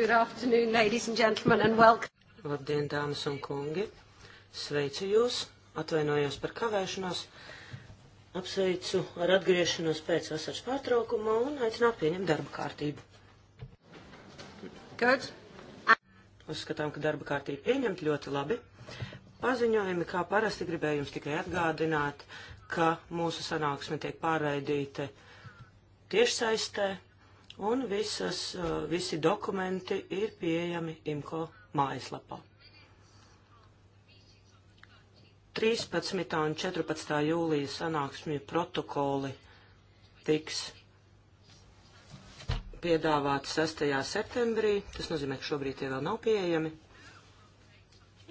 Good afternoon, ladies and gentlemen, and welcome. Labdien, dāmas un kungi. Sveicu jūs, atvainojos par kavēšanos, apsveicu ar atgriešanos pēc vasaras pārtraukuma un aicinātu pieņemt darba kārtību. Good. Uzskatām, ka darba kārtība pieņemt ļoti labi. Paziņojumi, kā parasti, gribēju jums tikai atgādināt, ka mūsu sanāksme tiek pārraidīta tiešsaistē un visas, eh, visi dokumenti ir pieejami IMCO mājaslapā. 13. un 14. jūlija sanāksmju protokoli tiks piedāvāti 6. septembrī, tas nozīmē, ka šobrīd tie vēl nav pieejami.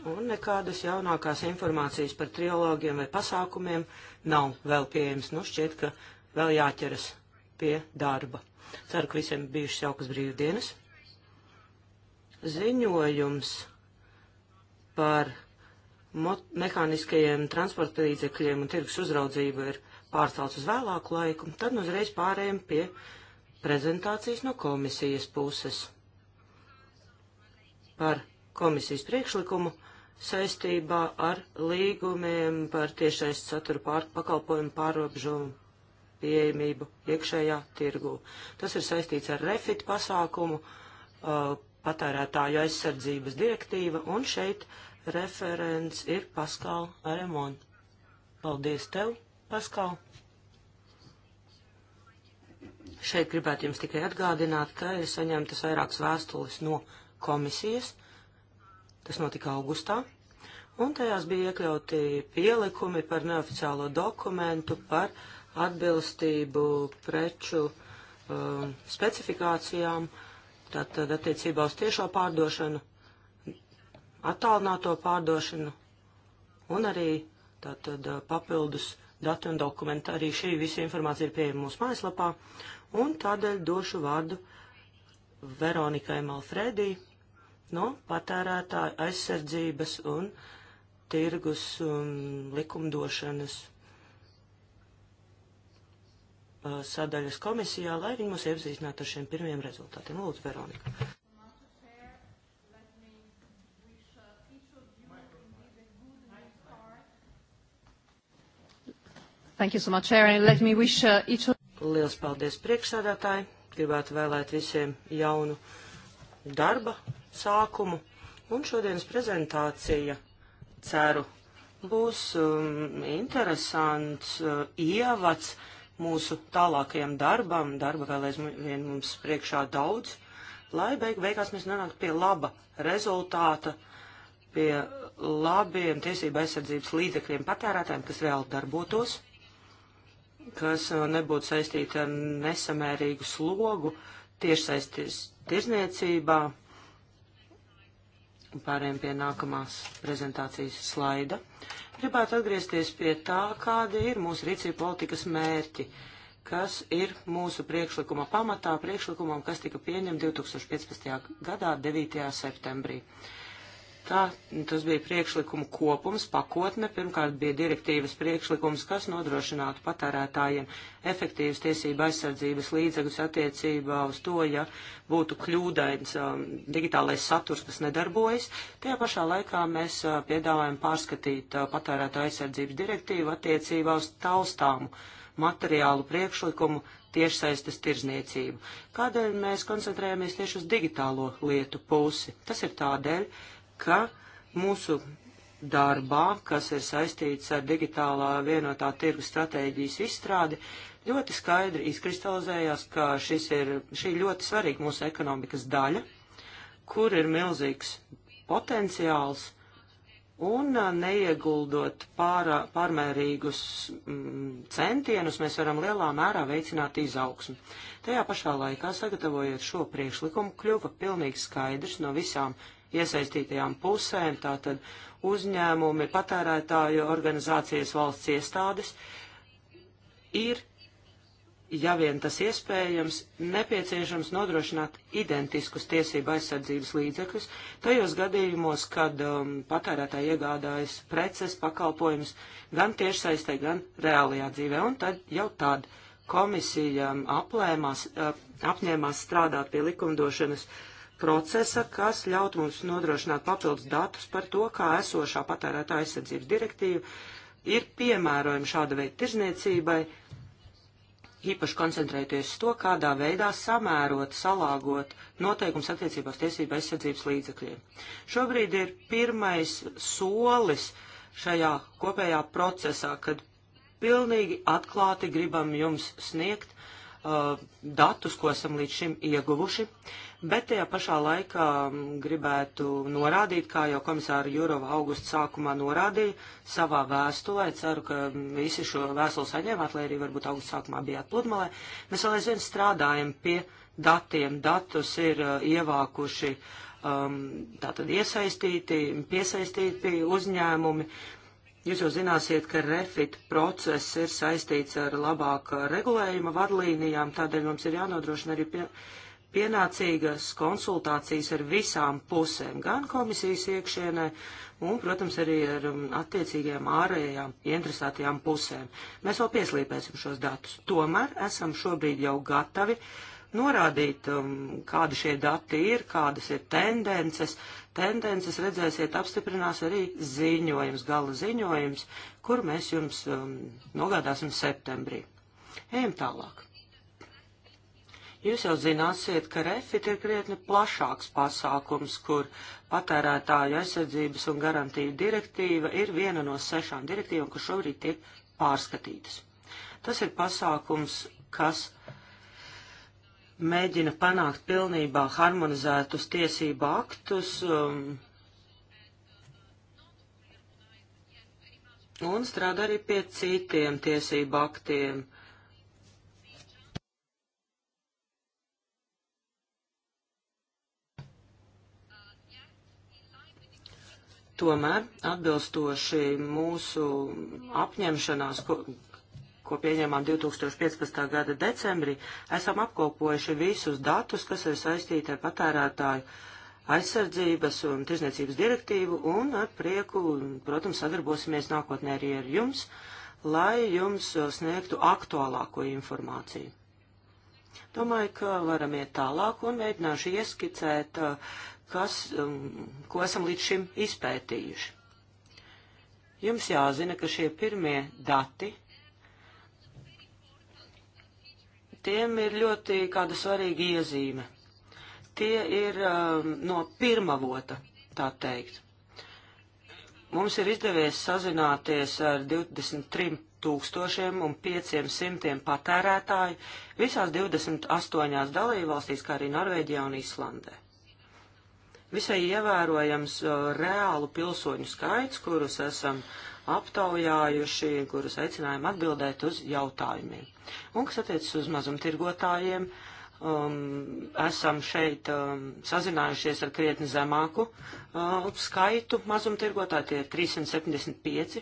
Un nekādas jaunākās informācijas par trilogiem vai pasākumiem nav vēl pieejams. Nu, šķiet, ka vēl jāķeras pie darba. Ceru, ka visiem bijušas jaukas brīvdienas. Ziņojums par mehāniskajiem transporta līdzekļiem un tirgus uzraudzību ir pārcelts uz vēlāku laiku, tad nu uzreiz pārējiem pie prezentācijas no komisijas puses par komisijas priekšlikumu saistībā ar līgumiem par tiešais satura pār, pakalpojumu pārobežu pieejamību iekšējā tirgū. Tas ir saistīts ar refit pasākumu, uh, patērētāju aizsardzības direktīva, un šeit referents ir Paskal Aremon. Paldies tev, Paskal! Šeit gribētu jums tikai atgādināt, ka ir saņemtas vairākas vēstules no komisijas. Tas notika augustā. Un tajās bija iekļauti pielikumi par neoficiālo dokumentu par uh, atbilstību preču um, specifikācijām, tātad attiecībā uz tiešo pārdošanu, attālināto pārdošanu un arī tātad uh, papildus dati un dokumenti. Arī šī visa informācija ir pieejama mūsu mājaslapā un tādēļ došu vārdu Veronikai Malfredī no patērētāju aizsardzības un tirgus um, likumdošanas Uh, sadaļas komisijā, lai viņi mūs iepazīstinātu ar šiem pirmiem rezultātiem. Lūdzu, Veronika. Thank you so much, Erin. Let me wish uh, each of... Liels paldies priekšsādātāji. Gribētu vēlēt visiem jaunu darba sākumu. Un šodienas prezentācija, ceru, būs um, interesants uh, ievads. Uh, mūsu tālākajam darbam, darba vēl aizvien mums priekšā daudz, lai beig beigās mēs nonāktu pie laba rezultāta, pie labiem tiesība aizsardzības līdzekļiem patērētājiem, kas reāli darbotos, kas uh, nebūtu saistīti ar nesamērīgu slogu tiešsaistes tirzniecībā. Pārējiem pie nākamās prezentācijas slaida. Uh, Gribētu atgriezties pie tā, kādi ir mūsu rīcība politikas mērķi, kas ir mūsu priekšlikuma pamatā priekšlikumam, kas tika pieņemts 2015. gadā 9. septembrī. Uh, Tā, tas bija priekšlikumu kopums, pakotne. Pirmkārt bija direktīvas priekšlikums, kas nodrošinātu patērētājiem efektīvas tiesība aizsardzības līdzekļus attiecībā uz to, ja būtu kļūdains um, digitālais saturs, kas nedarbojas. Tajā pašā laikā mēs uh, piedāvājam pārskatīt uh, patērētāju aizsardzības direktīvu attiecībā uz taustāmu materiālu priekšlikumu tiešsaistes tirzniecību. Kādēļ mēs koncentrējamies tieši uz digitālo lietu pusi? Tas ir tādēļ, ka mūsu darbā, kas ir saistīts ar digitālā vienotā tirgus stratēģijas izstrādi, ļoti skaidri izkristalizējās, ka šis ir, šī ļoti svarīga mūsu ekonomikas daļa, kur ir milzīgs potenciāls un neieguldot pārā, pārmērīgus mm, centienus, mēs varam lielā mērā veicināt izaugsmu. Tajā pašā laikā, sagatavojot šo priekšlikumu, kļuva pilnīgi skaidrs no visām iesaistītajām pusēm, tātad uzņēmumi, patērētāju organizācijas, valsts iestādes, ir, ja vien tas iespējams, nepieciešams nodrošināt identiskus tiesību aizsardzības līdzekļus tajos gadījumos, kad um, patērētāji iegādājas preces, pakalpojumus gan tiešsaistē, gan reālajā dzīvē, un tad jau tad komisija aplēmās, uh, apņēmās strādāt pie likumdošanas uh, procesa, kas ļaut mums nodrošināt papildus datus par to, kā esošā patērētāja aizsardzības direktīva ir piemērojama šāda veida tirzniecībai, īpaši koncentrēties uz to, kādā veidā samērot, salāgot noteikums attiecībās tiesību aizsardzības līdzekļiem. Šobrīd ir pirmais solis šajā kopējā procesā, kad pilnīgi atklāti gribam jums sniegt uh, datus, ko esam līdz šim ieguvuši. Uh, bet tajā pašā laikā mm, gribētu norādīt, kā jau komisāra Jurova augusta sākumā norādīja savā vēstulē, ceru, ka visi šo vēstuli saņēmāt, lai arī varbūt augusta sākumā bijāt pludmalē, mēs vēl aizvien strādājam pie datiem, datus ir uh, ievākuši um, tātad iesaistīti, piesaistīti uzņēmumi, Jūs jau zināsiet, ka refit process ir saistīts ar labāku regulējuma vadlīnijām, tādēļ mums ir jānodrošina arī pie, pienācīgas konsultācijas ar visām pusēm, gan komisijas iekšienē, un, protams, arī ar um, attiecīgajām ārējām interesētajām pusēm. Mēs vēl pieslīpēsim šos datus. Tomēr esam šobrīd jau gatavi norādīt, um, kādi šie dati ir, kādas ir tendences. Tendences redzēsiet, apstiprinās arī ziņojums, gala ziņojums, kur mēs jums um, nogādāsim septembrī. Ejam tālāk. Jūs jau zināsiet, ka refit ir krietni plašāks pasākums, kur patērētāju aizsardzības un garantīju direktīva ir viena no sešām direktīvām, kas šobrīd tiek pārskatītas. Tas ir pasākums, kas mēģina panākt pilnībā harmonizētus tiesību aktus um, un strādā arī pie citiem tiesību aktiem. Uh, Tomēr, atbilstoši mūsu apņemšanās, ko, ko pieņēmām 2015. gada decembrī, esam apkopojuši visus datus, kas ir saistīti ar patērētāju aizsardzības un tirzniecības direktīvu, un ar prieku, protams, sadarbosimies nākotnē arī ar jums, lai jums sniegtu aktuālāko informāciju. Domāju, ka varam iet tālāk un mēģināšu ieskicēt uh, kas, um, ko esam līdz šim izpētījuši. Jums jāzina, ka šie pirmie dati, tiem ir ļoti kāda svarīga iezīme. Tie ir um, no pirmavota, tā teikt. Mums ir izdevies sazināties ar 23 tūkstošiem un 500 patērētāju visās 28 dalībvalstīs, kā arī Norvēģijā un Islandē visai ievērojams reālu pilsoņu skaits, kurus esam aptaujājuši, kurus aicinājām atbildēt uz jautājumiem. Un kas attiecas uz mazumtirgotājiem, um, esam šeit um, sazinājušies ar krietni zemāku uh, skaitu mazumtirgotāju, tie ir 375,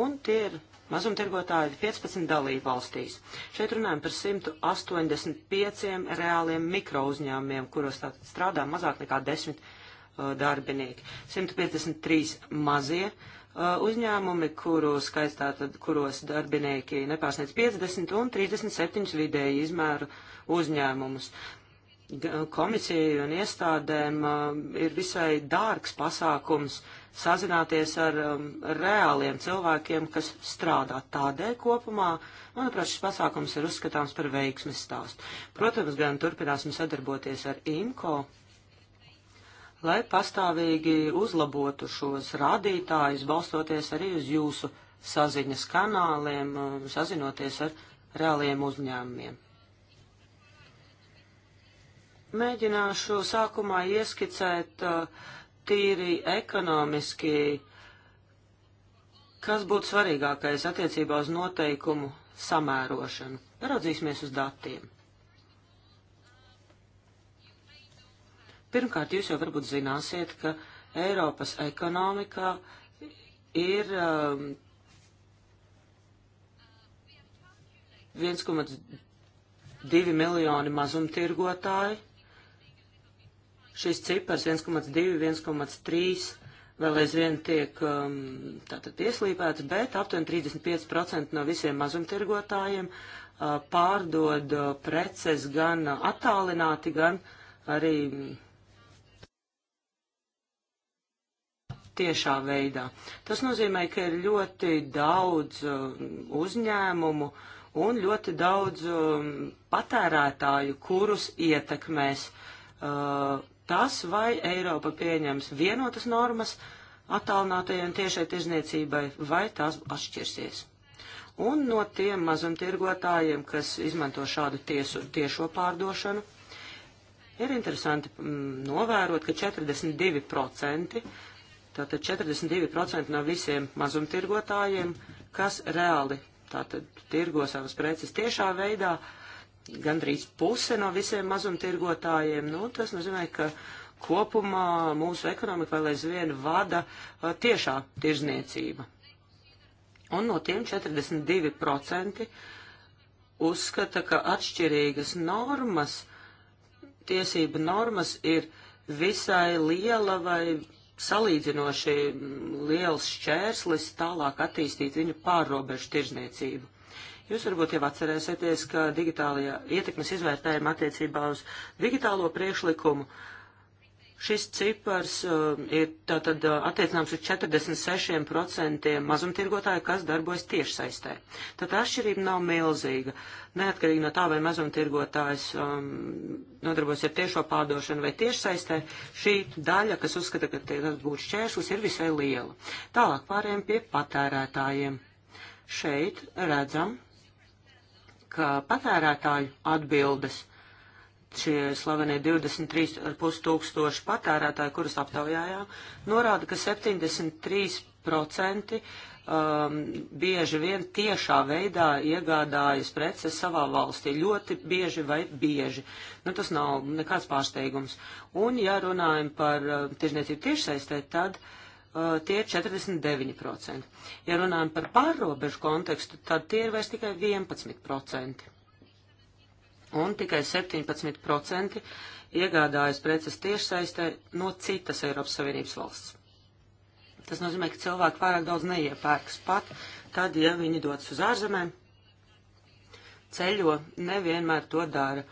un tie ir mazumtirgotāji 15 dalību valstīs. Šeit runājam par 185 reāliem mikrouzņēmumiem, kuros strādā mazāk nekā 10 Uh, darbinieki. 153 mazie uh, uzņēmumi, kuru skaistā, tad, kuros darbinieki nepārsniedz 50 un 37 vidēji izmēru uzņēmumus. Komisijai un iestādēm um, ir visai dārgs pasākums sazināties ar um, reāliem cilvēkiem, kas strādā tādēļ kopumā. Manuprāt, šis pasākums ir uzskatāms par veiksmes stāstu. Protams, gan turpināsim sadarboties ar IMCO lai pastāvīgi uzlabotu šos rādītājus, balstoties arī uz jūsu saziņas kanāliem, um, sazinoties ar reāliem uzņēmumiem. Mēģināšu sākumā ieskicēt uh, tīri ekonomiski, kas būtu svarīgākais attiecībā uz noteikumu samērošanu. Raudzīsimies uz datiem. Pirmkārt, jūs jau varbūt zināsiet, ka Eiropas ekonomikā ir um, 1,2 miljoni mazumtirgotāji. Šis cipars 1,2, 1,3 vēl aizvien tiek um, tātad ieslīpēts, bet aptuveni 35% no visiem mazumtirgotājiem uh, pārdod uh, preces gan attālināti, gan arī mm, tiešā veidā. Tas nozīmē, ka ir ļoti daudz uh, uzņēmumu un ļoti daudz um, patērētāju, kurus ietekmēs uh, tas, vai Eiropa pieņems vienotas normas attālinātajai un tiešai tirzniecībai, vai tās atšķirsies. Un no tiem mazumtirgotājiem, kas izmanto šādu tiesu, tiešo pārdošanu, ir interesanti mm, novērot, ka 42% Tātad 42% no visiem mazumtirgotājiem, kas reāli tātad tirgo savas preces tiešā veidā, gandrīz puse no visiem mazumtirgotājiem, nu, tas nozīmē, ka kopumā mūsu ekonomika vēl aizvien vada a, uh, tiešā tirzniecība. Un no tiem 42% uzskata, ka atšķirīgas normas, tiesība normas ir visai liela vai salīdzinoši liels šķērslis tālāk attīstīt viņu pārrobežu tirzniecību. Jūs varbūt jau atcerēsieties, ka digitālajā ietekmes izvērtējuma attiecībā uz digitālo priekšlikumu uh, Šis cipars uh, ir tātad uh, attiecināms uz 46% mazumtirgotāju, kas darbojas tiešsaistē. Tad atšķirība nav milzīga. Neatkarīgi no tā, vai mazumtirgotājs um, nodarbojas ar tiešo pārdošanu vai tiešsaistē, šī daļa, kas uzskata, ka tas būs šķēršus, ir visai liela. Tālāk pārējiem pie patērētājiem. Šeit redzam, ka patērētāju atbildes šie slavenie 23,5 tūkstoši patērētāji, kurus aptaujājām, norāda, ka 73% um, bieži vien tiešā veidā iegādājas preces savā valstī. Ļoti bieži vai bieži. Nu, tas nav nekāds pārsteigums. Un, ja runājam par uh, tirzniecību tiešsaistē, tad uh, tie ir 49%. Ja runājam par pārrobežu kontekstu, tad tie ir vairs tikai 11% un tikai 17% iegādājas preces tiešsaistē no citas Eiropas Savienības valsts. Tas nozīmē, ka cilvēki pārāk daudz neiepērks pat, tad, ja viņi dodas uz ārzemēm, ceļo, nevienmēr to dara.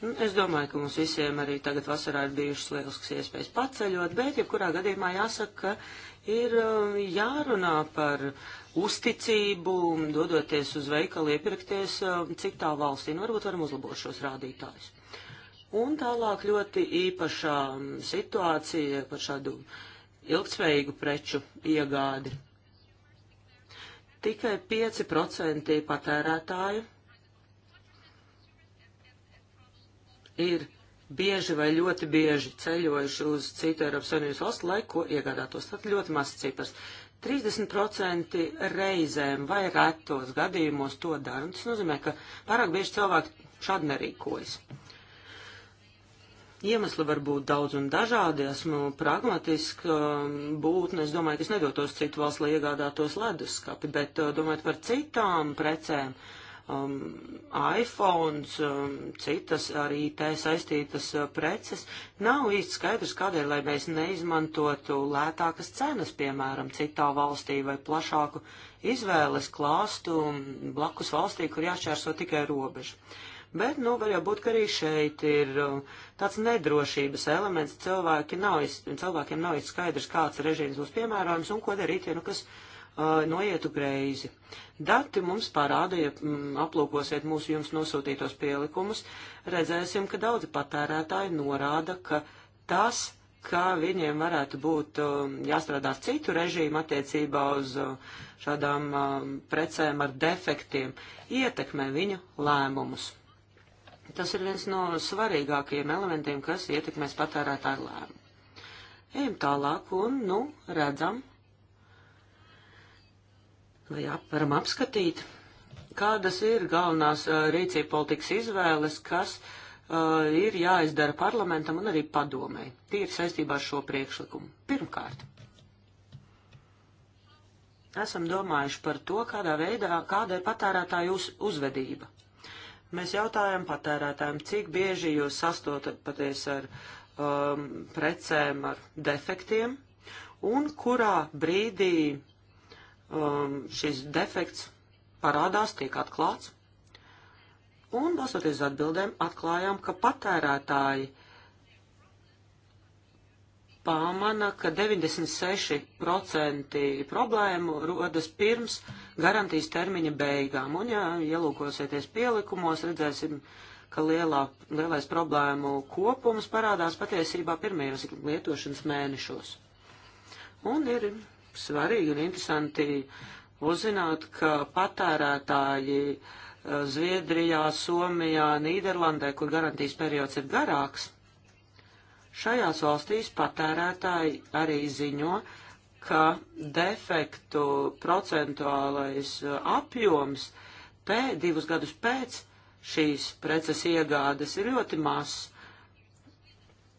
Nu, es domāju, ka mums visiem arī tagad vasarā ir bijušas lielisks iespējas paceļot, bet jebkurā gadījumā jāsaka, ka ir um, jārunā par uh, uzticību, dodoties uz veikalu iepirkties e, citā valstī. Nu, varbūt varam uzlabot šos rādītājus. Un tālāk ļoti īpašā situācija par šādu ilgtspējīgu preču iegādi. Tikai 5% patērētāju ir bieži vai ļoti bieži ceļojuši uz citu Eiropas Savienības valstu, lai ko iegādātos. Tad ļoti maz cipars. 30% reizēm vai retos gadījumos to dara. Un tas nozīmē, ka pārāk bieži cilvēki šādi nerīkojas. Iemesli var būt daudz un dažādi. Esmu pragmatiska um, būtne. Es domāju, ka es nedotos citu valstu, lai iegādātos leduskapi, bet uh, domājot par citām precēm, uh, um, iPhones, um, citas ar IT saistītas uh, preces, nav īsti skaidrs, kādēļ, lai mēs neizmantotu lētākas cenas, piemēram, citā valstī vai plašāku izvēles klāstu blakus valstī, kur jāšķērso tikai robeža. Bet, nu, var jau būt, ka arī šeit ir uh, tāds nedrošības elements, cilvēki nav, cilvēkiem nav skaidrs, kāds režīms būs piemērojams un ko darīt, ja nu kas uh, noietu greizi. Dati mums parāda, ja mm, aplūkosiet mūsu jums nosūtītos pielikumus, redzēsim, ka daudzi patērētāji norāda, ka tas, ka viņiem varētu būt uh, jāstrādā ar citu režīmu attiecībā uz uh, šādām uh, precēm ar defektiem, ietekmē viņu lēmumus. Tas ir viens no svarīgākajiem elementiem, kas ietekmēs patērētāju lēmumu. Ejam tālāk un, nu, redzam, vai varam apskatīt, kādas ir galvenās rīcība politikas izvēles, kas uh, ir jāizdara parlamentam un arī padomē. Tie ir saistībā ar šo priekšlikumu. Pirmkārt, esam domājuši par to, kādā veidā, kāda ir patērētāju uz, uzvedība. Mēs jautājam patērētājiem, cik bieži jūs sastopaties ar um, precēm, ar defektiem, un kurā brīdī um, šis defekts parādās, tiek atklāts. Un, balsoties uz atbildēm, atklājām, ka patērētāji pamana, ka 96% problēmu rodas pirms garantijas termiņa beigām. Un, ja ielūkosieties pielikumos, redzēsim, ka lielā, lielais problēmu kopums parādās patiesībā pirmajos lietošanas mēnešos. Un ir svarīgi un interesanti uzzināt, ka patērētāji eh, Zviedrijā, Somijā, Nīderlandē, kur garantijas periods ir garāks, šajās valstīs patērētāji arī ziņo, ka defektu procentuālais eh, apjoms pē, divus gadus pēc šīs preces iegādes ir ļoti mazs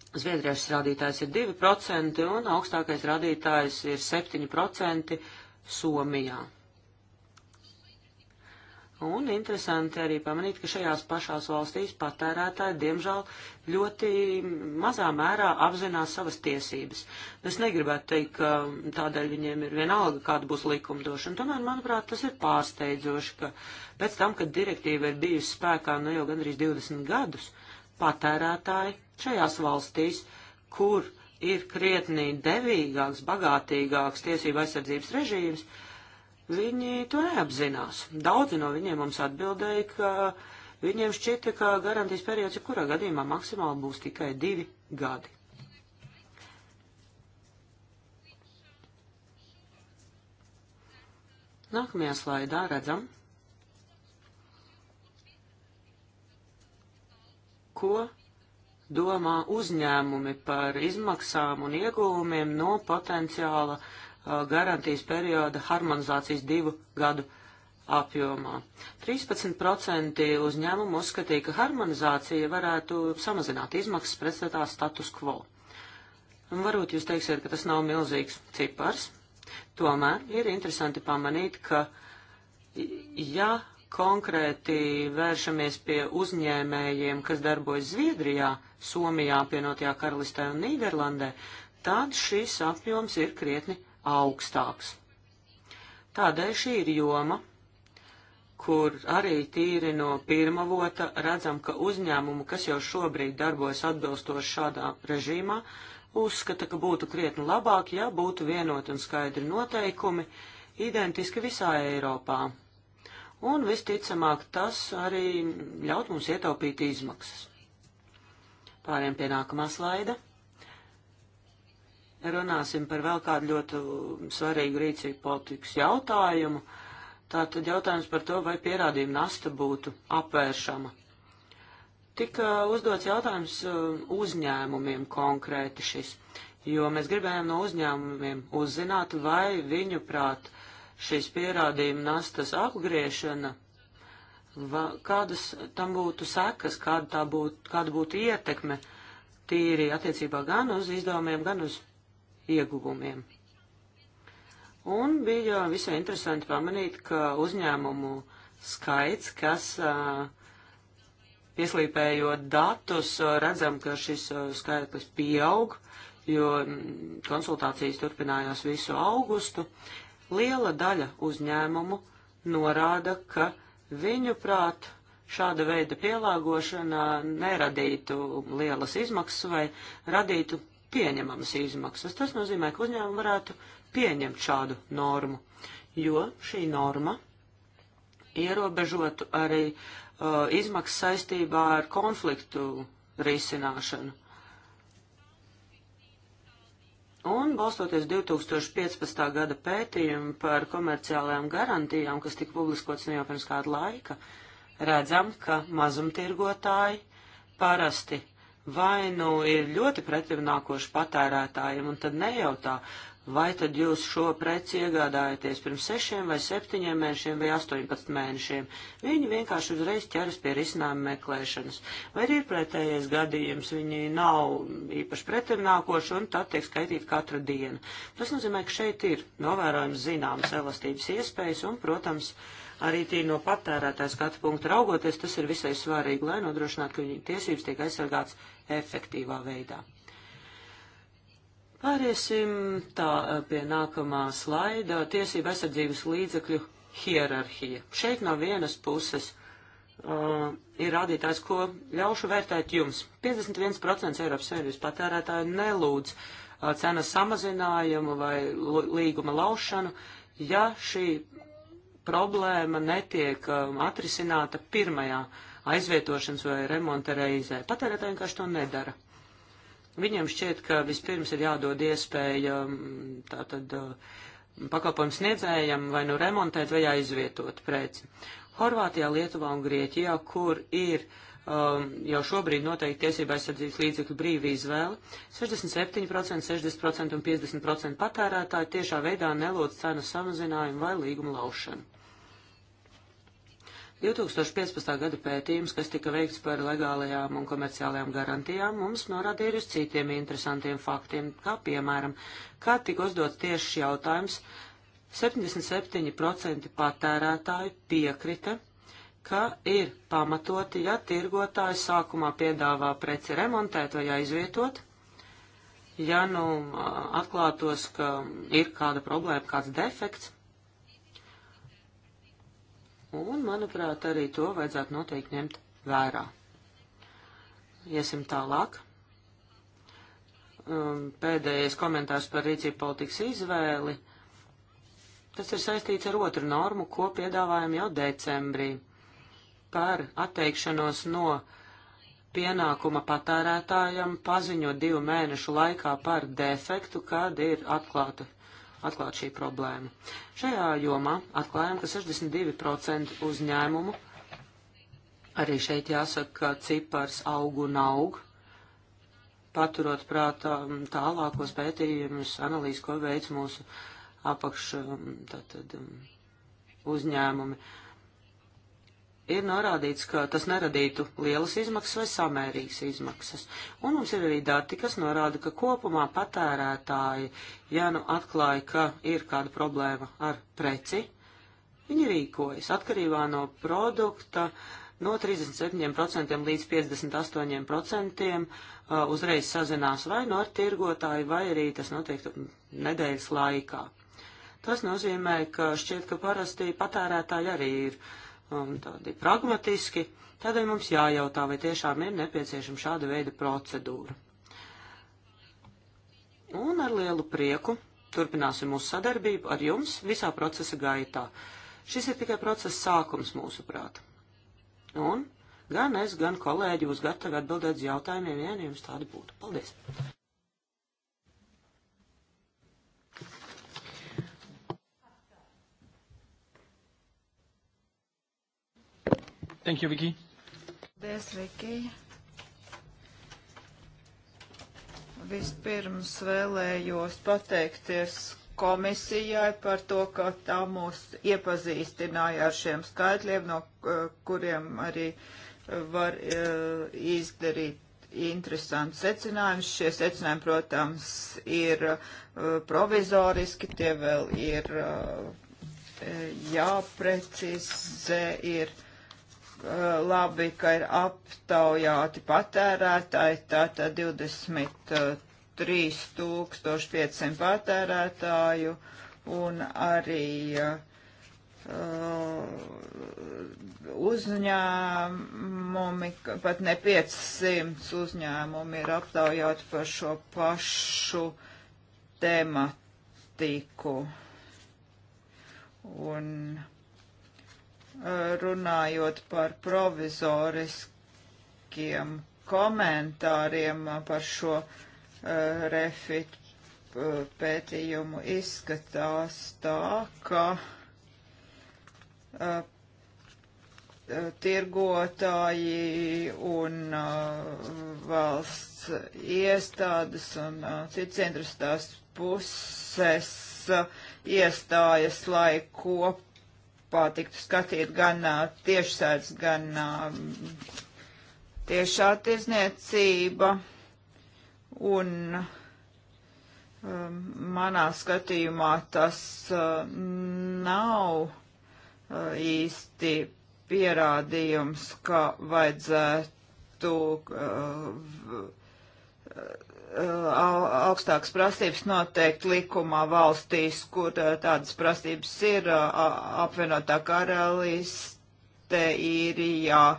Zviedrijas rādītājs ir 2% un augstākais rādītājs ir 7% Somijā. Un interesanti arī pamanīt, ka šajās pašās valstīs patērētāji, diemžēl, ļoti mazā mērā apzinās savas tiesības. Es negribētu teikt, ka tādēļ viņiem ir vienalga, kāda būs likumdošana. Tomēr, manuprāt, tas ir pārsteidzoši, ka pēc tam, kad direktīva ir bijusi spēkā nu jau gandrīz 20 gadus, patērētāji šajās valstīs, kur ir krietnī devīgāks, bagātīgāks tiesība aizsardzības režīms, viņi to neapzinās. Daudzi no viņiem mums atbildēja, ka viņiem šķita, ka garantijas periods, ja kurā gadījumā maksimāli būs tikai divi gadi. Nākamajā slaidā redzam, ko domā uzņēmumi par izmaksām un ieguvumiem no potenciāla uh, garantijas perioda harmonizācijas divu gadu apjomā. 13% uzņēmumu uzskatīja, ka harmonizācija varētu samazināt izmaksas pretstatā status quo. Un varbūt jūs teiksiet, ka tas nav milzīgs cipars. Tomēr ir interesanti pamanīt, ka ja konkrēti vēršamies pie uzņēmējiem, kas darbojas Zviedrijā, Somijā, apvienotajā karalistē un Nīderlandē, tad šis apjoms ir krietni augstāks. Tādēļ šī ir joma, kur arī tīri no pirmā vota redzam, ka uzņēmumu, kas jau šobrīd darbojas atbilstoši šādā režīmā, uzskata, ka būtu krietni labāk, ja būtu vienot un skaidri noteikumi, identiski visā Eiropā un visticamāk tas arī ļaut mums ietaupīt izmaksas. Pāriem pie nākamā slaida. Runāsim par vēl kādu ļoti svarīgu rīcību politikas jautājumu. Tātad jautājums par to, vai pierādījuma nasta būtu apvēršama. Tika uzdots jautājums um, uzņēmumiem konkrēti šis, jo mēs gribējām no uzņēmumiem uzzināt, vai viņu prāt šīs pierādījuma nastas apgriešana, va, kādas tam būtu sekas, kāda, tā būtu, kāda būtu ietekme tīri attiecībā gan uz izdevumiem, gan uz ieguvumiem. Un bija visai interesanti pamanīt, ka uzņēmumu skaits, kas uh, pieslīpējot datus, redzam, ka šis skaitlis pieaug, jo mm, konsultācijas turpinājās visu augustu. Liela daļa uzņēmumu norāda, ka viņu prāt šāda veida pielāgošana neradītu lielas izmaksas vai radītu pieņemamas izmaksas. Tas nozīmē, ka uzņēmumi varētu pieņemt šādu normu, jo šī norma ierobežotu arī uh, izmaksas saistībā ar konfliktu risināšanu. Un balstoties 2015. gada pētījumu par komerciālajām garantijām, kas tika publiskots nu jau pirms kāda laika, redzam, ka mazumtirgotāji parasti vai nu ir ļoti pretrunākoši patērētājiem un tad nejautā, vai tad jūs šo preci iegādājaties pirms sešiem vai septiņiem mēnešiem vai astoņpadsmit mēnešiem. Viņi vienkārši uzreiz ķeras pie risinājuma meklēšanas. Vai ir pretējais gadījums, viņi nav īpaši pretimnākoši un tad tiek skaitīta katra diena. Tas nozīmē, ka šeit ir novērojams zināmas elastības iespējas un, protams, arī tī no patērētāja skatu punktu raugoties, tas ir visai svarīgi, lai nodrošinātu, ka viņu tiesības tiek aizsargāts efektīvā veidā. Pāriesim tā eh, pie nākamā slaida - tiesība aizsardzības līdzekļu hierarhija. Šeit no vienas puses uh, ir rādītājs, ko ļaušu vērtēt jums. 51% Eiropas Savienības patērētāju nelūdz uh, eh, cenas samazinājumu vai līguma laušanu, ja šī problēma netiek um, atrisināta pirmajā aizvietošanas vai remonta reizē. Patērētāji vienkārši to nedara. Viņiem šķiet, ka vispirms ir jādod iespēja mm, tātad mm, pakalpojumu sniedzējam vai nu remontēt vai aizvietot preci. Horvātijā, Lietuvā un Grieķijā, kur ir um, jau šobrīd noteikti tiesība aizsardzības līdzekļu brīvi izvēle, 67%, 60% un 50% patērētāji tiešā veidā nelūdz cenu samazinājumu vai līguma laušanu. 2015. gada pētījums, kas tika veikts par legālajām un komerciālajām garantijām, mums norādīja uz citiem interesantiem faktiem, kā piemēram, kā tika uzdots tieši jautājums, 77% patērētāju piekrita, ka ir pamatoti, ja tirgotājs sākumā piedāvā preci remontēt vai aizvietot, ja nu atklātos, ka ir kāda problēma, kāds defekts, Un, manuprāt, arī to vajadzētu noteikti ņemt vērā. Iesim tālāk. Um, pēdējais komentārs par rīcību politikas izvēli. Tas ir saistīts ar otru normu, ko piedāvājam jau decembrī par atteikšanos no pienākuma patērētājam paziņot divu mēnešu laikā par defektu, kad ir atklāta atklāt šī problēma. Šajā jomā atklājām, ka 62% uzņēmumu, arī šeit jāsaka, ka cipars aug un aug, paturot prātā mm, tālākos pētījumus, analīzes, ko veic mūsu apakš mm, tātad, mm, uzņēmumi. Uh, ir norādīts, ka tas neradītu lielas izmaksas vai samērīgas izmaksas. Un mums ir arī dati, kas norāda, ka kopumā patērētāji, ja nu atklāja, ka ir kāda problēma ar preci, viņi rīkojas atkarībā no produkta no 37% līdz 58% uh, uzreiz sazinās vai no nu ar tirgotāju, vai arī tas notiek nedēļas laikā. Tas nozīmē, ka šķiet, ka parasti patērētāji arī ir uh, um, tādi pragmatiski, tādēļ mums jājautā, vai tiešām ir nepieciešama šāda veida procedūra. Un ar lielu prieku turpināsim mūsu sadarbību ar jums visā procesa gaitā. Šis ir tikai procesa sākums mūsuprāt. Un gan es, gan kolēģi būs gatavi atbildēt uz jautājumiem, ja nu jums tādi būtu. Paldies! Thank you, Viki. Paldies, Viki. Vispirms vēlējos pateikties komisijai par to, ka tā mūs iepazīstināja ar šiem skaitļiem, no eh, kuriem arī eh, var uh, izdarīt interesants secinājums. Šie secinājumi, protams, ir uh, provizoriski, tie vēl ir uh, jāprecizē, ir Eh, labi, ka ir aptaujāti patērētāji, tātad 23,500 patērētāju un arī uh, uzņēmumi, pat ne 500 uzņēmumi ir aptaujāti par šo pašu tematiku. Un runājot par provizoriskiem komentāriem par šo uh, refit eh, pētījumu, izskatās tā, ka uh, tirgotāji un uh, valsts iestādes un cits interesētās puses iestājas, lai kop patiktu skatīt gan tiešsēdz, gan tiešā tirzniecība. Un um, manā skatījumā tas nav īsti pierādījums, ka vajadzētu Uh, augstākas prasības noteikti likumā valstīs, kur uh, tādas prasības ir uh, apvienotā karaliste, īrijā,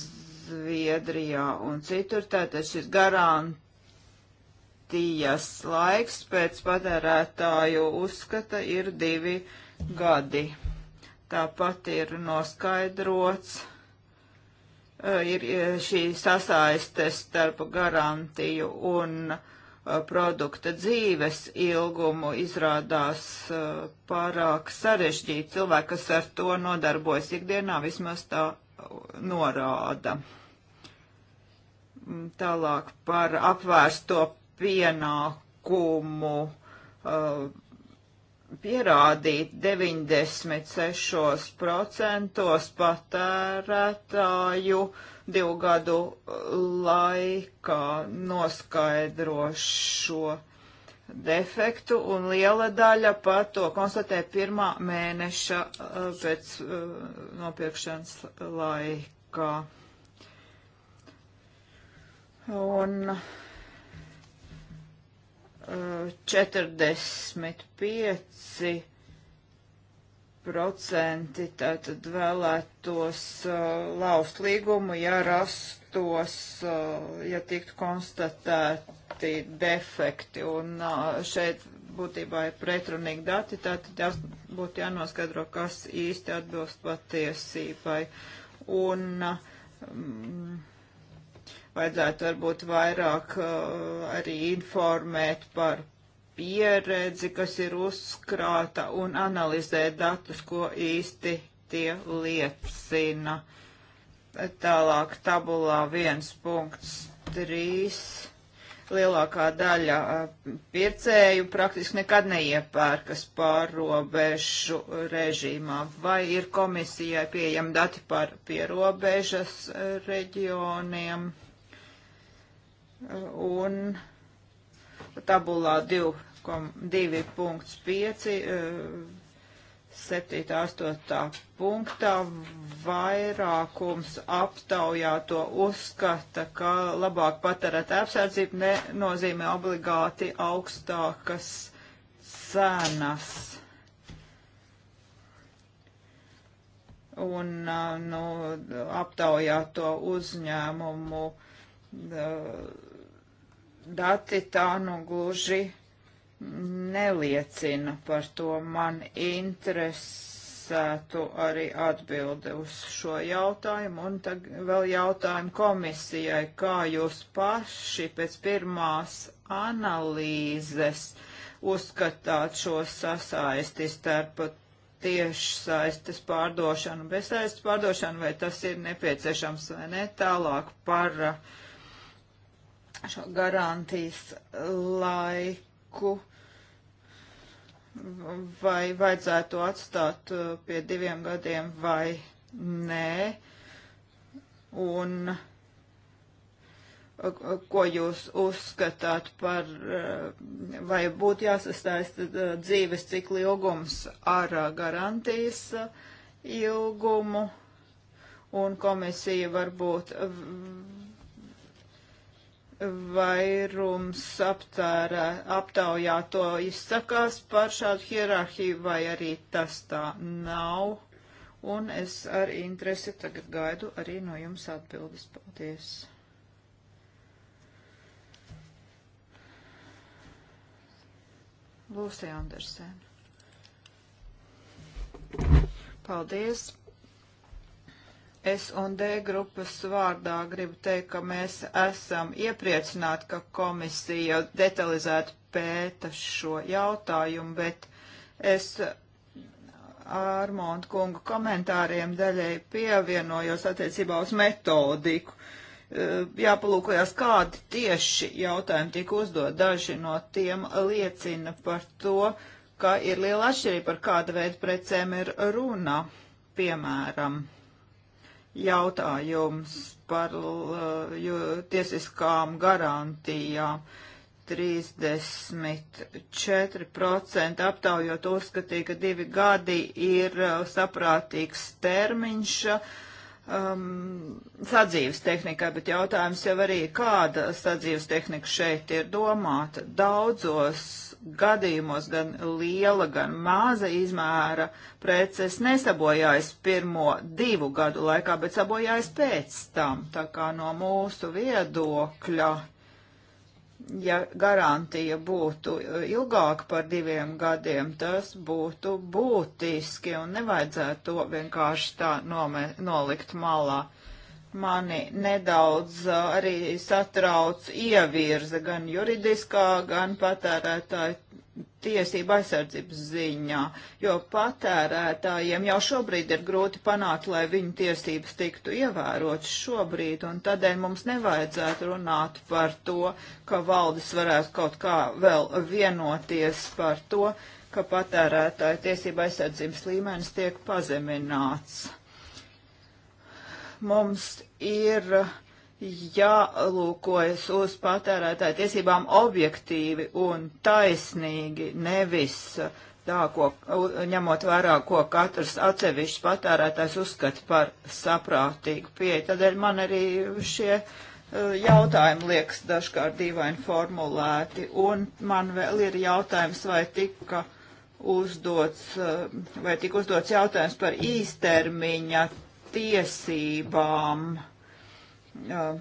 Zviedrijā un citur. Tātad šis garantijas laiks pēc patērētāju uzskata ir divi gadi. Tāpat ir noskaidrots ir šī sasaiste starp garantiju un produkta dzīves ilgumu izrādās pārāk sarežģīti. Cilvēki, kas ar to nodarbojas ikdienā, vismaz tā norāda. Mm, tālāk par apvērsto pienākumu uh, pierādīt 96% patērētāju divu gadu laikā noskaidro šo defektu, un liela daļa pat to konstatē pirmā mēneša eh, pēc eh, nopirkšanas laikā. Un uh, 45 procenti tātad vēlētos uh, laust līgumu, ja rastos, uh, ja tiktu konstatēti defekti. Un uh, šeit būtībā ir pretrunīgi dati, tātad jās, būtu jānoskaidro, kas īsti atbilst patiesībai. Un, uh, mm, Vajadzētu varbūt vairāk eh, arī informēt par pieredzi, kas ir uzkrāta un analizēt datus, ko īsti tie liecina. Tālāk tabulā 1.3. Lielākā daļa eh, pircēju praktiski nekad neiepērkas pārrobežu režīmā. Vai ir komisijai pieejami dati par pierobežas reģioniem? un tabulā 2.5, 7. 8. punktā vairākums aptaujā to uzskata, ka labāk patarēt apsardzību nenozīmē obligāti augstākas cenas. Un, eh, nu, aptaujā to uzņēmumu. Uh, dati tā nu gluži neliecina par to. Man interesētu arī atbildi uz šo jautājumu un tag, vēl jautājumu komisijai, kā jūs paši pēc pirmās analīzes uzskatāt šo sasaisti starp tiešsaistes pārdošanu, bezsaistes pārdošanu, vai tas ir nepieciešams vai ne tālāk par uh, šo garantijas laiku vai vajadzētu atstāt uh, pie diviem gadiem vai nē. Un uh, ko jūs uzskatāt par, uh, vai būtu jāsastāsta dzīves cikla ilgums ar garantijas ilgumu, un komisija varbūt vairums aptārā, aptaujā to izsakās par šādu hierarhiju, vai arī tas tā nav. Un es ar interesi tagad gaidu arī no jums atbildes. Paldies! Lūsija Andersēna. Paldies! S un D grupas vārdā gribu teikt, ka mēs esam iepriecināti, ka komisija detalizēti pēta šo jautājumu, bet es Ārmonta kunga komentāriem daļai pievienojos attiecībā uz metodiku. E, Jāpalūkojas, kādi tieši jautājumi tika uzdot. Daži no tiem liecina par to, ka ir liela atšķirība par kāda veida precēm ir runa, piemēram jautājums par uh, tiesiskām garantijām. 34% aptaujot uzskatīja, ka divi gadi ir uh, saprātīgs termiņš um, sadzīves tehnikai, bet jautājums jau arī, kāda sadzīves tehnika šeit ir domāta. Daudzos gadījumos gan liela, gan maza izmēra preces nesabojājas pirmo divu gadu laikā, bet sabojājas pēc tam. Tā kā no mūsu viedokļa, ja garantija būtu e, ilgāka par diviem gadiem, tas būtu būtiski un nevajadzētu to vienkārši tā nome, nolikt malā mani nedaudz arī satrauc ievirza gan juridiskā, gan patērētāja tiesība aizsardzības ziņā, jo patērētājiem jau šobrīd ir grūti panākt, lai viņu tiesības tiktu ievērotas šobrīd, un tādēļ mums nevajadzētu runāt par to, ka valdes varētu kaut kā vēl vienoties par to, ka patērētāja tiesība aizsardzības līmenis tiek pazemināts mums ir jālūkojas uz patērētāju tiesībām objektīvi un taisnīgi, nevis tā, ko, ņemot vērā, ko katrs atsevišķs patērētājs uzskata par saprātīgu pieeju. Tādēļ man arī šie e, jautājumi liekas dažkārt dīvaini formulēti, un man vēl ir jautājums, vai tika uzdots, e, vai tika uzdots jautājums par īstermiņa tiesībām uh,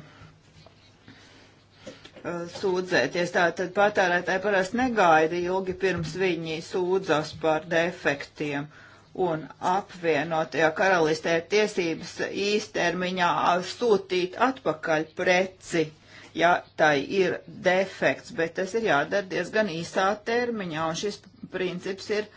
uh, sūdzēties. Tātad patērētāji parasti negaida ilgi pirms viņi sūdzas par defektiem. Un apvienotajā karalistē ir tiesības īstermiņā sūtīt atpakaļ preci, ja tai ir defekts, bet tas ir jādara diezgan īsā termiņā, un šis princips ir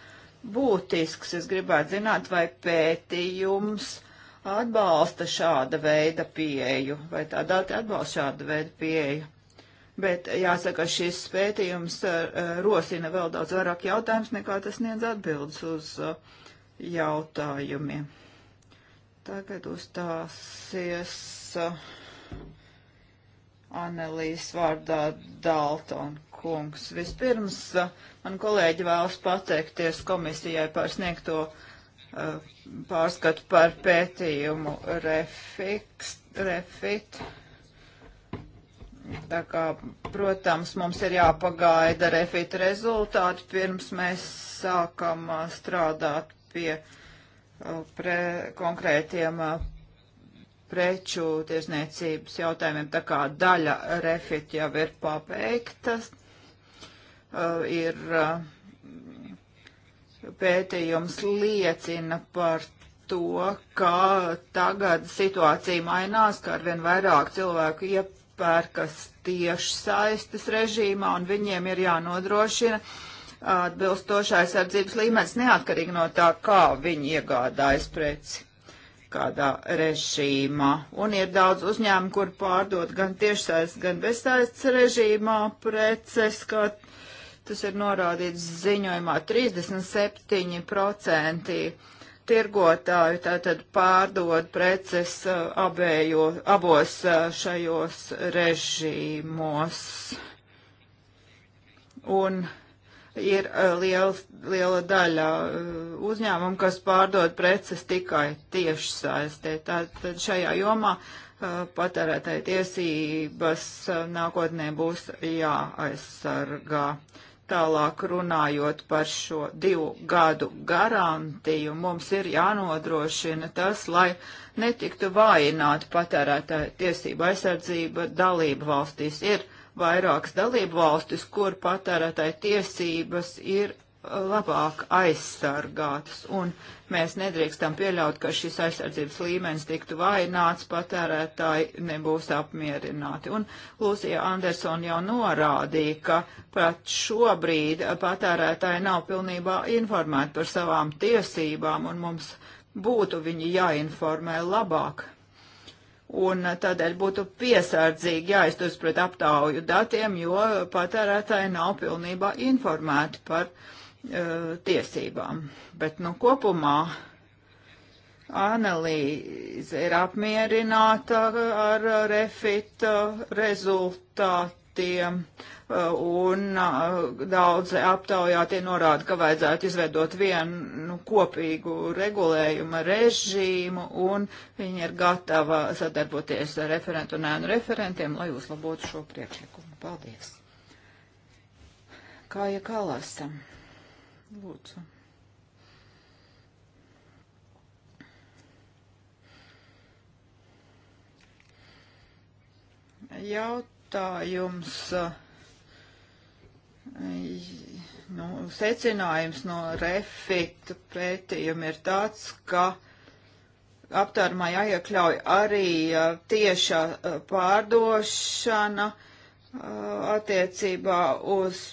būtisks. Es gribētu zināt, vai pētījums uh, atbalsta šāda veida pieeju, vai tā dati atbalsta šāda veida pieeju. Bet jāsaka, šis pētījums uh, rosina vēl daudz vairāk jautājums, nekā tas sniedz atbildes uz uh, jautājumiem. Tagad uzstāsies uh, Anelijas vārdā Dalton kungs. Vispirms man kolēģi vēlas pateikties komisijai par sniegto uh, Eh, pārskatu par pētījumu refiks, refit. Tā kā, protams, mums ir jāpagaida refit rezultāti, pirms mēs sākam eh, strādāt pie eh, pre, konkrētiem preču tiesniecības jautājumiem. Tā kā daļa refit jau ir pabeigtas, ir pētījums liecina par to, ka tagad situācija mainās, ka arvien vairāk cilvēku iepērkas tieši saistas režīmā un viņiem ir jānodrošina atbilstošais sardzības līmenis neatkarīgi no tā, kā viņi iegādājas preci kādā režīmā. Un ir daudz uzņēmumu, kur pārdot gan tiešsaistes, gan bezsaistes režīmā preces, kad tas ir norādīts ziņojumā, 37% tirgotāju tātad pārdod preces uh, abējo, abos uh, šajos režīmos. Un ir uh, liela, liela daļa uzņēmumu, kas pārdod preces tikai tiešsaistē. Tātad šajā jomā patērētāji tiesības nākotnē būs jāaizsargā. Tālāk runājot par šo divu gadu garantiju, mums ir jānodrošina tas, lai netiktu vājināta patērētāja tiesība aizsardzība dalību valstīs. Ir vairākas dalību valstis, kur patērētāja tiesības ir labāk aizsargātas, un mēs nedrīkstam pieļaut, ka šis aizsardzības līmenis tiktu vaināts, patērētāji nebūs apmierināti. Un Lūsija Andersona jau norādīja, ka pat šobrīd patērētāji nav pilnībā informēti par savām tiesībām, un mums būtu viņi jāinformē labāk. Un tādēļ būtu piesardzīgi jāizturas pret aptauju datiem, jo patērētāji nav pilnībā informēti par uh, Eh, tiesībām. Bet, nu, kopumā analīze ir apmierināta ar refita rezultātiem, eh, un eh, daudzi aptaujātie norāda, ka vajadzētu izveidot vienu nu, kopīgu regulējuma režīmu, un viņi ir gatava sadarboties ar referentu un ēnu referentiem, lai uzlabotu šo priekšlikumu. Paldies! Kā jau kalasam? Ja Lūdzu. Jautājums, eh, nu, secinājums no refita pētījuma ir tāds, ka aptārumā jāiekļauj arī eh, tieša eh, pārdošana attiecībā uz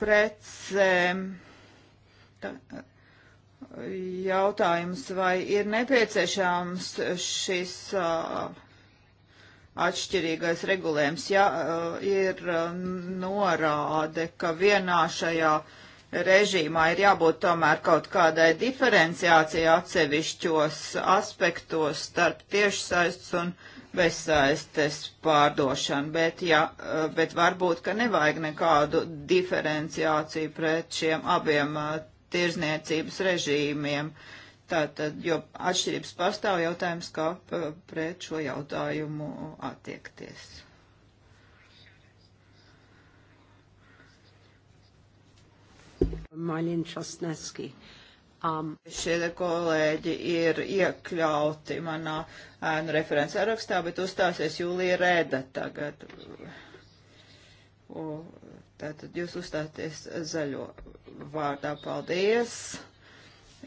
precēm Ta, jautājums, vai ir nepieciešams šis uh, atšķirīgais regulējums, ja uh, ir uh, norāde, ka vienā šajā režīmā ir jābūt tomēr kaut kādai diferenciācijai atsevišķos aspektos starp tiešsaistes un bezsaistes pārdošanu, bet, ja, bet varbūt, ka nevajag nekādu diferenciāciju pret šiem abiem tirzniecības režīmiem. Tātad, jo atšķirības pastāv jautājums, kā pret šo jautājumu attiekties. Maļin Čosneski. Um. Šie kolēģi ir iekļauti manā ēnu referents sarakstā, bet uzstāsies Jūlija Rēda tagad. O, Tātad jūs uzstāties zaļo vārdā. Paldies!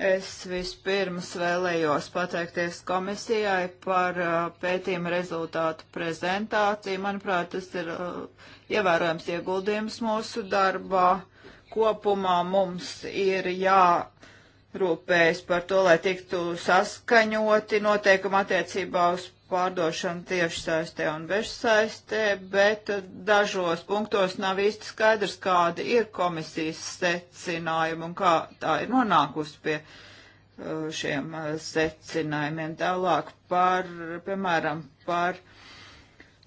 Es vispirms vēlējos pateikties komisijai par uh, pētījuma rezultātu prezentāciju. Manuprāt, tas ir uh, ievērojams ieguldījums mūsu darbā. Kopumā mums ir jārūpējas par to, lai tiktu saskaņoti noteikumi attiecībā uz pārdošanu tiešsaistē un bešsaistē, bet eh, dažos punktos nav īsti skaidrs, kādi ir komisijas secinājumi un kā tā ir nonākusi pie eh, šiem eh, secinājumiem. Tālāk par, piemēram, par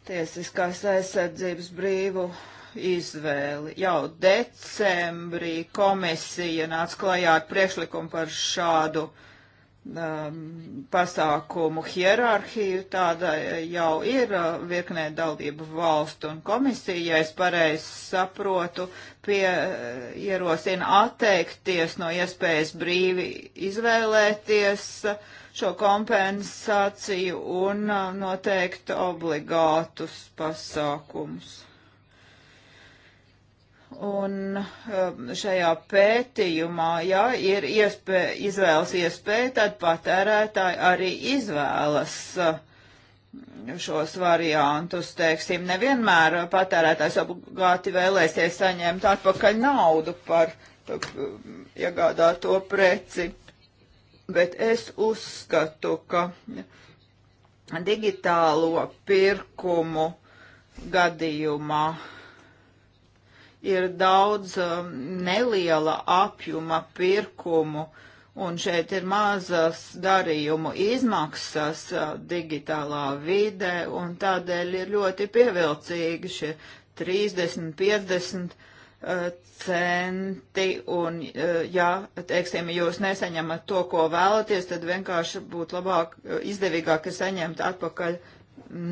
tiesiskās aizsardzības brīvu izvēli. Jau decembrī komisija nāca klajā ar priekšlikumu par šādu uh, um, pasākumu hierarhiju, tāda jau ir uh, virknē daldību valstu un komisija, ja es pareizi saprotu, pie uh, ierosina atteikties no iespējas brīvi izvēlēties uh, šo kompensāciju un uh, noteikt obligātus pasākumus. Un um, šajā pētījumā, ja ir iespē, izvēles iespēja, tad patērētāji arī izvēlas uh, šos variantus, teiksim, nevienmēr patērētājs obligāti vēlēsies saņemt atpakaļ naudu par uh, iegādāto ja preci. Bet es uzskatu, ka digitālo pirkumu gadījumā uh, ir daudz um, neliela apjoma pirkumu, un šeit ir mazas darījumu izmaksas uh, digitālā vidē, un tādēļ ir ļoti pievilcīgi šie 30, 50 uh, centi, un, uh, ja, teiksim, jūs nesaņemat to, ko vēlaties, tad vienkārši būtu labāk, uh, izdevīgāk saņemt atpakaļ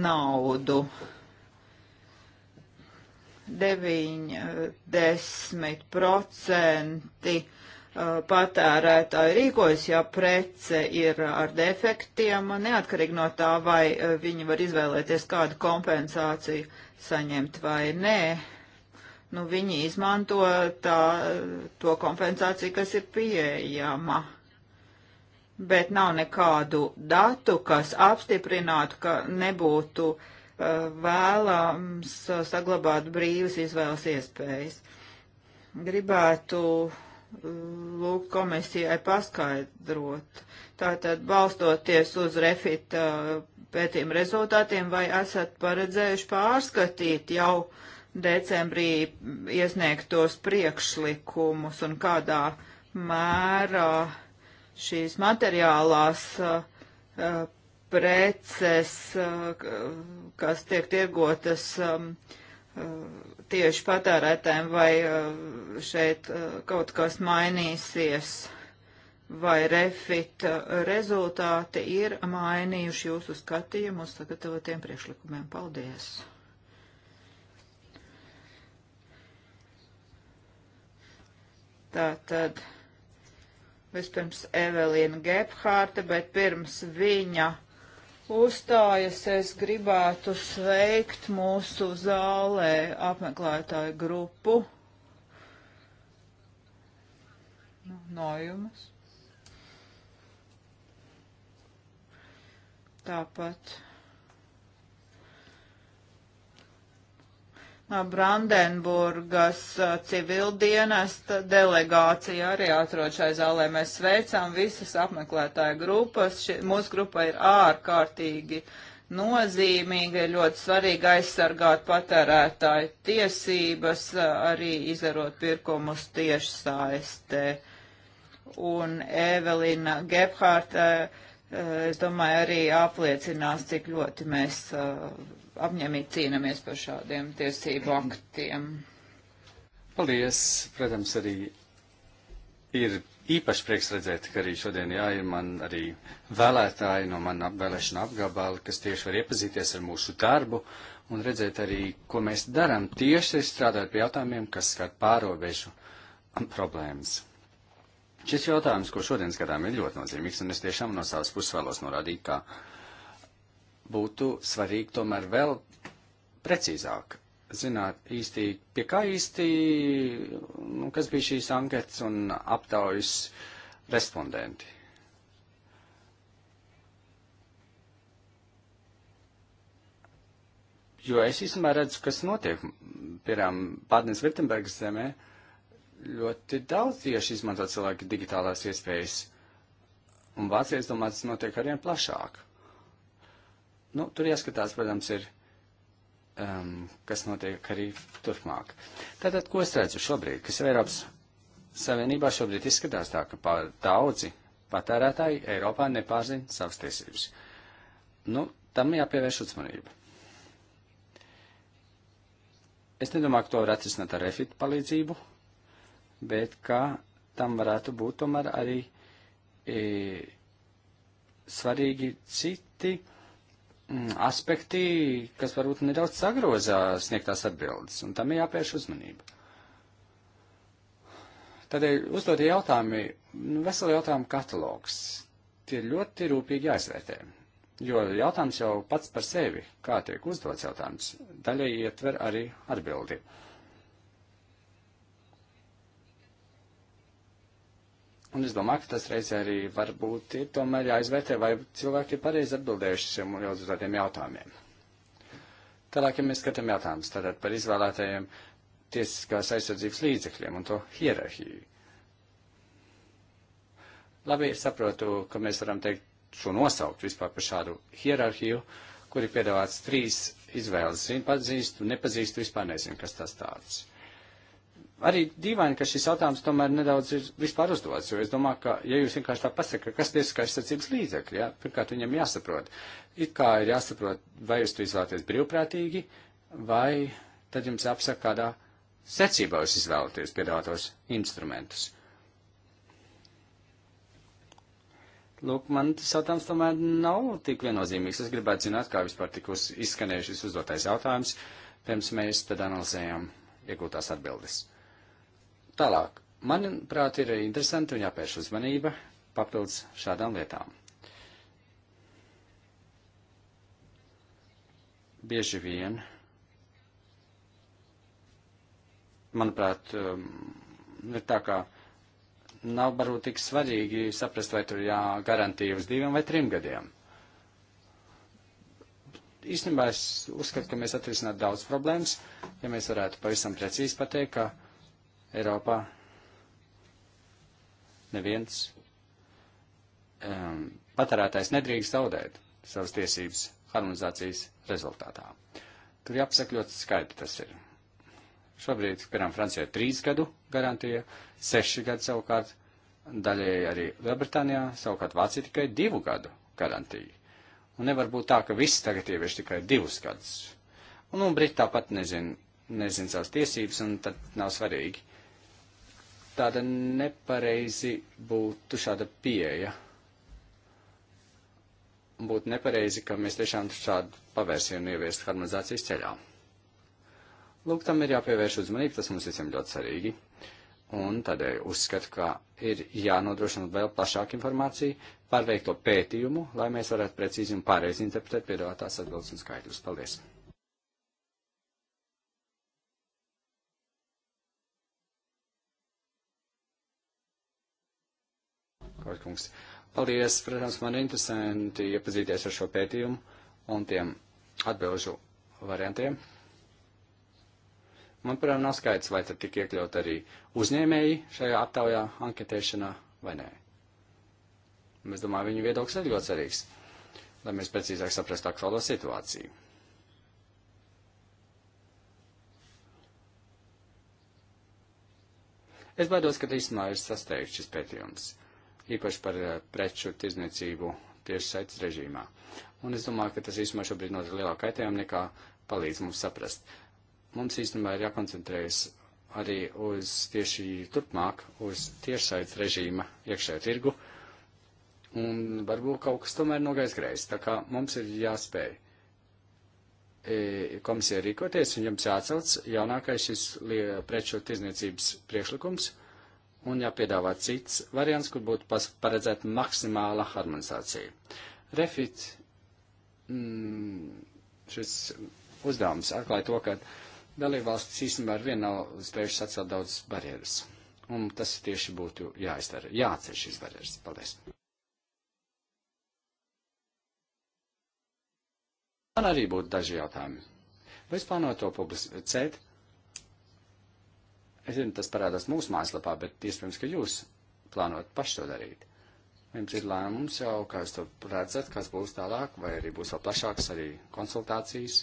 naudu. Uh, 90% uh, patērētāji rīkojas, ja prece ir ar defektiem, neatkarīgi no tā, vai uh, viņi var izvēlēties kādu kompensāciju saņemt vai nē. Nu, viņi izmanto tā, uh, to kompensāciju, kas ir pieejama bet nav nekādu datu, kas apstiprinātu, ka nebūtu uh, vēlams saglabāt brīvas izvēles iespējas. Gribētu uh, lūgt komisijai paskaidrot. Tātad balstoties uz refita uh, pētījuma rezultātiem, vai esat paredzējuši pārskatīt jau decembrī iesniegtos priekšlikumus un kādā mērā šīs materiālās uh, uh preces, kas tiek tirgotas um, uh, tieši patērētēm, vai uh, šeit uh, kaut kas mainīsies, vai refit rezultāti ir mainījuši jūsu skatījumu uz sagatavotiem priekšlikumiem. Paldies! Tātad vispirms Evelīna Gebhārta, bet pirms viņa uzstājas, es gribētu sveikt mūsu zālē apmeklētāju grupu nu, no jums. Tāpat. Brandenburgas civildienesta delegācija arī atrod šai zālē. Mēs sveicām visas apmeklētāju grupas. Ši, mūsu grupa ir ārkārtīgi nozīmīga, ir ļoti svarīgi aizsargāt patērētāju tiesības, arī izdarot pirkumus tieši saistē. Un Evelina Gebhārta, es domāju, arī apliecinās, cik ļoti mēs apņemīgi cīnamies par šādiem tiesību aktiem. Paldies! Protams, arī ir īpaši prieks redzēt, ka arī šodien jā, ir man arī vēlētāji no man vēlēšana apgabala, kas tieši var iepazīties ar mūsu darbu un redzēt arī, ko mēs darām tieši strādājot pie jautājumiem, kas skar pārobežu problēmas. Šis jautājums, ko šodien skatām, ir ļoti nozīmīgs, un es tiešām no savas puses vēlos norādīt, ka būtu svarīgi tomēr vēl precīzāk zināt īsti, pie kā īsti, nu, kas bija šīs anketas un aptaujas respondenti. Jo es īstenībā redzu, kas notiek, piemēram, Bādnes Virtenbergas zemē, ļoti daudz tieši izmanto cilvēki digitālās iespējas, un Vācijā, es domāju, tas notiek arvien plašāk. Nu, tur jāskatās, protams, ir, um, kas notiek arī turpmāk. Tātad, ko es redzu šobrīd, kas ir Eiropas Savienībā šobrīd izskatās tā, ka pār daudzi patērētāji Eiropā nepārzina savas tiesības. Nu, tam jāpievērš uzmanība. Es nedomāju, ka to var atrisināt ar refitu palīdzību, bet kā tam varētu būt tomēr arī e, svarīgi citi Mm, aspekti, kas varbūt nedaudz sagrozā sniegtās atbildes, un tam ir jāpērš uzmanība. Tādēļ uzdotie jautājumi, nu, veseli jautājumu katalogs, tie ļoti rūpīgi jāizvērtē, jo jautājums jau pats par sevi, kā tiek uzdots jautājums, daļai ietver arī atbildību. Un es domāju, ka tas reizē arī varbūt ir tomēr jāizvērtē, vai cilvēki ir pareizi atbildējuši šiem jau uzdotiem jautājumiem. Tālāk, ja mēs skatām jautājumus tātad par izvēlētajiem tiesiskās aizsardzības līdzekļiem un to hierarhiju. Labi, es saprotu, ka mēs varam teikt šo nosaukt vispār par šādu hierarhiju, kur ir piedāvāts trīs izvēles. Zinu, pazīstu, nepazīstu, vispār nezinu, kas tas tāds arī dīvaini, ka šis jautājums tomēr nedaudz ir vispār uzdots, jo es domāju, ka, ja jūs vienkārši tā pasaka, kas tiesiskā aizsardzības līdzekļi, ja, pirmkārt viņam jāsaprot, it kā ir jāsaprot, vai jūs to izvēlaties brīvprātīgi, vai tad jums apsaka, kādā secībā jūs izvēlaties piedāvātos instrumentus. Lūk, man tas jautājums tomēr nav tik viennozīmīgs. Es gribētu zināt, kā vispār tik uz, izskanējušas uzdotais jautājums, pirms mēs tad analizējam iegūtās atbildes. Uh, Tālāk, manuprāt, ir interesanti un jāpērš uzmanība papildus šādām lietām. Bieži vien, manuprāt, um, ir tā kā nav varbūt tik svarīgi saprast, vai tur jāgarantija uz diviem vai trim gadiem. Īstenībā es uzskatu, ka mēs atrisināt daudz problēmas, ja mēs varētu pavisam precīzi pateikt, ka Eiropā neviens um, patērētājs nedrīkst zaudēt savas tiesības harmonizācijas rezultātā. Tur jāpasaka ļoti skaidri tas ir. Šobrīd, piemēram, Francijā ir trīs gadu garantija, seši gadi savukārt, daļēji arī Lielbritānijā, savukārt Vācija tikai divu gadu garantija. Un nevar būt tā, ka viss tagad ievieš tikai divus gadus. Un, un nu, Briti tāpat nezina nezin savas tiesības, un tad nav svarīgi, tāda nepareizi būtu šāda pieeja. Būtu nepareizi, ka mēs tiešām šādu pavērsienu ieviestu harmonizācijas ceļā. Lūk, tam ir jāpievērš uzmanība, tas mums visiem ļoti svarīgi. Un tādēļ uzskatu, ka ir jānodrošina vēl plašāka informācija par veikto pētījumu, lai mēs varētu precīzi un pareizi interpretēt piedāvātās atbildes un skaidrus. Paldies! Korkungs. Paldies, protams, man interesanti iepazīties ar šo pētījumu un tiem atbilžu variantiem. Man, protams, nav skaidrs, vai tad tik iekļaut arī uzņēmēji šajā aptaujā anketēšanā vai nē. Es domāju, viņu viedoklis ir ļoti svarīgs, lai mēs precīzāk saprastu aktuālo situāciju. Es baidos, ka īstenībā ir sasteigts šis pētījums īpaši par eh, preču tirzniecību tieši saites režīmā. Un es domāju, ka tas īstenībā šobrīd nodara lielāku kaitējumu nekā palīdz mums saprast. Mums īstenībā ir jākoncentrējas arī uz tieši turpmāk, uz tiešsaites režīma iekšē tirgu, un varbūt kaut kas tomēr nogais greizi. Tā kā mums ir jāspēj e, komisija rīkoties, un jums jāatsauc jaunākais šis preču tirzniecības priekšlikums, un jāpiedāvā cits variants, kur būtu paredzēta maksimāla harmonizācija. Refit mm, šis uzdevums atklāja to, ka dalībvalstis īstenībā ar vienu nav spējušas atcelt daudzas barjeras. Un tas tieši būtu jāizdara, jāatcer šīs barjeras. Paldies! Man arī būtu daži jautājumi. Vai es plānoju to publicēt? Es zinu, tas parādās mūsu mājaslapā, bet iespējams, ka jūs plānojat paši to darīt. Jums ir lēmums jau, kā jūs to redzat, kas būs tālāk, vai arī būs vēl plašāks arī konsultācijas.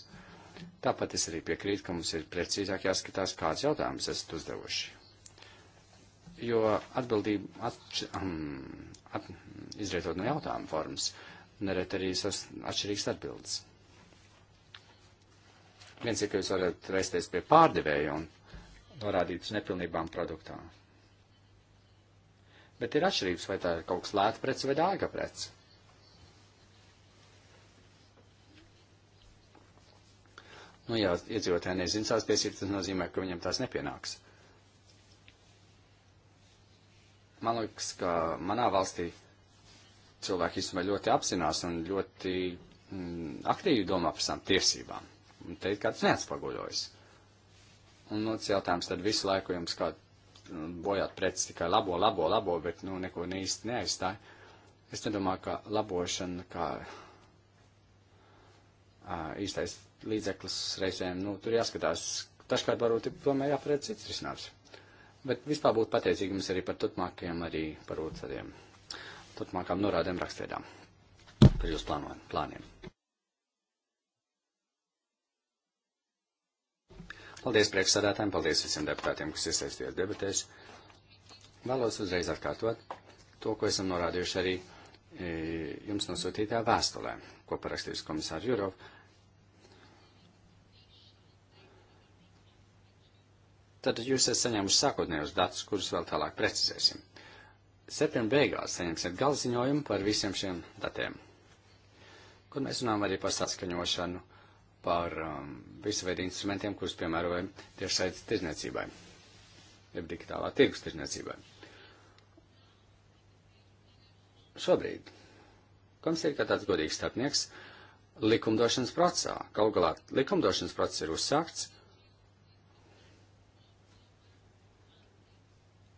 Tāpat es arī piekrītu, ka mums ir precīzāk jāskatās, kāds jautājums esat uzdevuši. Jo atbildība atš, um, at, izrietot no jautājuma formas, nereti arī atšķirīgs atbildes. Viens ir, ka jūs varat vēsties pie pārdevēja un norādītas nepilnībām produktā. Bet ir atšķirības, vai tā ir kaut kas lēta prece vai dārga prece. Nu, ja iedzīvotāji nezina savas tiesības, tas nozīmē, ka viņam tās nepienāks. Man liekas, ka manā valstī cilvēki īstenībā ļoti apzinās un ļoti mm, aktīvi domā par savām tiesībām. Un te ir kāds neatspoguļojas. Un nu, otrs jautājums tad visu laiku jums kā nu, bojāt preci tikai labo, labo, labo, bet, nu, neko īsti neaizstāja. Es nedomāju, ka labošana kā īstais līdzeklis reizēm, nu, tur jāskatās, taškārt varbūt tomēr jāpredz cits risinājums. Bet vispār būtu pateicīgi jums arī par turpmākajiem, arī par otsadiem, turpmākām norādēm rakstviedām par jūsu plāniem. Paldies priekšsādātājiem, paldies visiem deputātiem, kas iesaistījās debatēs. Vēlos uzreiz atkārtot to, ko esam norādījuši arī e, jums nosūtītā vēstulē, ko parakstījis komisārs Jurov. Tad jūs esat saņēmuši sākotnējos datus, kurus vēl tālāk precizēsim. Septembra beigās saņemsiet galziņojumu par visiem šiem datiem, kur mēs runājam arī par saskaņošanu par um, visu veidu instrumentiem, kurus piemērojam tiešsaistes tirzniecībai, jeb digitālā tirgus tirzniecībai. Šobrīd komisija ir kā tāds godīgs starpnieks likumdošanas procesā. Galu galā likumdošanas process ir uzsākts,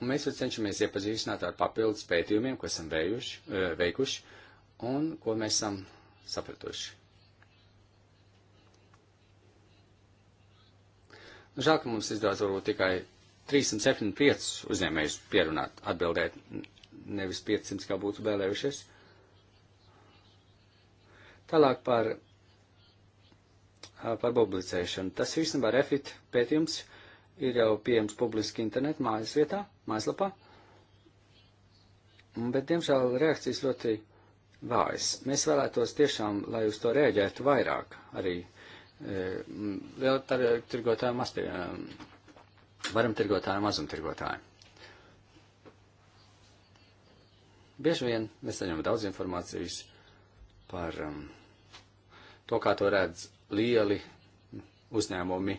un mēs jau cenšamies iepazīstināt ar papildus pētījumiem, ko esam vējuši, eh, veikuši un ko mēs esam sapratuši. Nu, žēl, ka mums izdevās varbūt tikai 375 uzņēmējus pierunāt, atbildēt, nevis 500, kā būtu vēlējušies. Tālāk par, par publicēšanu. Tas īstenībā refit pētījums ir jau pieejams publiski internetu mājas vietā, mājaslapā, bet, diemžēl, reakcijas ļoti vājas. Mēs vēlētos tiešām, lai uz to rēģētu vairāk arī Eh, liela tirgotāja, maztirgotāja, varam tirgotāja, mazumtirgotāja. Bieži vien mēs saņemam daudz informācijas par um, to, kā to redz lieli uzņēmumi,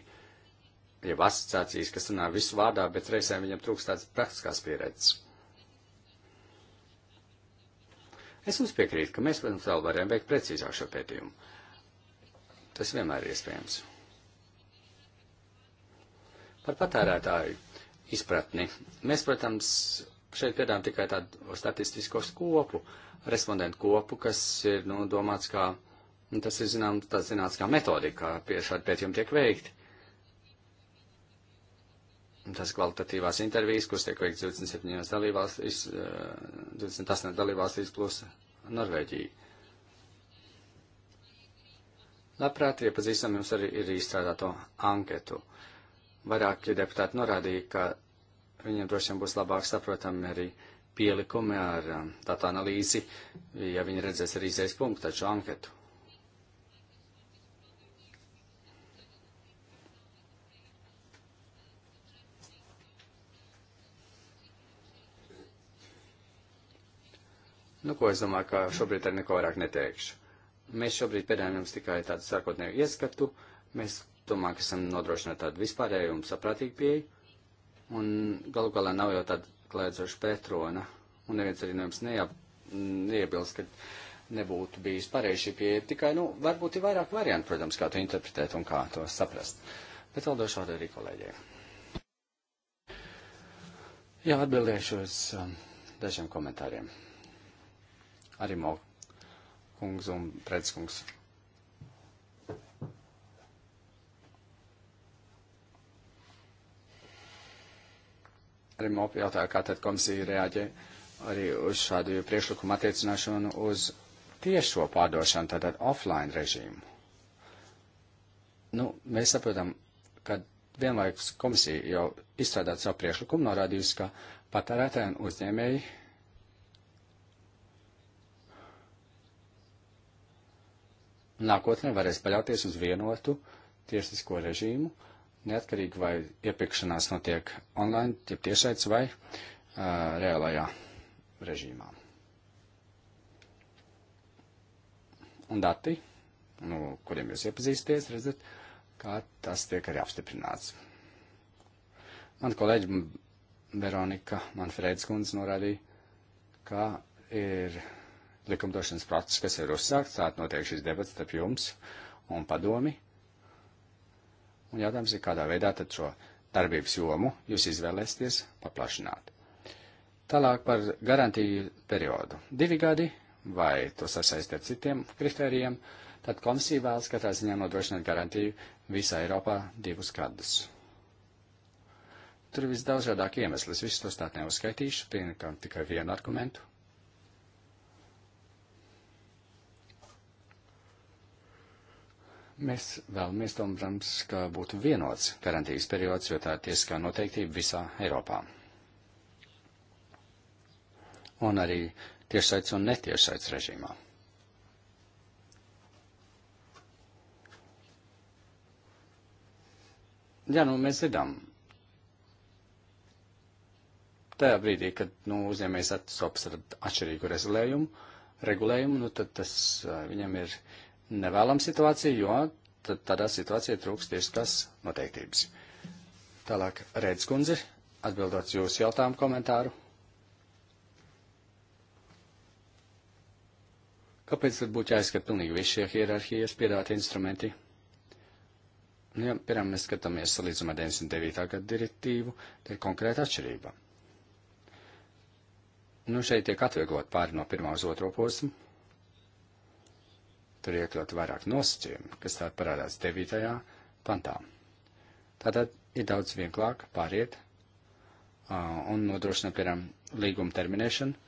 jeb asociācijas, kas runā visu vārdā, bet reizēm viņam trūkst tāds praktiskās pieredzes. Es jums piekrītu, ka mēs, protams, vēl varējām veikt precīzāk šo pētījumu. Tas vienmēr ir iespējams. Par patērētāju izpratni. Mēs, protams, šeit piedām tikai tādu statistiskos kopu, respondentu kopu, kas ir nu, domāts kā, nu, tas ir zināms, tā zināms kā metodika, kā pie šādi pētījumi tiek veikti. Tas kvalitatīvās intervijas, kuras tiek veikts 27 dalībvalstīs, eh, 28 dalībvalstīs plus Norvēģija. Labprāt, iepazīstam jums arī ir izstrādāto anketu. Vairāki deputāti norādīja, ka viņiem droši vien būs labāk saprotami arī pielikumi ar um, tātā analīzi, ja viņi redzēs arī izējas punktu taču anketu. Nu, ko es domāju, ka šobrīd arī neko vairāk neteikšu. Mēs šobrīd pēdējām jums tikai tādu sākotnēju ieskatu. Mēs domājam, ka esam nodrošināti tādu vispārēju un saprātīgu pieeju. Un galu galā nav jau tāda klēdzoša Petrona. Un neviens arī no jums neap, neiebilst, ka nebūtu bijis pareizi šī pieeja. Tikai, nu, varbūt ir vairāk variantu, protams, kā to interpretēt un kā to saprast. Bet vēl došu vārdu arī kolēģiem. Jā, atbildēšu uz um, dažiem komentāriem. Arī Mok kungs un pretskungs. Arī MOP jautāja, kā tad komisija reaģē arī uz šādu priekšlikumu attiecināšanu uz tiešo pārdošanu, tātad offline režīmu. Nu, mēs saprotam, ka vienlaikus komisija jau izstrādāt savu priekšlikumu, norādījusi, ka patērētāji un uzņēmēji nākotnē varēs paļauties uz vienotu tiesisko režīmu, neatkarīgi vai iepirkšanās notiek online, ja tiešaic vai uh, reālajā režīmā. Un dati, nu, kuriem jūs iepazīsties, redzat, kā tas tiek arī apstiprināts. Man kolēģi Veronika Manfrēdskundze norādīja, ka ir likumdošanas process, kas ir uzsākts, tātad notiek šis debats starp jums un padomi. Un jautājums ir, kādā veidā tad šo darbības jomu jūs izvēlēsieties paplašināt. Tālāk par garantiju periodu. Divi gadi vai to sasaist ar citiem kritērijiem, tad komisija vēlas katrā ziņā nodrošināt garantiju visā Eiropā divus gadus. Tur ir visdažādāk iemesls, visus tos tā neuzskaitīšu, pieņemam tikai vienu argumentu. Mēs vēlamies, protams, ka būtu vienots garantijas periods, jo tā ir tiesiskā noteiktība visā Eiropā. Un arī tiešsaits un netiešsaits režīmā. Jā, nu mēs dzirdam. Tajā brīdī, kad nu, uzņēmējs atstops ar atšķirīgu regulējumu, regulējumu nu, tad tas viņam ir nevēlam situāciju, jo tad tādā situācijā trūks tiesiskās noteiktības. Tālāk, Rēdz kundze, atbildot jūsu jautājumu komentāru. Kāpēc tad būtu jāizskat pilnīgi visi šie hierarhijas piedāvāti instrumenti? Nu, ja, piemēram, mēs skatāmies salīdzinām ar 99. gadu direktīvu, te ir konkrēta atšķirība. Nu, šeit tiek atvieglot pāri no pirmā uz otro posmu, Tur iekļaut vairāk nosacījumu, kas tātad parādās 9. pantā. Tātad ir daudz vieglāk pāriet uh, un nodrošināt, piemēram, līguma terminēšanu.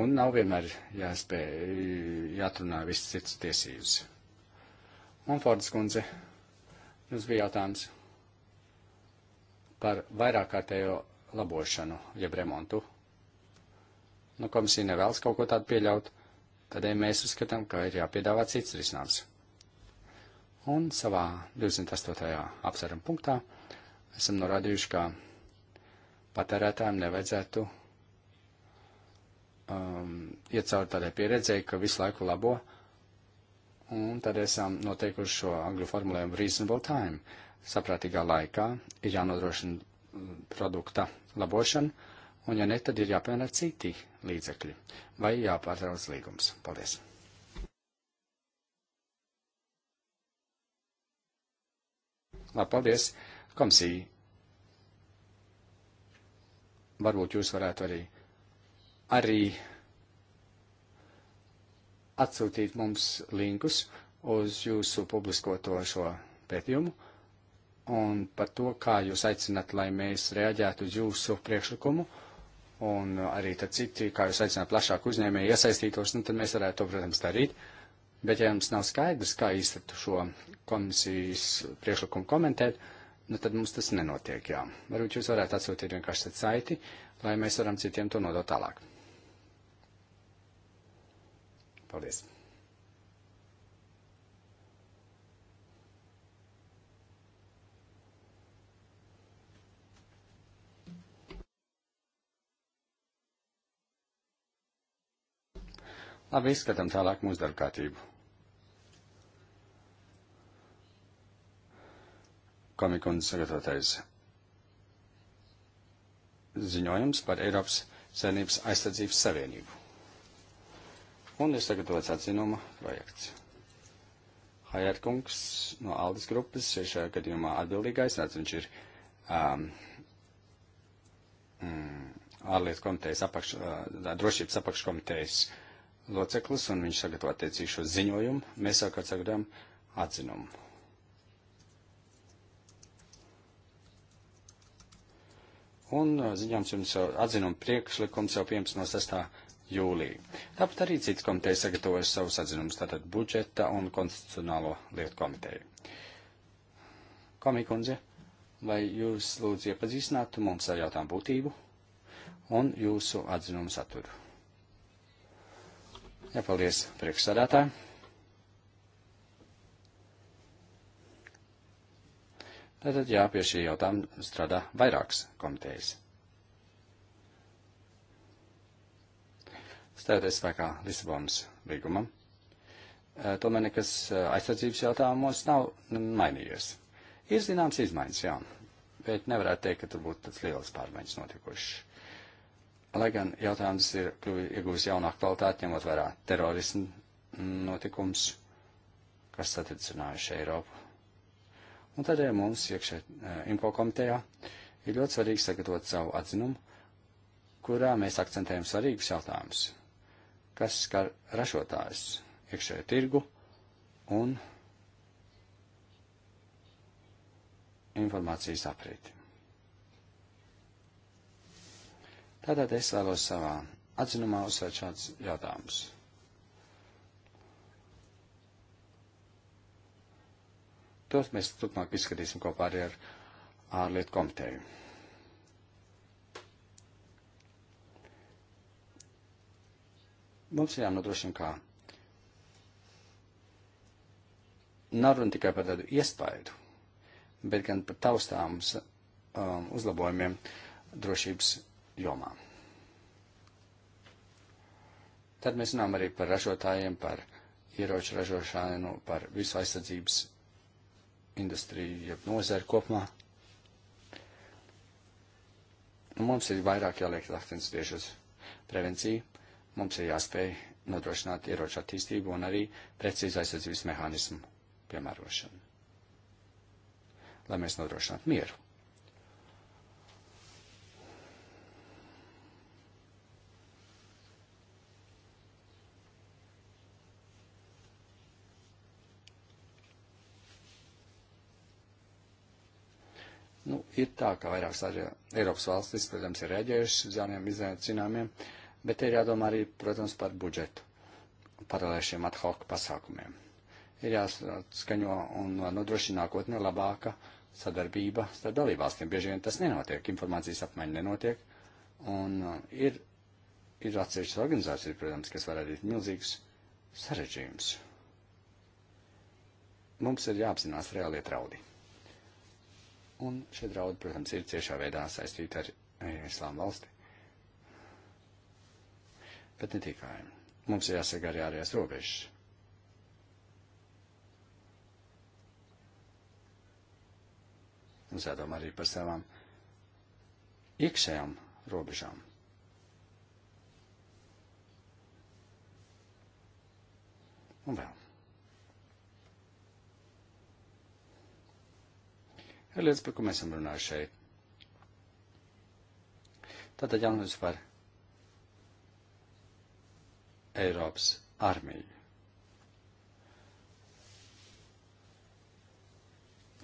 Un nav vienmēr jāspēj jāatrunā viss cits tiesības. Un Fordas kundze, jums bija jautājums par vairākārtējo labošanu, jeb remontu nu komisija nevēlas kaut ko tādu pieļaut, tādēļ mēs uzskatām, ka ir jāpiedāvā cits risinājums. Un savā 28. apsveram punktā esam norādījuši, ka patērētājiem nevajadzētu um, iet cauri tādai pieredzēji, ka visu laiku labo, un tad esam noteikuši šo angļu formulējumu reasonable time. Saprātīgā laikā ir jānodrošina mm, produkta labošana, un ja ne, tad ir jāpienāk citi līdzekļi vai jāpārtrauc līgums. Paldies! Labi, paldies, komisija. Varbūt jūs varētu arī, arī atsūtīt mums linkus uz jūsu publiskoto šo pētījumu un par to, kā jūs aicināt, lai mēs reaģētu uz jūsu priekšlikumu un uh, arī tad citi, kā jūs aicināt plašāk uzņēmēji iesaistītos, nu tad mēs varētu to, protams, darīt. Bet ja jums nav skaidrs, kā īstenot šo komisijas priekšlikumu komentēt, nu tad mums tas nenotiek, jā. Varbūt jūs varētu atsūtīt vienkārši saiti, lai mēs varam citiem to nodot tālāk. Paldies! Labi, izskatām tālāk mūsu darba kārtību. Komikons sagatavotais ziņojums par Eiropas Savienības aizsardzības savienību. Un ir sagatavots atzinuma projekts. Hajerkungs no Aldis grupas ir šajā gadījumā atbildīgais, nāc viņš ir um, mm, ārlietu komitejas apakš, uh, drošības apakškomitejas uh, loceklis, un viņš sagatavo attiecīšo ziņojumu. Mēs savukārt sagatavām atzinumu. Un uh, ziņojums jums jau atzinuma priekšlikums jau 15.6. jūlijā. Tāpat arī cits komiteja sagatavoja savus atzinumus, tātad budžeta un konstitucionālo lietu komiteju. Komikundze, vai jūs lūdzu iepazīstinātu mums ar jautājumu būtību un jūsu atzinumu saturu? Jā, paldies priekšsādātājiem. Tātad jā, pie šī jautājuma strādā vairākas komitejas. Stājoties spēkā Lisabonas līgumam, eh, tomēr nekas eh, aizsardzības jautājumos nav mainījies. Ir zināms izmaiņas, jā, bet nevarētu teikt, ka tur būtu tāds liels pārmaiņas notikušas. Lai gan jautājums ir iegūst jaunāku kvalitāti, ņemot vērā terorismu notikums, kas satricinājuši Eiropu. Un tādēļ mums iekšē e, info komitejā ir ļoti svarīgi sagatavot savu atzinumu, kurā mēs akcentējam svarīgus jautājumus, kas skar ražotājus, iekšēju tirgu un informācijas aprīti. Tātad es vēlos savā atzinumā uzsvērt šādus jautājumus. Tos mēs turpmāk izskatīsim kopā arī ar ārlietu komiteju. Mums ir jānodrošina, kā nav runa tikai par tādu iespaidu, bet gan par taustāms um, uzlabojumiem drošības jomām. Tad mēs runājam arī par ražotājiem, par ieroču ražošanu, nu, par visu aizsardzības industriju, jeb nozari kopumā. Un mums ir vairāk jāliek akcents tieši uz prevenciju. Mums ir jāspēj nodrošināt ieroču attīstību un arī precīzu aizsardzības mehānismu piemērošanu, lai mēs nodrošinātu mieru. Ir tā, ka vairākas Eiropas valstis, protams, ir reaģējušas uz jauniem izaicinājumiem, bet ir jādomā arī, protams, par budžetu paralēli šiem ad hoc pasākumiem. Ir jāskaņo un nodrošina nākotnē labāka sadarbība starp dalībvalstīm. Bieži vien tas nenotiek, informācijas apmaiņa nenotiek, un uh, ir, ir atsevišķas organizācijas, protams, kas var radīt milzīgus sarežģījumus. Mums ir jāapzinās reālie draudi. Un šie draudi, protams, ir ciešā veidā saistīti ar Islāma valsti. Bet ne tikai. Mums ir jāsaka arī ārējās robežas. Mums jādomā arī par savām iekšējām robežām. Un vēl. ir lietas, par ko mēs esam runājuši šeit. Tātad jaunums par Eiropas armiju.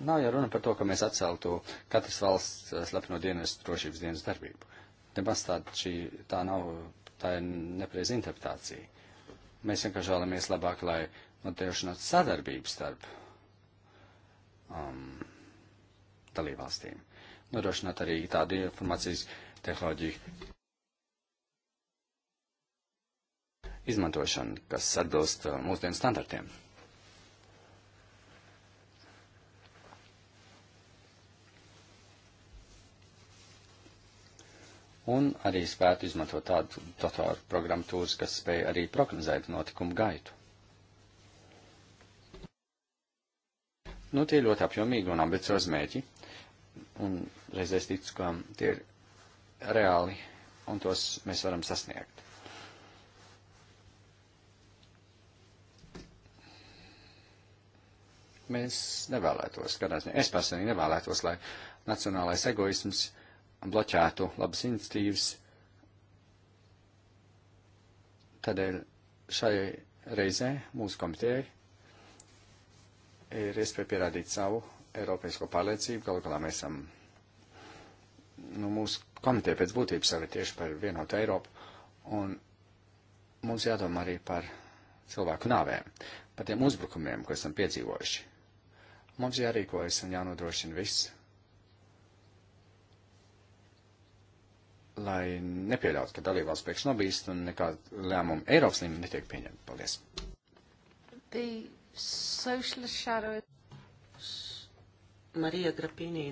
Nav jau runa par to, ka mēs atceltu katras valsts slepeno dienas drošības dienas darbību. Nemaz tā, šī, tā nav, tā ir nepareiza interpretācija. Mēs vienkārši vēlamies labāk, lai nodrošinātu sadarbību starp um, dalībvalstīm, nodrošināt arī tādu informācijas tehnoloģiju izmantošanu, kas atbilst uh, mūsdienu standartiem. Un arī spētu izmantot tādu datoru programmatūras, kas spēj arī prognozēt notikumu gaitu. Nu, tie ir ļoti apjomīgi un ambiciozi mērķi, un reizēs ticu, ka tie ir reāli, un tos mēs varam sasniegt. Mēs nevēlētos, kādās, es personīgi nevēlētos, lai nacionālais egoisms bloķētu labas iniciatīvas. Tādēļ šai reizē mūsu komitejai ir iespēja pierādīt savu Eiropiesko pārliecību. Galu galā mēs esam, nu, mūsu komiteja pēc būtības arī tieši par vienotu Eiropu, un mums jādomā arī par cilvēku nāvēm, par tiem uzbrukumiem, ko esam piedzīvojuši. Mums jārīkojas un jānodrošina viss, lai nepieļautu, ka dalībvalsts pēkšņi nobīst un nekāda lēmuma Eiropas līmenī netiek pieņemta. Paldies! The Socialist shadow. Marija Grapinī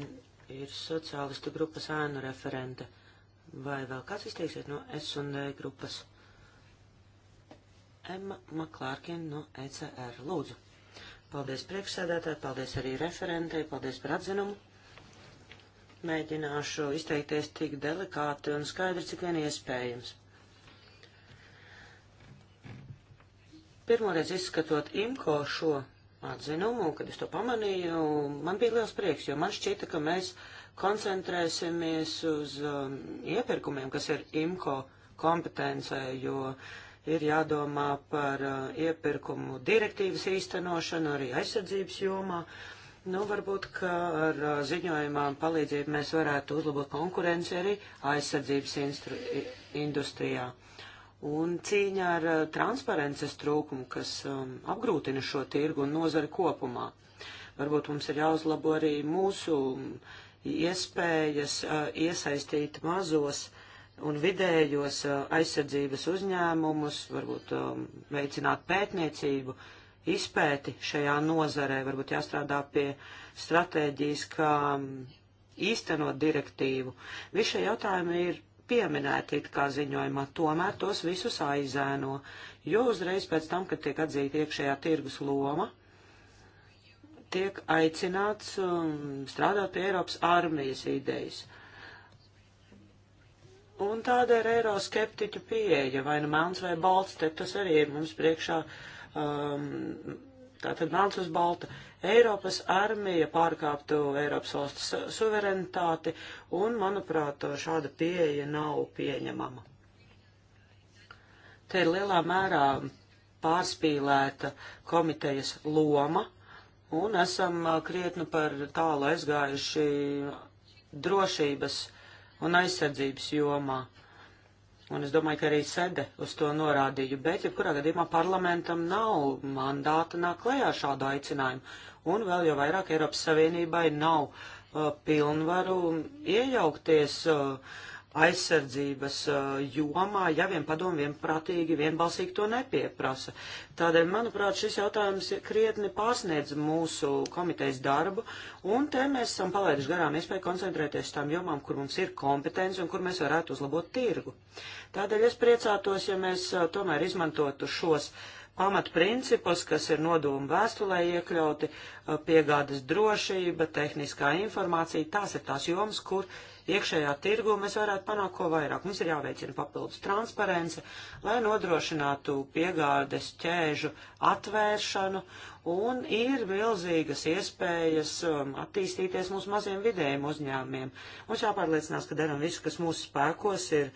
ir sociālistu grupas ēnu referente. Vai vēl kāds izteiksiet no S&D grupas? Emma Maklārkina no ECR. Lūdzu. Paldies priekšsēdētāji, paldies arī referentei, paldies par atzinumu. Mēģināšu izteikties tik delikāti un skaidri, cik vien iespējams. pirmoreiz izskatot IMCO šo atzinumu, kad es to pamanīju, man bija liels prieks, jo man šķita, ka mēs koncentrēsimies uz um, iepirkumiem, kas ir IMCO kompetencē, jo ir jādomā par uh, iepirkumu direktīvas īstenošanu arī aizsardzības jomā. Nu, varbūt, ka ar uh, ziņojumām palīdzību mēs varētu uzlabot konkurenci arī aizsardzības industrijā. Uh, un cīņa ar uh, transparences trūkumu, kas um, apgrūtina šo tirgu un nozari kopumā. Varbūt mums ir jāuzlabo arī mūsu um, iespējas uh, iesaistīt mazos un vidējos uh, aizsardzības uzņēmumus, varbūt um, veicināt pētniecību, izpēti šajā nozarē, varbūt jāstrādā pie stratēģijas, kā um, īstenot direktīvu. Visi šie jautājumi ir pieminēti it kā ziņojumā, tomēr tos visus aizēno, jo uzreiz pēc tam, kad tiek atzīta iekšējā tirgus loma, tiek aicināts um, strādāt pie Eiropas armijas idejas. Un tāda ir eiroskeptiķu pieeja, vai nu melns vai balts, te tas arī ir mums priekšā, um, tātad melns uz balta. Uh, Eiropas armija pārkāptu Eiropas valsts suverenitāti, un, manuprāt, šāda pieeja nav pieņemama. Te ir lielā mērā pārspīlēta komitejas loma, un esam krietni par tālu aizgājuši drošības un aizsardzības jomā. Un es domāju, ka arī sede uz to norādīju, bet jebkurā gadījumā parlamentam nav mandāta nāk klajā šādu aicinājumu un vēl jau vairāk Eiropas Savienībai nav uh, pilnvaru iejaukties uh, aizsardzības uh, jomā, ja vien padomu vienprātīgi, vienbalsīgi to nepieprasa. Tādēļ, manuprāt, šis jautājums krietni pārsniedz mūsu komitejas darbu, un te mēs esam palaiduši garām iespēju koncentrēties tām jomām, kur mums ir kompetence un kur mēs varētu uzlabot tirgu. Tādēļ es priecātos, ja mēs uh, tomēr izmantotu šos uh, pamatprincipus, kas ir nodomu vēstulē iekļauti, piegādes drošība, tehniskā informācija, tās ir tās jomas, kur iekšējā tirgu mēs varētu panākt ko vairāk. Mums ir jāveicina papildus transparence, lai nodrošinātu piegādes ķēžu atvēršanu, un ir milzīgas iespējas um, attīstīties mūsu maziem vidējiem uzņēmumiem. Mums jāpārliecinās, ka darām visu, kas mūsu spēkos ir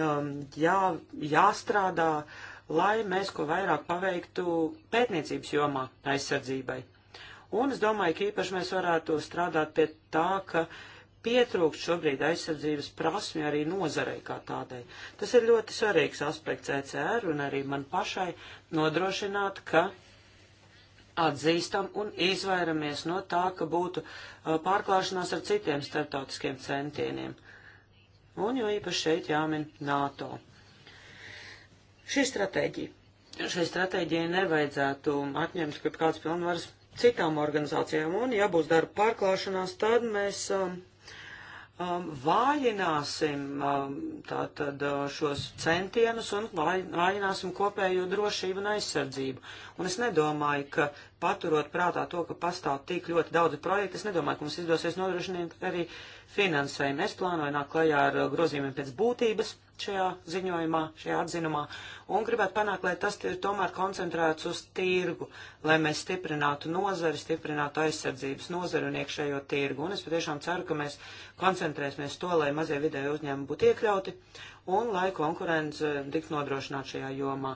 um, jā, jāstrādā. Uh, lai mēs ko vairāk paveiktu pētniecības jomā aizsardzībai. Un es domāju, ka īpaši mēs varētu strādāt pie tā, ka pietrūkst šobrīd aizsardzības prasmi arī nozarei kā tādai. Tas ir ļoti svarīgs aspekts ECR un arī man pašai nodrošināt, ka atzīstam un izvairamies no tā, ka būtu pārklāšanās ar citiem starptautiskiem centieniem. Un jo īpaši šeit jāmin NATO šī stratēģija. Šai stratēģijai nevajadzētu atņemt kaut kādas pilnvaras citām organizācijām, un ja būs darba pārklāšanās, tad mēs um, um, vājināsim um, tātad uh, šos centienus un vājināsim kopējo drošību un aizsardzību. Un es nedomāju, ka paturot prātā to, ka pastāv tik ļoti daudz projektu, es nedomāju, ka mums izdosies nodrošināt arī finansējumu. Es plānoju nākt klajā ar uh, grozījumiem pēc būtības šajā ziņojumā, šajā atzinumā, un gribētu panākt, lai tas ir tomēr koncentrēts uz tirgu, lai mēs stiprinātu nozari, stiprinātu aizsardzības nozari un iekšējo tirgu. Un es patiešām ceru, ka mēs koncentrēsimies to, lai mazie vidēji uzņēmumi būtu iekļauti, un lai konkurence tiktu nodrošināta šajā jomā.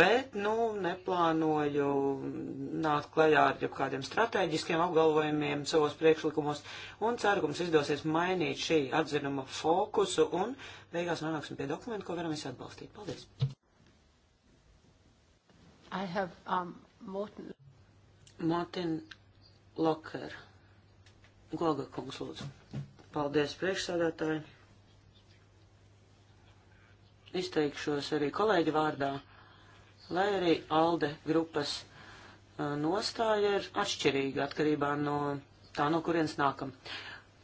Bet, nu, neplānoju nākt klajā ar jau kādiem strateģiskiem apgalvojumiem savos priekšlikumos un ceru, ka mums izdosies mainīt šī atzinuma fokusu un beigās nonāksim pie dokumentu, ko varam visi atbalstīt. Paldies! I have um, Morten. Martin Locker. Goga kungs, lūdzu. Paldies, priekšsādātāji izteikšos arī kolēģi vārdā, lai arī ALDE grupas nostāja ir atšķirīga atkarībā no tā, no kurienes nākam.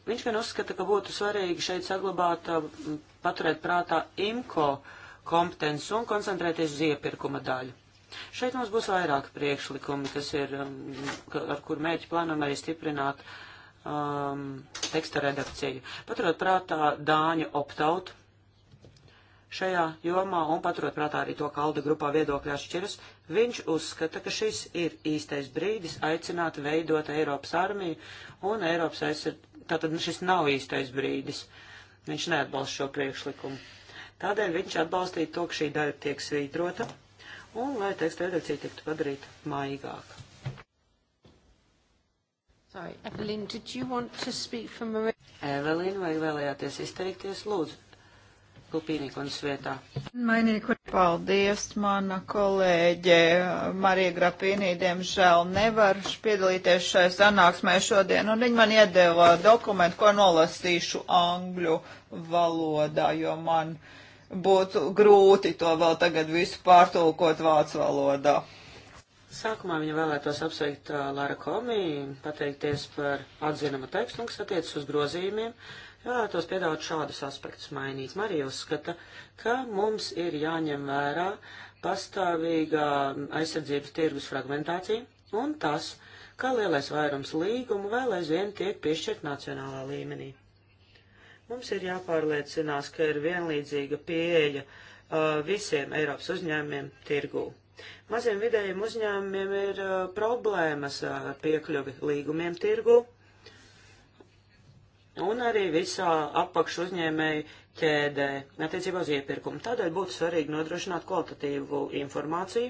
Viņš gan uzskata, ka būtu svarīgi šeit saglabāt, paturēt prātā IMCO kompetences un koncentrēties uz iepirkuma daļu. Šeit mums būs vairāk priekšlikumi, kas ir, ar kur mēķi plānam arī stiprināt um, teksta redakciju. Paturot prātā Dāņu optautu šajā jomā un paturot prātā arī to, ka Alda grupā viedokļi atšķiras, viņš uzskata, ka šis ir īstais brīdis aicināt veidot Eiropas armiju un Eiropas aizsardzību. Tātad nu, šis nav īstais brīdis. Viņš neatbalsta šo priekšlikumu. Tādēļ viņš atbalstīja to, ka šī daļa tiek svītrota un lai teksta redakcija tiktu padarīta maigāka. Sorry, Evelyn, did you want to speak for Marie? Evelyn, vai vēlējāties izteikties? Lūdzu. Lupīnīkunas vietā. Mainīku. Paldies, mana kolēģe Marija Grapīnī, diemžēl nevar piedalīties šai sanāksmē šodien, un viņa man iedeva dokumentu, ko nolasīšu angļu valodā, jo man būtu grūti to vēl tagad visu pārtulkot vācu valodā. Sākumā viņa vēlētos apsveikt uh, Lara Komī, pateikties par atzinumu tekstu, kas attiecas uz grozījumiem. Uh, vēlētos piedāvāt šādus aspektus mainīt. Marija uzskata, ka mums ir jāņem vērā pastāvīgā aizsardzības tirgus fragmentācija un tas, ka lielais vairums līgumu vēl aizvien tiek piešķirt nacionālā līmenī. Mums ir jāpārliecinās, ka ir vienlīdzīga pieeja uh, visiem Eiropas uzņēmumiem tirgū. Maziem vidējiem uzņēmumiem ir uh, problēmas ar uh, piekļuvi līgumiem tirgū, un arī visā apakšu uzņēmēju ķēdē attiecībā uz iepirkumu. Tādēļ būtu svarīgi nodrošināt kvalitatīvu informāciju,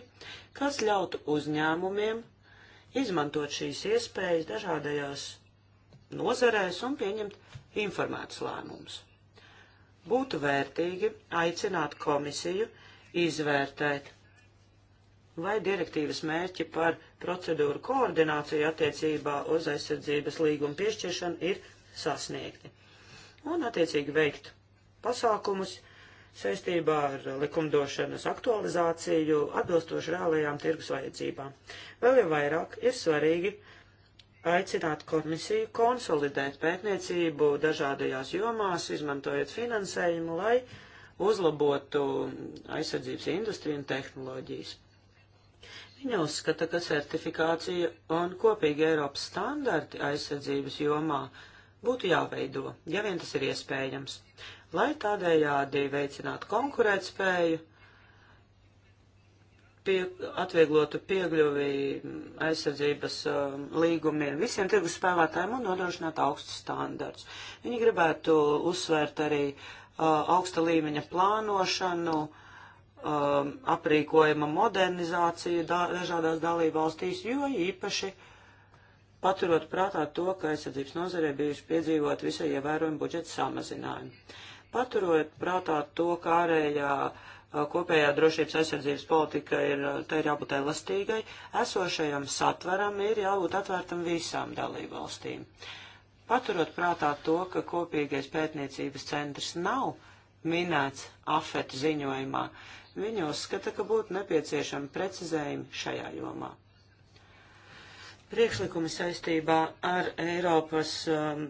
kas ļautu uzņēmumiem izmantot šīs iespējas dažādajās nozarēs un pieņemt informētus lēmumus. Būtu vērtīgi aicināt komisiju izvērtēt, vai direktīvas mērķi par procedūru koordināciju attiecībā uz aizsardzības līgumu piešķiršanu ir sasniegti. Un, attiecīgi, veikt pasākumus saistībā ar likumdošanas aktualizāciju atbilstoši reālajām tirgus vajadzībām. Vēl jau vairāk ir svarīgi aicināt komisiju konsolidēt pētniecību dažādajās jomās, izmantojot finansējumu, lai uzlabotu aizsardzības industriju un tehnoloģijas. Viņa uzskata, ka certifikācija un kopīgi Eiropas standarti aizsardzības jomā būtu jāveido, ja vien tas ir iespējams, lai tādējādi veicinātu konkurētspēju, pie, atvieglotu piegļuvi aizsardzības um, līgumiem visiem tirgus spēlētājiem un nodrošinātu augstus standarts. Viņi gribētu uzsvērt arī uh, augsta līmeņa plānošanu, um, aprīkojuma modernizāciju da dažādās dalībvalstīs, jo īpaši uh, paturot prātā to, ka aizsardzības nozarē bijuši piedzīvot visai ievērojami budžeta samazinājumi. Paturot prātā to, ka ārējā kopējā drošības aizsardzības politika ir, tai ir jābūt elastīgai, esošajam satveram ir jābūt atvērtam visām dalību valstīm. Paturot prātā to, ka kopīgais pētniecības centrs nav minēts afetu ziņojumā, viņi uzskata, ka būtu nepieciešami precizējumi šajā jomā priekšlikumi saistībā ar Eiropas um,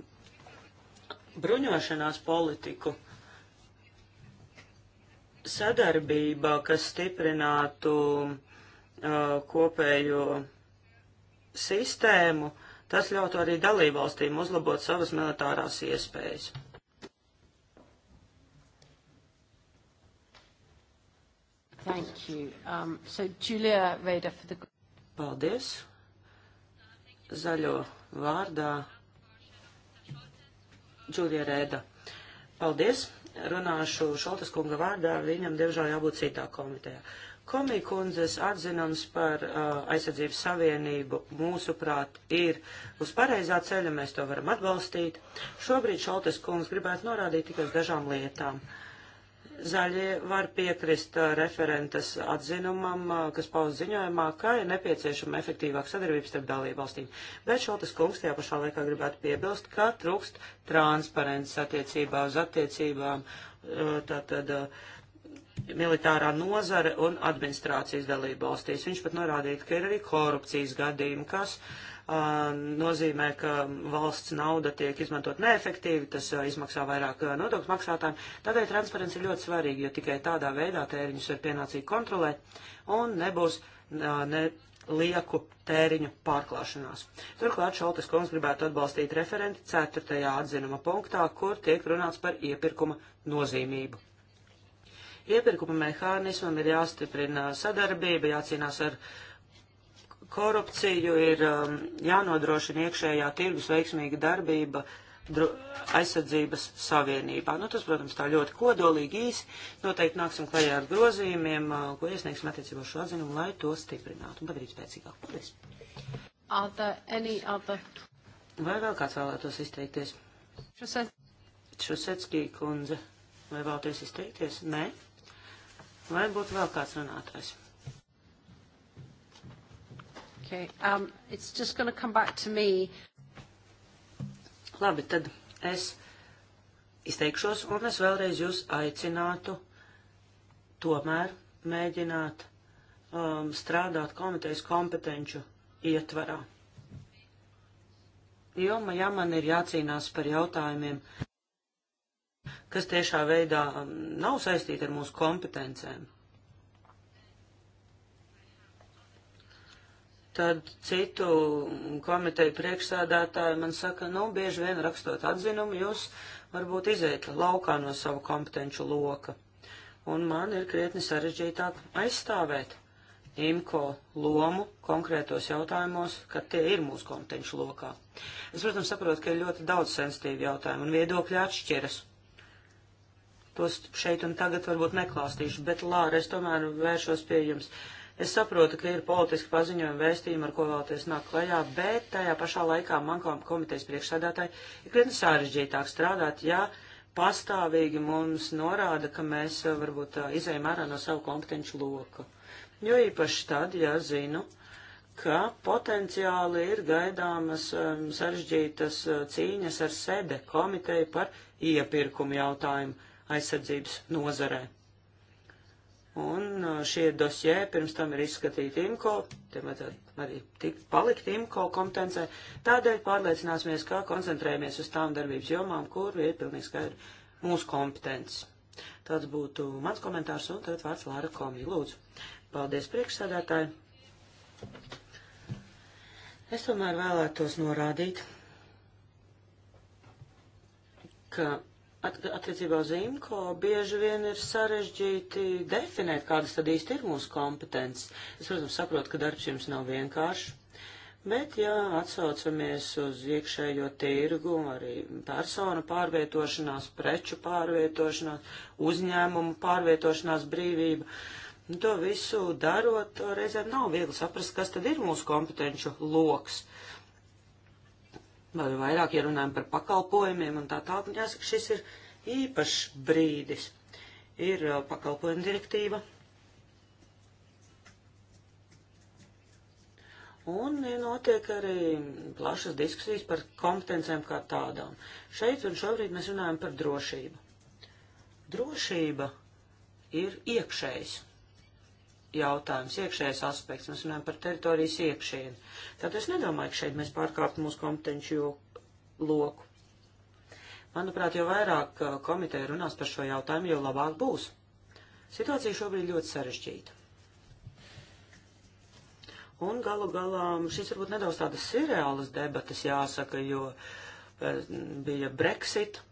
bruņošanās politiku, sadarbība, kas stiprinātu uh, kopējo sistēmu, tas ļautu arī dalībvalstīm uzlabot savas militārās iespējas. Thank you. Um, so Julia Reda for the... Paldies zaļo vārdā Džulija Rēda. Paldies! Runāšu Šoltas kunga vārdā, viņam diemžēl jābūt citā komitejā. Komija kundzes atzinums par uh, aizsardzības savienību, mūsuprāt, ir uz pareizā ceļa, mēs to varam atbalstīt. Šobrīd Šoltas kungs gribētu norādīt tikai uz dažām lietām. Uh, Zaļie var piekrist uh, referentes atzinumam, uh, kas pauz ziņojumā, ka ir nepieciešama efektīvāka sadarbība starp dalībvalstīm. Bet Šoltas kungs tajā pašā laikā gribētu piebilst, ka trūkst transparents attiecībā uz attiecībām uh, tātad militārā nozare un administrācijas dalībvalstīs. Viņš pat norādīja, ka ir arī korupcijas gadījumi, kas uh, nozīmē, ka valsts nauda tiek izmantot neefektīvi, tas izmaksā vairāk nodokļu maksātājiem. Tādēļ transparents ir ļoti svarīgi, jo tikai tādā veidā tēriņus var pienācīgi kontrolēt un nebūs ne lieku tēriņu pārklāšanās. Turklāt Šaltas kungs gribētu atbalstīt referenti 4. atzinuma punktā, kur tiek runāts par iepirkuma nozīmību. Iepirkuma mehānismam ir jāstiprina sadarbība, jācīnās ar uh, korupciju ir um, jānodrošina iekšējā tirgus veiksmīga darbība aizsardzības savienībā. Nu, tas, protams, tā ļoti kodolīgi īsi. Noteikti nāksim klajā ar grozījumiem, uh, ko iesniegsim attiecībā šo atzinumu, lai to stiprinātu un padarītu spēcīgāku. Paldies! Alta, Eli, Alta. Vai vēl kāds vēlētos izteikties? Šuset. Šusetskī kundze. Vai vēlaties izteikties? Nē. Vai būtu vēl kāds runātājs? Okay. Um, it's just going to come back to me. Labi, tad es izteikšos un es vēlreiz jūs aicinātu tomēr mēģināt um, strādāt komitejas kompetenču ietvarā. Jo, ja man ir jācīnās par jautājumiem, kas tiešā veidā um, nav saistīti ar mūsu kompetencēm, tad citu komiteju priekšsēdētāji man saka, nu, bieži vien rakstot atzinumu, jūs varbūt iziet laukā no savu kompetenču loka. Un man ir krietni sarežģītāk aizstāvēt IMCO lomu konkrētos jautājumos, kad tie ir mūsu kompetenci lokā. Es, protams, saprotu, ka ir ļoti daudz sensitīvu jautājumu un viedokļi atšķiras. Tos šeit un tagad varbūt neklāstīšu, bet, Lāra, es tomēr vēršos pie jums. Uh, Es saprotu, ka ir politiski paziņojumi vēstījumi, ar ko vēlaties nākt klajā, bet tajā pašā laikā man kā komitejas priekšsēdētāji ir krietni sarežģītāk strādāt, ja pastāvīgi mums norāda, ka mēs eh, varbūt eh, izējām ārā no savu kompetenci loku. Jo īpaši tad, ja zinu, ka potenciāli ir gaidāmas um, sarežģītas uh, cīņas ar sede komiteju par iepirkumu jautājumu aizsardzības nozarē. Un šie dosjē pirms tam ir izskatīti IMCO, te vajadzētu arī tikt palikt IMCO kompetencē. Tādēļ pārliecināsimies, kā koncentrējamies uz tām darbības jomām, kur ir pilnīgi skaidri mūsu kompetences. Tāds būtu mans komentārs, un tagad vārds Lāra Komija. Lūdzu, paldies priekšsēdētāji. Es tomēr vēlētos norādīt, ka attiecībā uz IMCO bieži vien ir sarežģīti definēt, kādas tad īsti ir mūsu kompetences. Es, protams, saprotu, ka darbs jums nav vienkāršs, bet, ja atsaucamies uz iekšējo tirgu, arī personu pārvietošanās, preču pārvietošanās, uzņēmumu pārvietošanās brīvība, to visu darot, reizēm nav viegli saprast, kas tad ir mūsu kompetenču loks. Uh, vēl vairāk, ja runājam par pakalpojumiem un tā tālāk, un jāsaka, šis ir īpašs brīdis. Ir uh, pakalpojuma direktīva. Un ja notiek arī plašas diskusijas par kompetencēm kā tādām. Šeit un šobrīd mēs runājam par drošību. Drošība ir iekšējs jautājums, iekšējais aspekts, mēs runājam par teritorijas iekšēni. Tad es nedomāju, ka šeit mēs pārkāptu mūsu kompetenci loku. Manuprāt, jo vairāk uh, komiteja runās par šo jautājumu, jo labāk būs. Situācija šobrīd ļoti sarežģīta. Un galu galā šis varbūt nedaudz tādas sirreālas debatas jāsaka, jo uh, bija Brexit,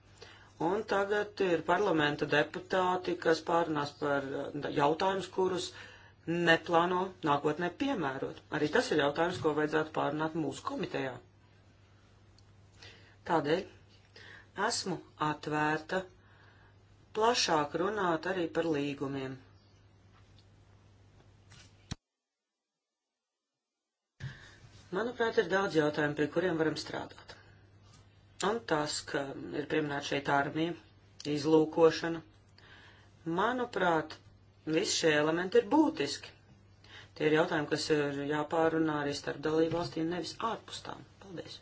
un tagad ir parlamenta deputāti, kas pārunās par uh, jautājumus, kurus uh, neplāno nākotnē piemērot. Arī tas ir jautājums, ko vajadzētu pārunāt mūsu komitejā. Tādēļ esmu atvērta plašāk runāt arī par līgumiem. Manuprāt, ir daudz jautājumu, pie kuriem varam strādāt. Un tas, ka ir pieminēta šeit armija, izlūkošana. Manuprāt, Visi šie elementi ir būtiski. Tie ir jautājumi, kas ir jāpārunā arī starp dalību valstīm, nevis ārpus tām. Paldies!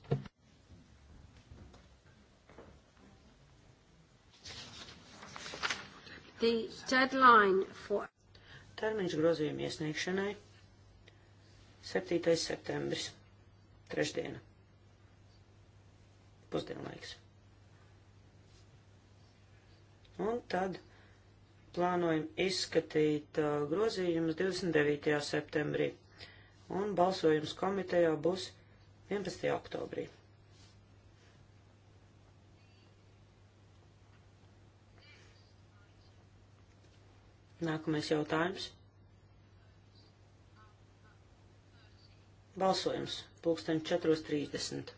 For... Termiņš grozījuma iesniegšanai 7. septembris, trešdiena, pusdienlaiks. Un tad plānojam izskatīt uh, grozījumus 29. septembrī, un balsojums komitejā būs 11. oktobrī. Nākamais jautājums. Balsojums pulksten 4.30.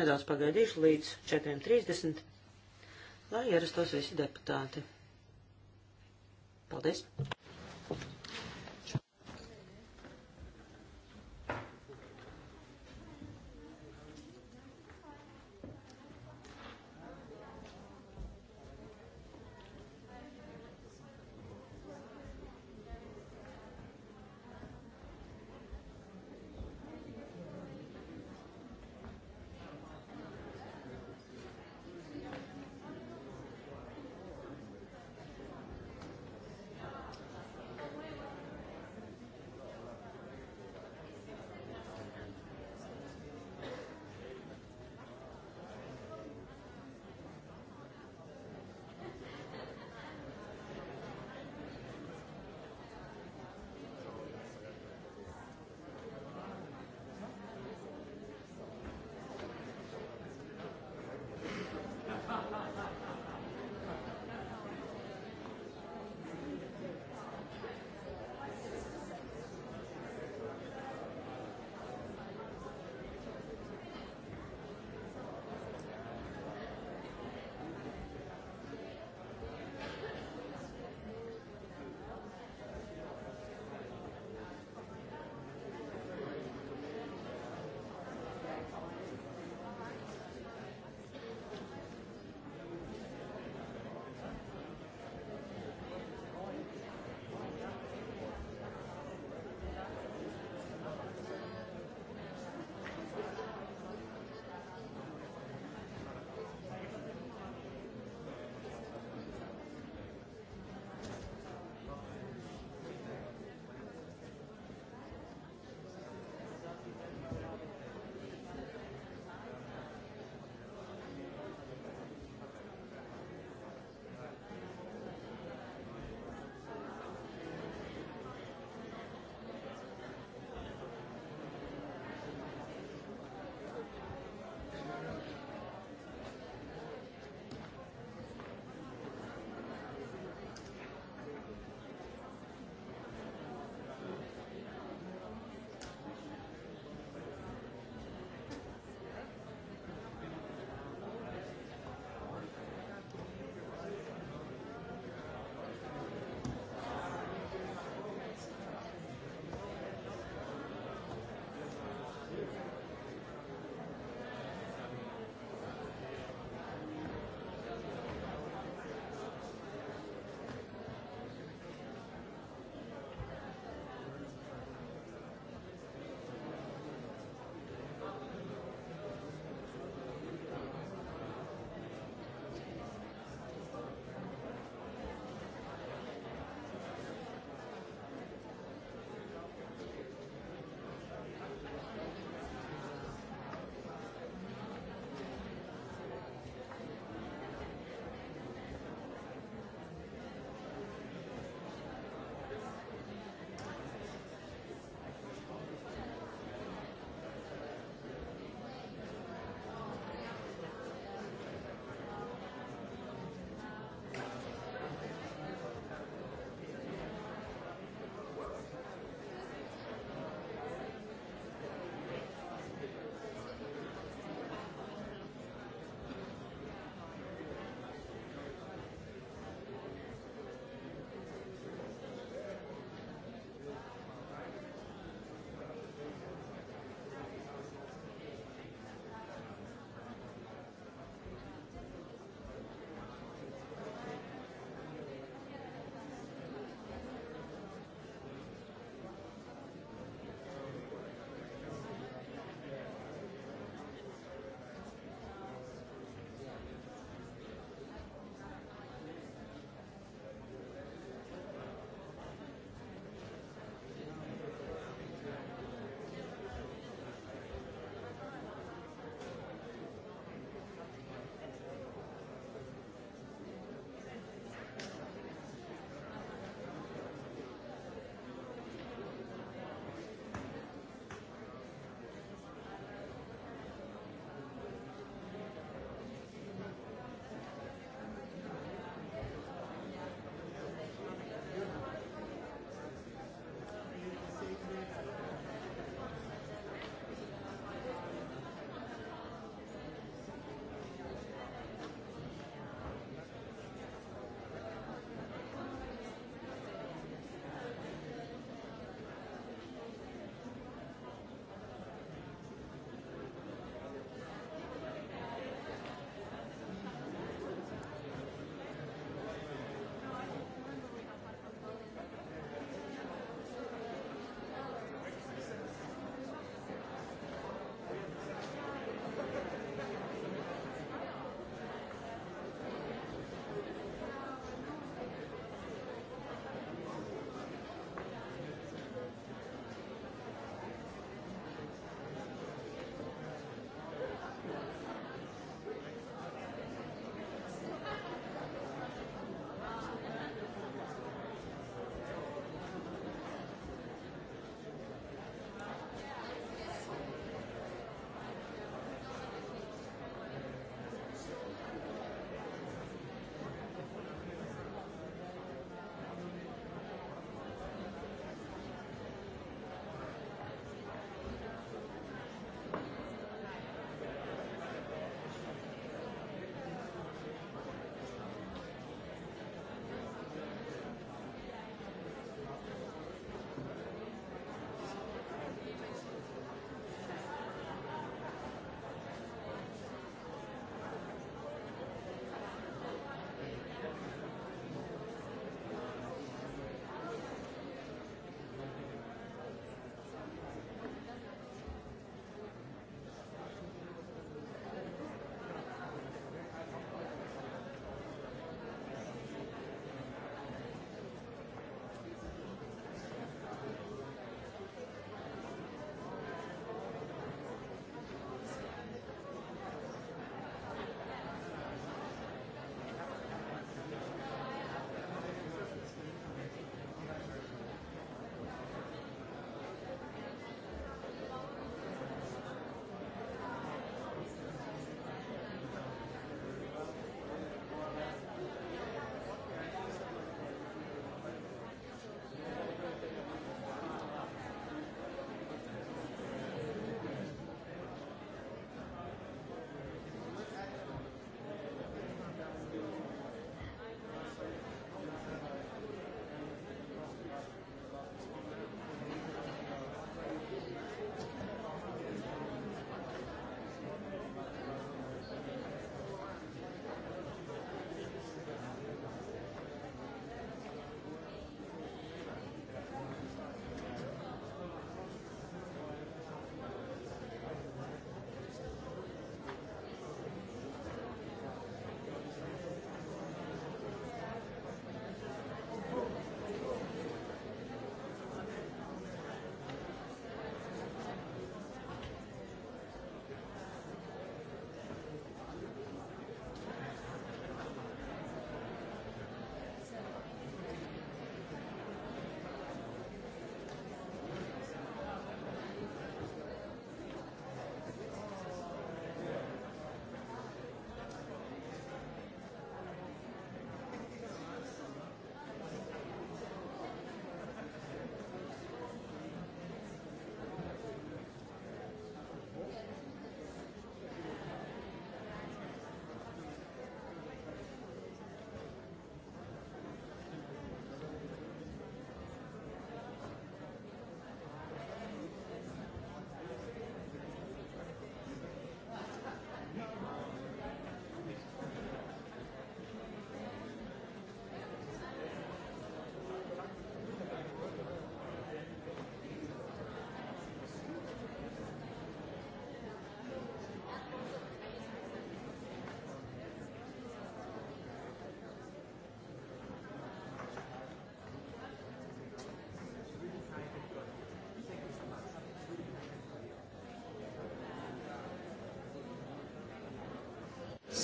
Nedaudz pagaidīšu līdz 4.30 lai ierastos visi deputāti. Paldies!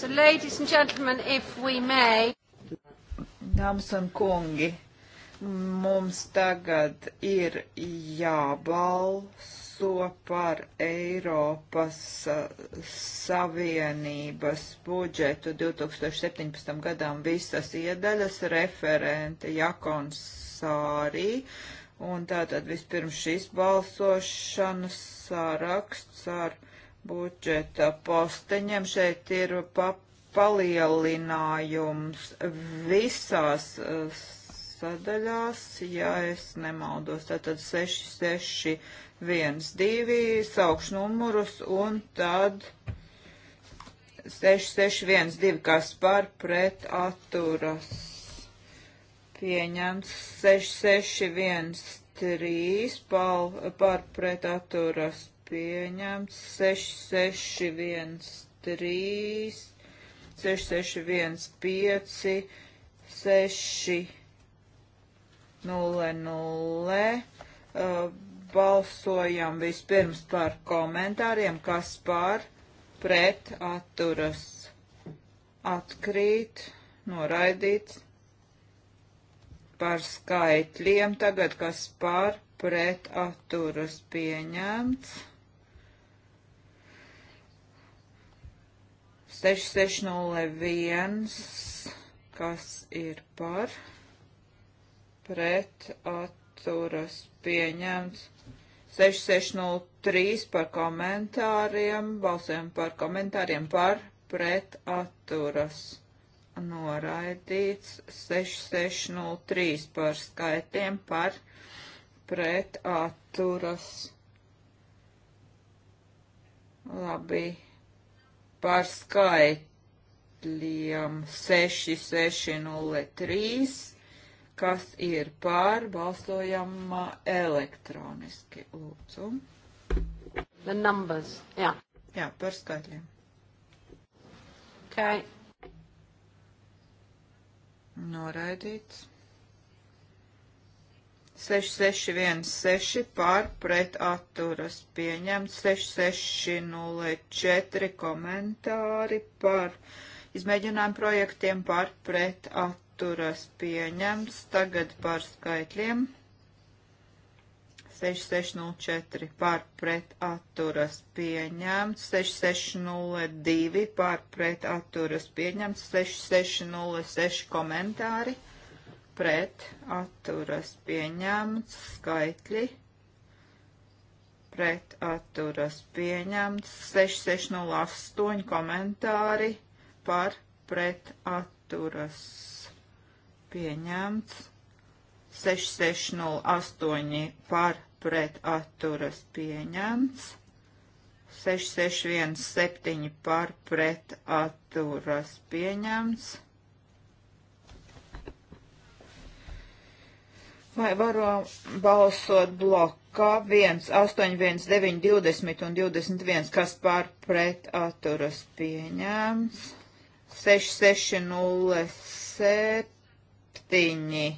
So, ladies and gentlemen, if we may. Dāmas un kungi, mums tagad ir jābalso par Eiropas uh, Savienības budžetu 2017. gadām visas iedaļas referente Jakons Sārī. Un tātad vispirms šis balsošanas saraksts ar. Sār budžeta posteņiem. Šeit ir pa palielinājums visās uh, sadaļās, ja es nemaldos, tātad 6, 6, 1, 2, saukšu numurus un tad 6, 6, 1, 2, kas par pret atturas. Pieņemts 6, 6, 1, 3, pal, par pret atturas pieņemts 6613, 6615, 600. Balsojam vispirms par komentāriem, kas par pret atturas atkrīt, noraidīts par skaitļiem, tagad kas par pret atturas pieņemts. 6601, kas ir par, pret atturas pieņemts. 6603 par komentāriem, balsojam par komentāriem par, pret atturas noraidīts. 6603 par skaitiem par, pret atturas. Labi par skaitļiem 6603, kas ir pār balsojam elektroniski. Lūdzu. The numbers, jā. Yeah. Jā, par skaitļiem. Okay. Noraidīts. 6616 pār pret atturas pieņemts, 6604 komentāri par izmēģinājumu projektiem pār pret atturas pieņemts, tagad par skaitļiem 6604 pār pret atturas pieņemts, 6602 pār pret atturas pieņemts, 6606 komentāri pret atturas pieņemts skaitļi pret atturas pieņemts 6608 komentāri par pret atturas pieņemts 6608 par pret atturas pieņemts 6617 par pret atturas pieņemts 6617 Vai varam balsot blokā 1, 8, 1, 9, 20 un 21, kas pār pret atturas pieņēms? 6, 6, 0, 7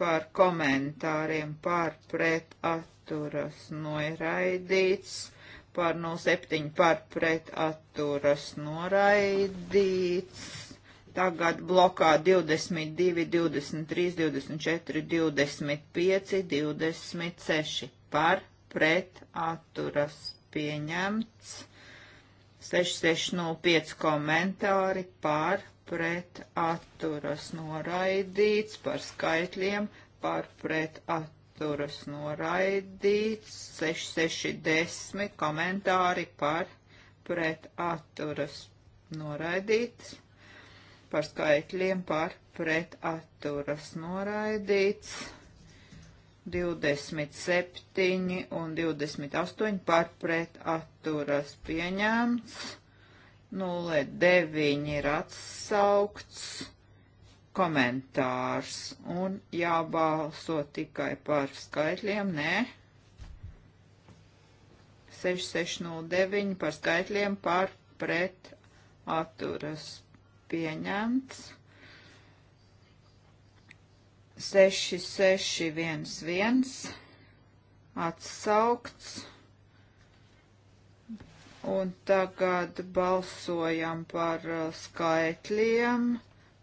par komentāriem pār pret atturas noraidīts, par 07 par pret atturas noraidīts. Tagad blokā 22, 23, 24, 25, 26 par pret atturas pieņemts. 605 komentāri par pret atturas noraidīts, par skaitļiem par pret atturas noraidīts, 660 komentāri par pret atturas noraidīts par skaitļiem par pret atturas noraidīts. 27 un 28 par pret atturas pieņemts. 09 ir atsaukts komentārs un jābalso tikai par skaitļiem, nē. 6609 par skaitļiem par pret atturas pieņemts. 6611 atsaukts. Un tagad balsojam par uh, skaitļiem,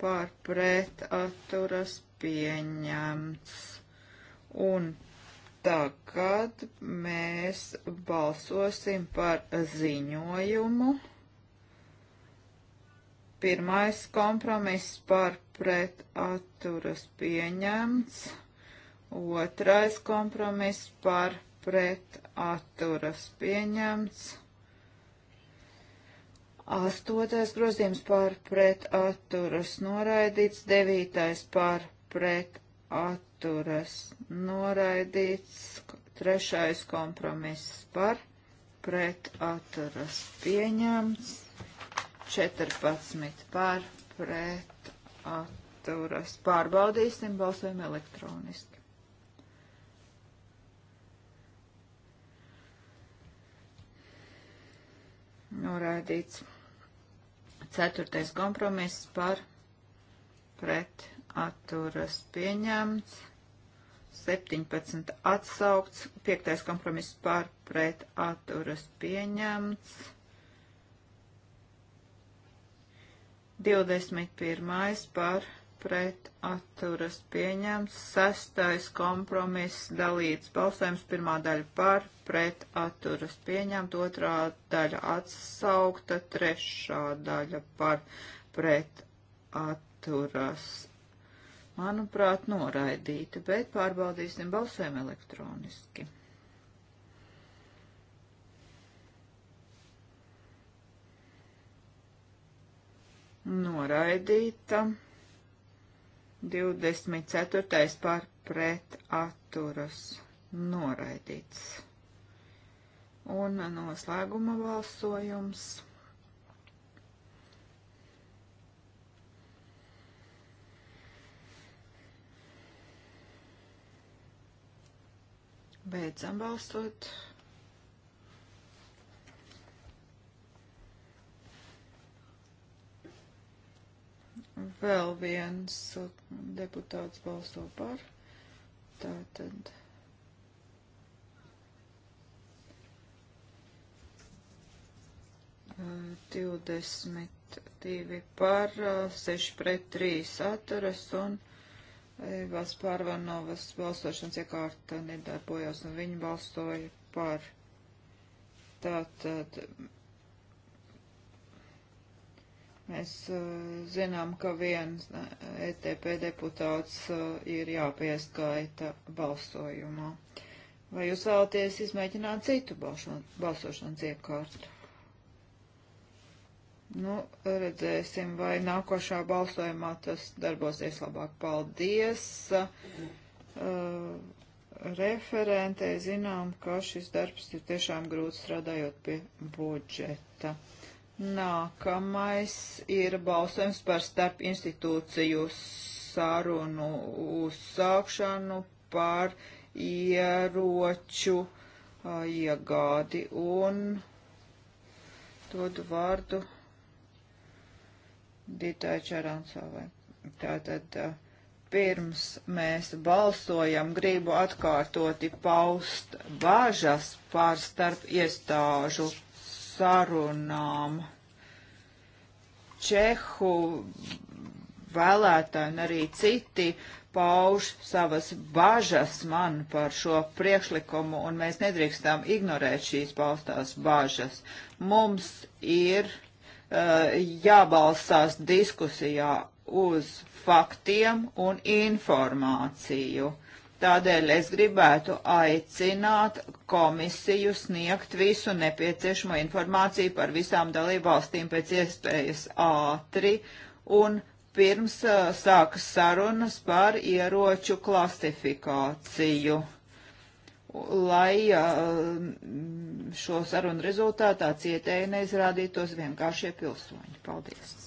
par pret atturas pieņemts. Un tagad mēs balsosim par ziņojumu. Pirmais kompromiss par pret atturas pieņemts. Otrais kompromiss par pret atturas pieņemts. Astotais grozījums par pret atturas noraidīts. Devītais par pret atturas noraidīts. Trešais kompromiss par pret atturas pieņemts. 14 par pret atturas. Pārbaudīsim, balsojam elektroniski. Norādīts. Ceturtais kompromiss par pret atturas pieņemts. 17 atsaukts, 5. kompromiss par pret atturas pieņemts, 21. par pret atturas pieņemts, 6. kompromiss dalīts balsojums, pirmā daļa par pret atturas pieņemt, otrā daļa atsaukta, trešā daļa par pret atturas. Manuprāt, noraidīta, bet pārbaudīsim balsojumu elektroniski. noraidīta. 24. par pret atturas noraidīts. Un noslēguma balsojums. Beidzam balsot. Vēl viens deputāts balso par. Tātad. Divdesmit divi par, seši pret trīs atturas un Evas Pārvanovas balsošanas iekārta nedarbojās un viņa balsoja par. Tātad Mēs eh, zinām, ka viens ETP eh, e deputāts eh, ir jāpieskaita balsojumā. Vai jūs vēlaties izmēģināt citu balsošanas iekārtu? Nu, redzēsim, vai nākošā balsojumā tas darbosies labāk. Paldies! Uh, referentē zinām, ka šis darbs ir tiešām grūts strādājot pie budžeta. Nākamais ir balsojums par starp institūciju sarunu uzsākšanu par ieroču uh, iegādi un dodu vārdu Dītai Čarancovai. Tātad uh, pirms mēs balsojam, gribu atkārtoti paust bažas pār starp iestāžu sarunām. Čehu vēlētāji un arī citi pauž savas bažas man par šo priekšlikumu, un mēs nedrīkstām ignorēt šīs paustās bažas. Mums ir uh, jābalstās diskusijā uz faktiem un informāciju. Uh, Tādēļ es gribētu aicināt komisiju sniegt visu nepieciešamo informāciju par visām dalību valstīm pēc iespējas ātri un pirms uh, sākas sarunas par ieroču klasifikāciju, lai uh, šo sarunu rezultātā cietēji neizrādītos vienkāršie pilsoņi. Paldies!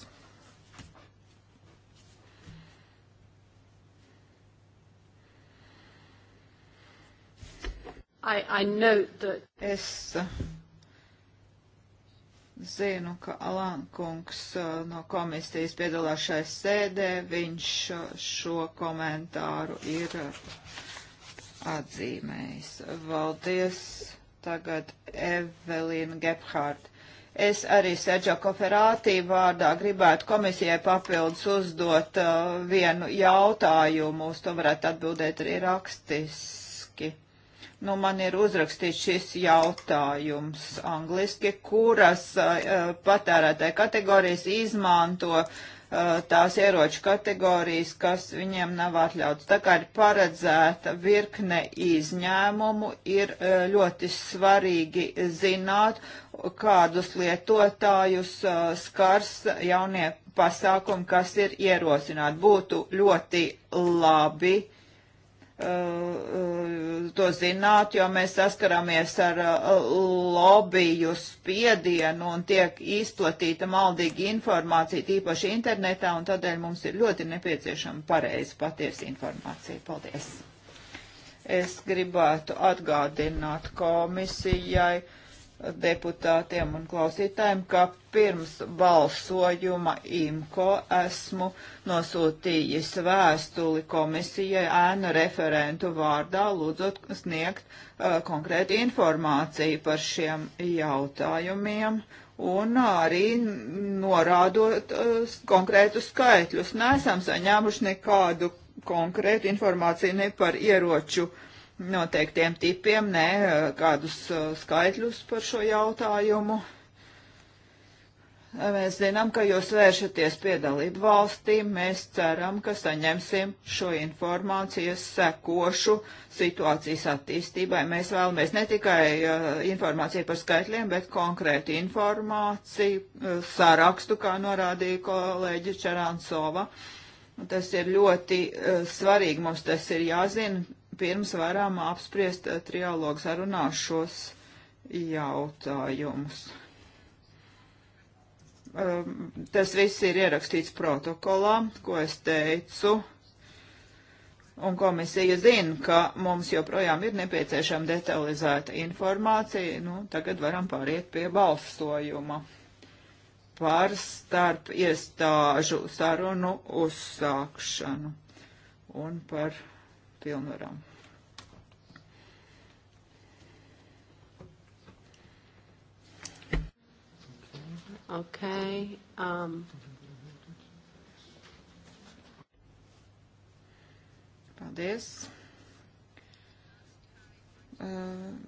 I, I note that... Es uh, zinu, ka Alankungs uh, no komisijas piedalās šai sēdē, viņš uh, šo komentāru ir atzīmējis. Valdies tagad Evelīna Gebhārta. Es arī Sergio Koferātī vārdā gribētu komisijai papildus uzdot uh, vienu jautājumu. Uz to varētu atbildēt arī rakstiski. Nu, man ir uzrakstīts šis jautājums angliski, kuras uh, patērētāja kategorijas izmanto uh, tās ieroču kategorijas, kas viņiem nav atļauts. Tā kā ir paredzēta virkne izņēmumu, ir eh, ļoti svarīgi zināt, kādus lietotājus skars jaunie pasākumi, kas ir ierosināti. Būtu ļoti labi Uh, to zināt, jo mēs saskaramies ar uh, lobiju spiedienu un tiek izplatīta maldīga informācija, tīpaši internetā, un tādēļ mums ir ļoti nepieciešama pareiza patiesa informācija. Paldies! Es gribētu atgādināt komisijai deputātiem un klausītājiem, ka pirms balsojuma IMCO esmu nosūtījis vēstuli komisijai ēnu referentu vārdā, lūdzot sniegt uh, konkrētu informāciju par šiem jautājumiem un arī norādot uh, konkrētu skaitļus. Nesam saņēmuši nekādu konkrētu informāciju ne par ieroču uh, noteiktiem tipiem, ne eh, kādus eh, skaitļus par šo jautājumu. Eh, mēs zinām, ka jūs vēršaties pie dalību valstīm. Mēs ceram, ka saņemsim šo informāciju sekošu situācijas attīstībai. Mēs vēlamies ne tikai uh, informāciju par skaitļiem, bet konkrētu informāciju, uh, sarakstu, kā norādīja kolēģi Čerānsova. Tas ir ļoti uh, svarīgi, mums tas ir jāzina pirms varam apspriest eh, trialogu sarunā šos jautājumus. Um, tas viss ir ierakstīts protokolā, ko es teicu. Un komisija zina, ka mums joprojām ir nepieciešama detalizēta informācija. Nu, tagad varam pāriet pie balsojuma par starp iestāžu sarunu uzsākšanu un par pilnvarām. Okay. Um. Paldies. Uh,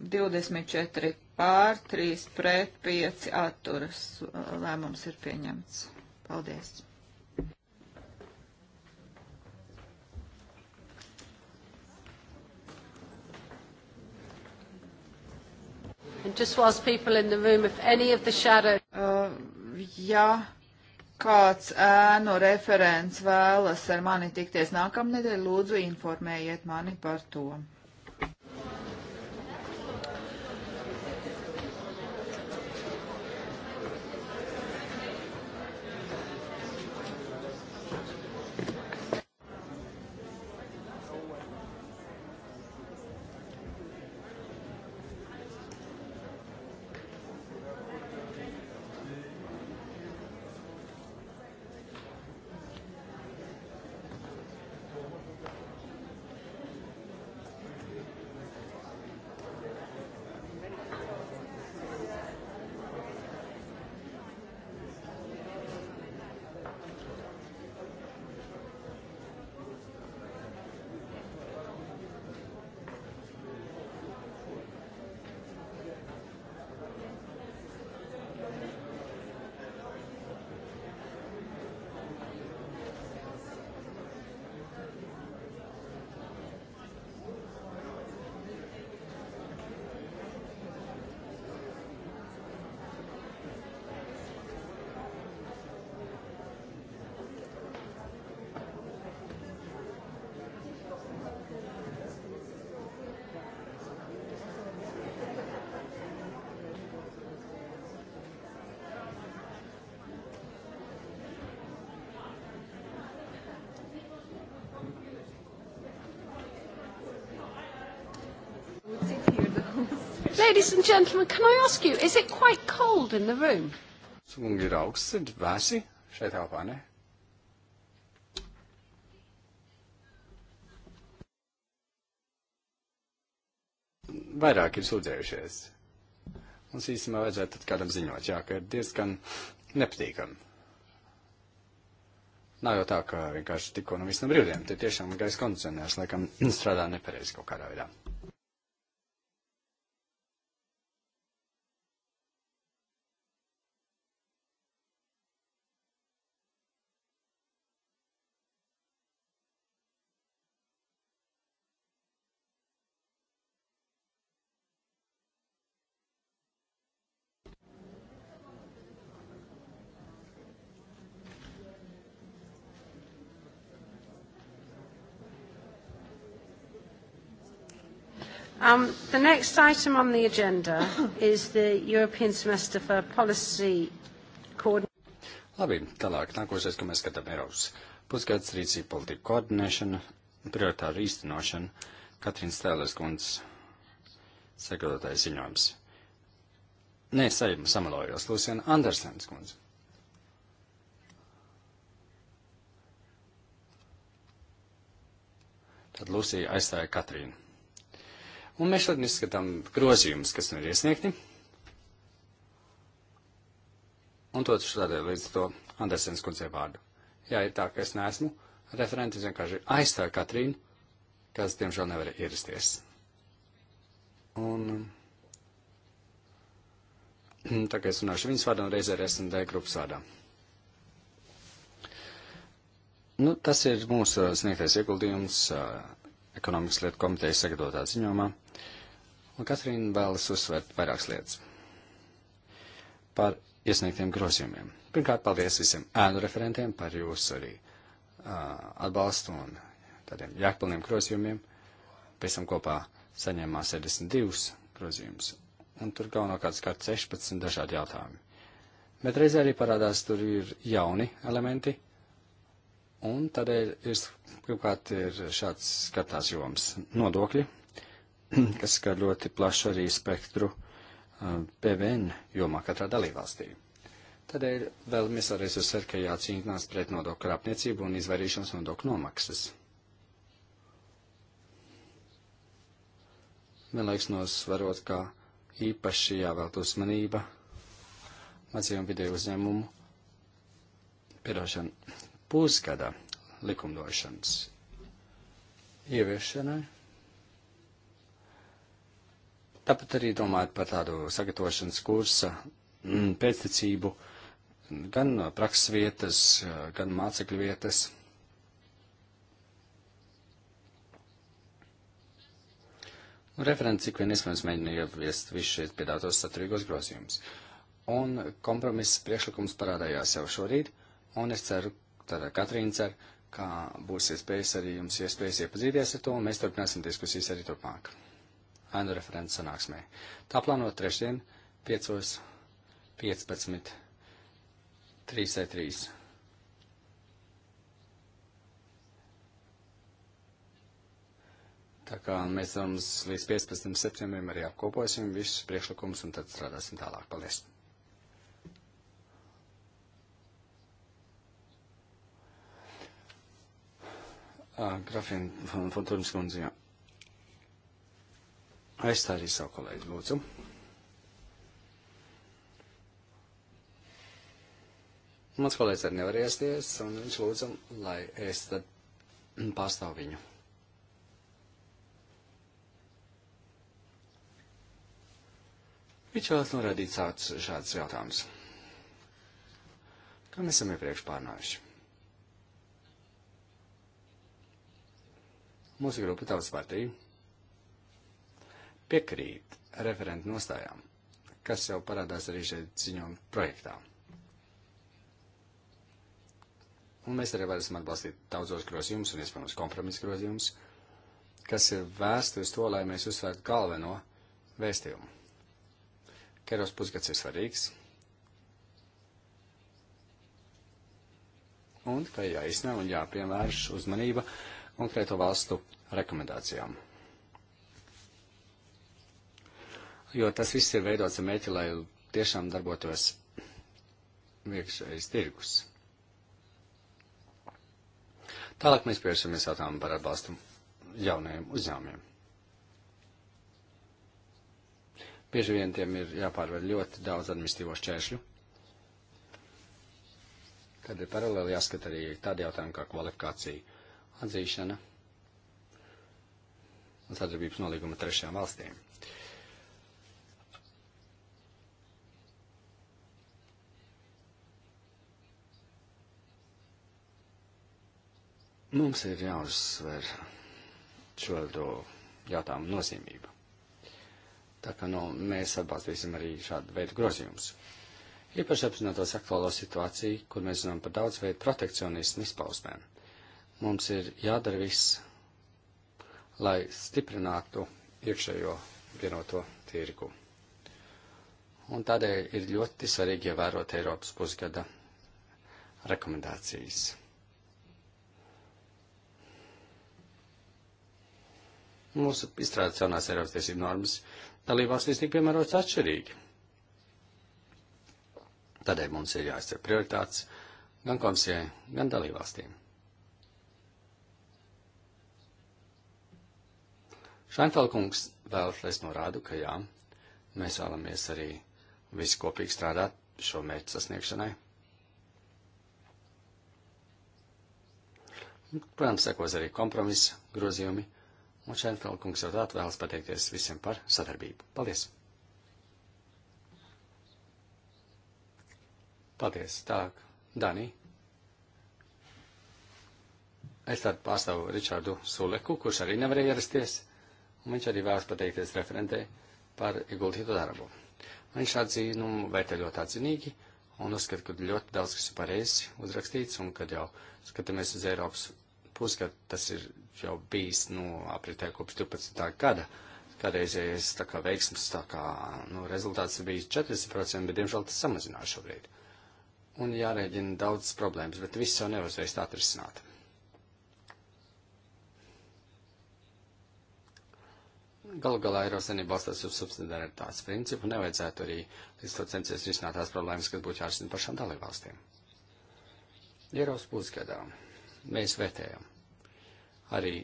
24 pār, 3 pret, 5 atturas. Uh, lēmums ir pieņemts. Paldies. And just whilst people in the room, if any of the shadow... Uh, ja kāds ēnu referents vēlas ar mani tikties nākamnedēļ, lūdzu informējiet mani par to. Ladies and gentlemen, can I ask you, is it quite cold in the room? Sungi ir augsts, ir vēsi šeit telpā, ne? Vairāk ir sūdzējušies. Mums īstenībā vajadzētu tad kādam ziņot, jā, ka ir diezgan nepatīkami. Nav jau tā, ka vienkārši tikko no visam brīvdienu, te tiešām gaisa kondicionēs, laikam, strādā nepareizi kaut kādā veidā. The next item on the agenda is the European Semester for Policy Labi, tālāk nākošais, ko mēs skatām Eiropas pusgads rīcība politika koordinēšana, prioritāru īstenošana, Katrīna Stēlers kundzes sekretārais ziņojums. Nē, sajūta samalojos, Lūsija Andersens kundze. Tad Lūsija aizstāja Katrīnu. Un mēs šodien izskatām grozījumus, kas nu ir iesniegti. Un to taču tādēļ līdz to Andersens kundzei vārdu. Jā, ir tā, ka es neesmu referenti, vienkārši aizstāju Katrīnu, kas, diemžēl, nevarēja ierasties. Un mm, tā kā es runāšu viņas vārdā un reizē ar SND grupas vārdā. Nu, tas ir mūsu sniegtais ieguldījums uh, ekonomikas lietu komitejas sagatavotā ziņojumā, un Katrīna vēlas uzsvērt vairākas lietas par iesniegtiem grozījumiem. Pirmkārt, paldies visiem ēnu referentiem par jūsu arī uh, atbalstu un tādiem jēgpilniem grozījumiem. Pēc tam kopā saņēmām 72 grozījumus, un tur galvenokārt skart 16 dažādi jautājumi. Bet reizē arī parādās, tur ir jauni elementi, Un tādēļ ir, pirmkārt, ir šāds skatās joms nodokļi, kas skar ļoti plašu arī spektru um, PVN jomā katrā dalībvalstī. Tādēļ vēlamies vēlreiz uzsvērt, ka jācīnās pret nodokļu krāpniecību un izvairīšanos nodokļu nomaksas. Vienlaiks nosvarot, ka īpaši jāvēlt uzmanība mazajiem video uzņēmumu, piedošana, pusgada likumdošanas ieviešanai. Tāpat arī domājot par tādu sagatavošanas kursa mm, pēcticību gan prakses vietas, gan mācekļu vietas. Referents, cik vien iespējams, mēģināja ieviest visu šeit piedātos saturīgos grozījumus. Un kompromiss priekšlikums parādījās jau šorīt, un es ceru, Tātad eh, Katrīna cer, ka būs iespējas arī jums iespējas iepazīties ar to, un mēs turpināsim diskusijas arī turpmāk. Ēnu referents sanāksmē. Tā plānot trešdien, 5.15. 3.3. Tā kā mēs jums līdz 15. septembrim arī apkoposim visus priekšlikumus un tad strādāsim tālāk. Paldies! Grafien Fonturis kundze, jā. Aizstāj arī savu kolēģi, lūdzu. Mans kolēģis arī nevar iesties, un viņš lūdzu, lai es tad pārstāvu viņu. Viņš vēlas norādīt šāds, šāds jautājums. Kā mēs esam iepriekš pārnājuši? Mūsu grupa tautas partija piekrīt referentu nostājām, kas jau parādās arī šeit ziņojuma projektā. Un mēs arī varam atbalstīt daudzos grozījumus un, iespējams, kompromisu grozījumus, kas ir vēsti uz to, lai mēs uzsvērtu galveno vēstījumu. Keros pusgads ir svarīgs. Un, ka jāizsnē un jāpievērš uzmanība konkrēto valstu rekomendācijām. Jo tas viss ir veidots ar mēķi, lai tiešām darbotos iekšējais tirgus. Tālāk mēs pievēršamies jautājumu par atbalstu jaunajiem uzņēmumiem. Bieži vien tiem ir jāpārvar ļoti daudz administīvo šķēršļu. Tad ir paralēli jāskat arī tādi jautājumi kā kvalifikācija atzīšana un sadarbības nolīguma trešajām valstīm. Mums ir jāuzsver šo jautājumu nozīmību. Tā kā nu, mēs atbalstīsim arī šādu veidu grozījumus. Īpaši apzinoties aktuālo situāciju, kur mēs runājam par daudz veidu protekcionismu izpausmēm. Mums ir jādara viss, lai stiprinātu iekšējo vienoto tirgu. Un tādēļ ir ļoti svarīgi ievērot Eiropas pusgada rekomendācijas. Mūsu izstrādes jaunās Eiropas tiesību normas dalībvalstīs tika piemērots atšķirīgi. Tādēļ mums ir jāizcer prioritātes gan komisijai, gan dalībvalstīm. Šantala kungs vēlreiz norādu, ka jā, mēs vēlamies arī visi kopīgi strādāt šo mērķu sasniegšanai. Protams, sekos arī kompromisa grozījumi, un Šantala kungs jau tātad vēlas pateikties visiem par sadarbību. Paldies! Paldies! Tā, Dani. Es tad pārstāvu Ričārdu Suleku, kurš arī nevarēja ierasties un viņš arī vēlas pateikties referentē par ieguldīto darbu. Viņš atzīnumu vērtē ļoti atzinīgi un uzskata, ka ļoti daudz kas ir pareizi uzrakstīts, un kad jau skatāmies uz Eiropas pusgadu, tas ir jau bijis, nu, apritē kopš 12. gada. Kādreizējais tā kā veiksmes, tā kā, nu, rezultāts ir bijis 40%, bet, diemžēl, tas samazinās šobrīd. Un jārēģina daudz problēmas, bet viss jau nevar uzreiz atrisināt. Galu galā Eiropas Savienība balstās uz subsidiaritātes principu un nevajadzētu arī līdz to censties risināt tās problēmas, kas būtu jārisina pašām dalībvalstīm. Eiropas pusgadā mēs vērtējam arī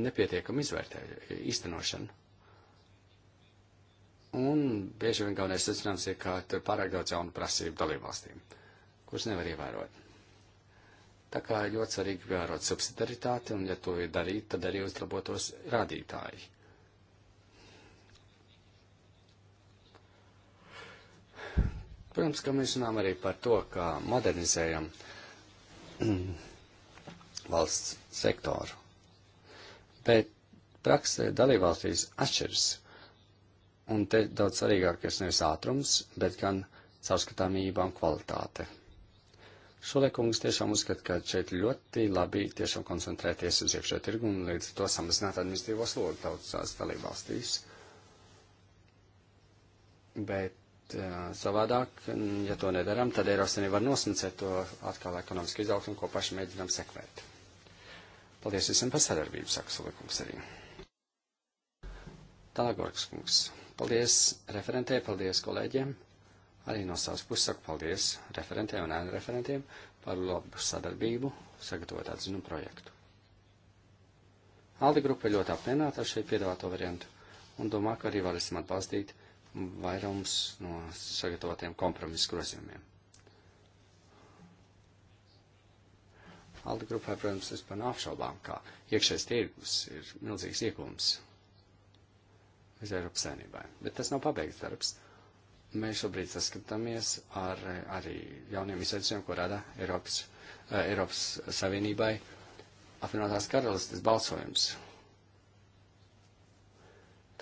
nepietiekam izvērtēju īstenošanu. Un bieži vien galvenais secinājums ir, ka tur pārāk daudz jaunu prasību dalībvalstīm, kuras nevar ievērot. Tā kā ļoti svarīgi vērot subsidiaritāti, un ja to ir darīt, tad arī uzlabotos rādītāji. Protams, ka mēs runājam arī par to, kā modernizējam valsts sektoru. Bet praksē dalībvalstīs atšķiras. Un te daudz svarīgākais nevis ātrums, bet gan caurskatāmība un kvalitāte. Šulēkungs tiešām uzskata, ka šeit ļoti labi tiešām koncentrēties uz iekšē tirgu un līdz to samazināt administratīvo slogu daudzās dalībvalstīs. Bet Eh, savādāk, mm, ja to nedaram, tad Eiropas Savienība var nosmacēt to atkal ekonomisku izaugsmu, ko paši mēģinām sekmēt. Paldies visiem par sadarbību, saka Sulikums arī. Tālāk, Gorgs kungs. Paldies referentē, paldies kolēģiem. Arī no savas puses saku paldies referentē un ēnu referentiem par labu sadarbību sagatavot atzinu projektu. Aldi grupa ļoti apmienāta ar šeit piedāvāto variantu un domā, ka arī varēsim atbalstīt vairums no sagatavotiem kompromisu grozījumiem. Alda grupai, protams, es par neapšaubām, kā iekšējais tirgus ir milzīgs iegums visai Eiropas saimnībai. Bet tas nav pabeigts darbs. Mēs šobrīd saskatāmies ar arī jauniem izaicinājumiem, ko rada Eiropas, eh, Eiropas Savienībai apvienotās karalistes balsojums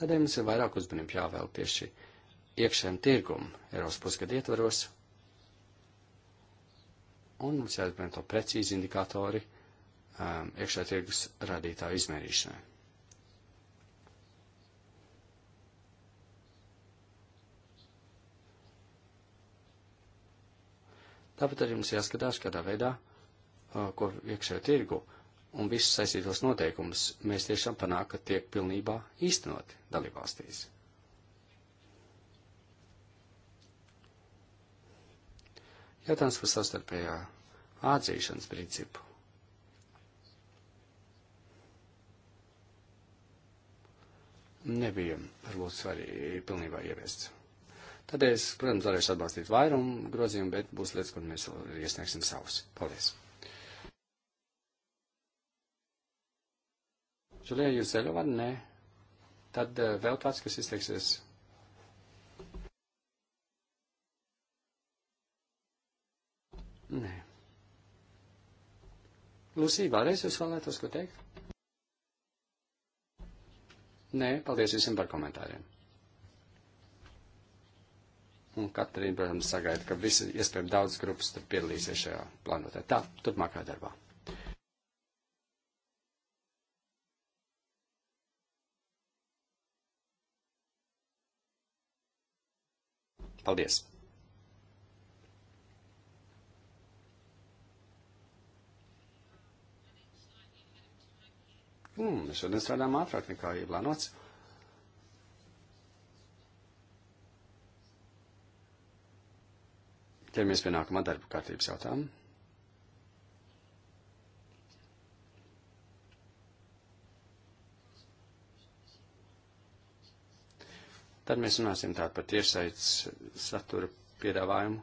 Tādēļ mums ir vairāk uzmanību jāvēl tieši iekšējiem tirgumu Eiropas pusgadu ietvaros, un mums jāizmanto precīzi indikatori um, iekšējā tirgus radītāju izmērīšanai. Tāpat arī mums jāskatās, kādā veidā, uh, ko iekšējā tirgu uh, un visus saistītos noteikumus mēs tiešām panāk, ka tiek pilnībā īstenoti dalībvalstīs. Jautājums par sastarpējā atzīšanas principu. Nebija varbūt svarīgi pilnībā ieviests. Tādēļ es, protams, varēšu atbalstīt vairumu grozījumu, bet būs lietas, kur mēs iesniegsim savus. Paldies! Žulija, jūs ceļu var? Nē. Tad eh, vēl kāds, kas izteiksies. Nē. Lūsī, vēlreiz jūs vēlētos ko teikt? Nē, paldies visiem par komentāriem. Un Katrīna, protams, sagaida, ka visi, iespējams, daudz grupas tur piedalīsies šajā plānotē. Tā, turpmākā darbā. Paldies! Hmm, šodien strādājam ātrāk nekā ieplānots. Ķeramies pie nākamā darba kārtības jautājuma. Tad mēs runāsim tādu par tiešsaits satura piedāvājumu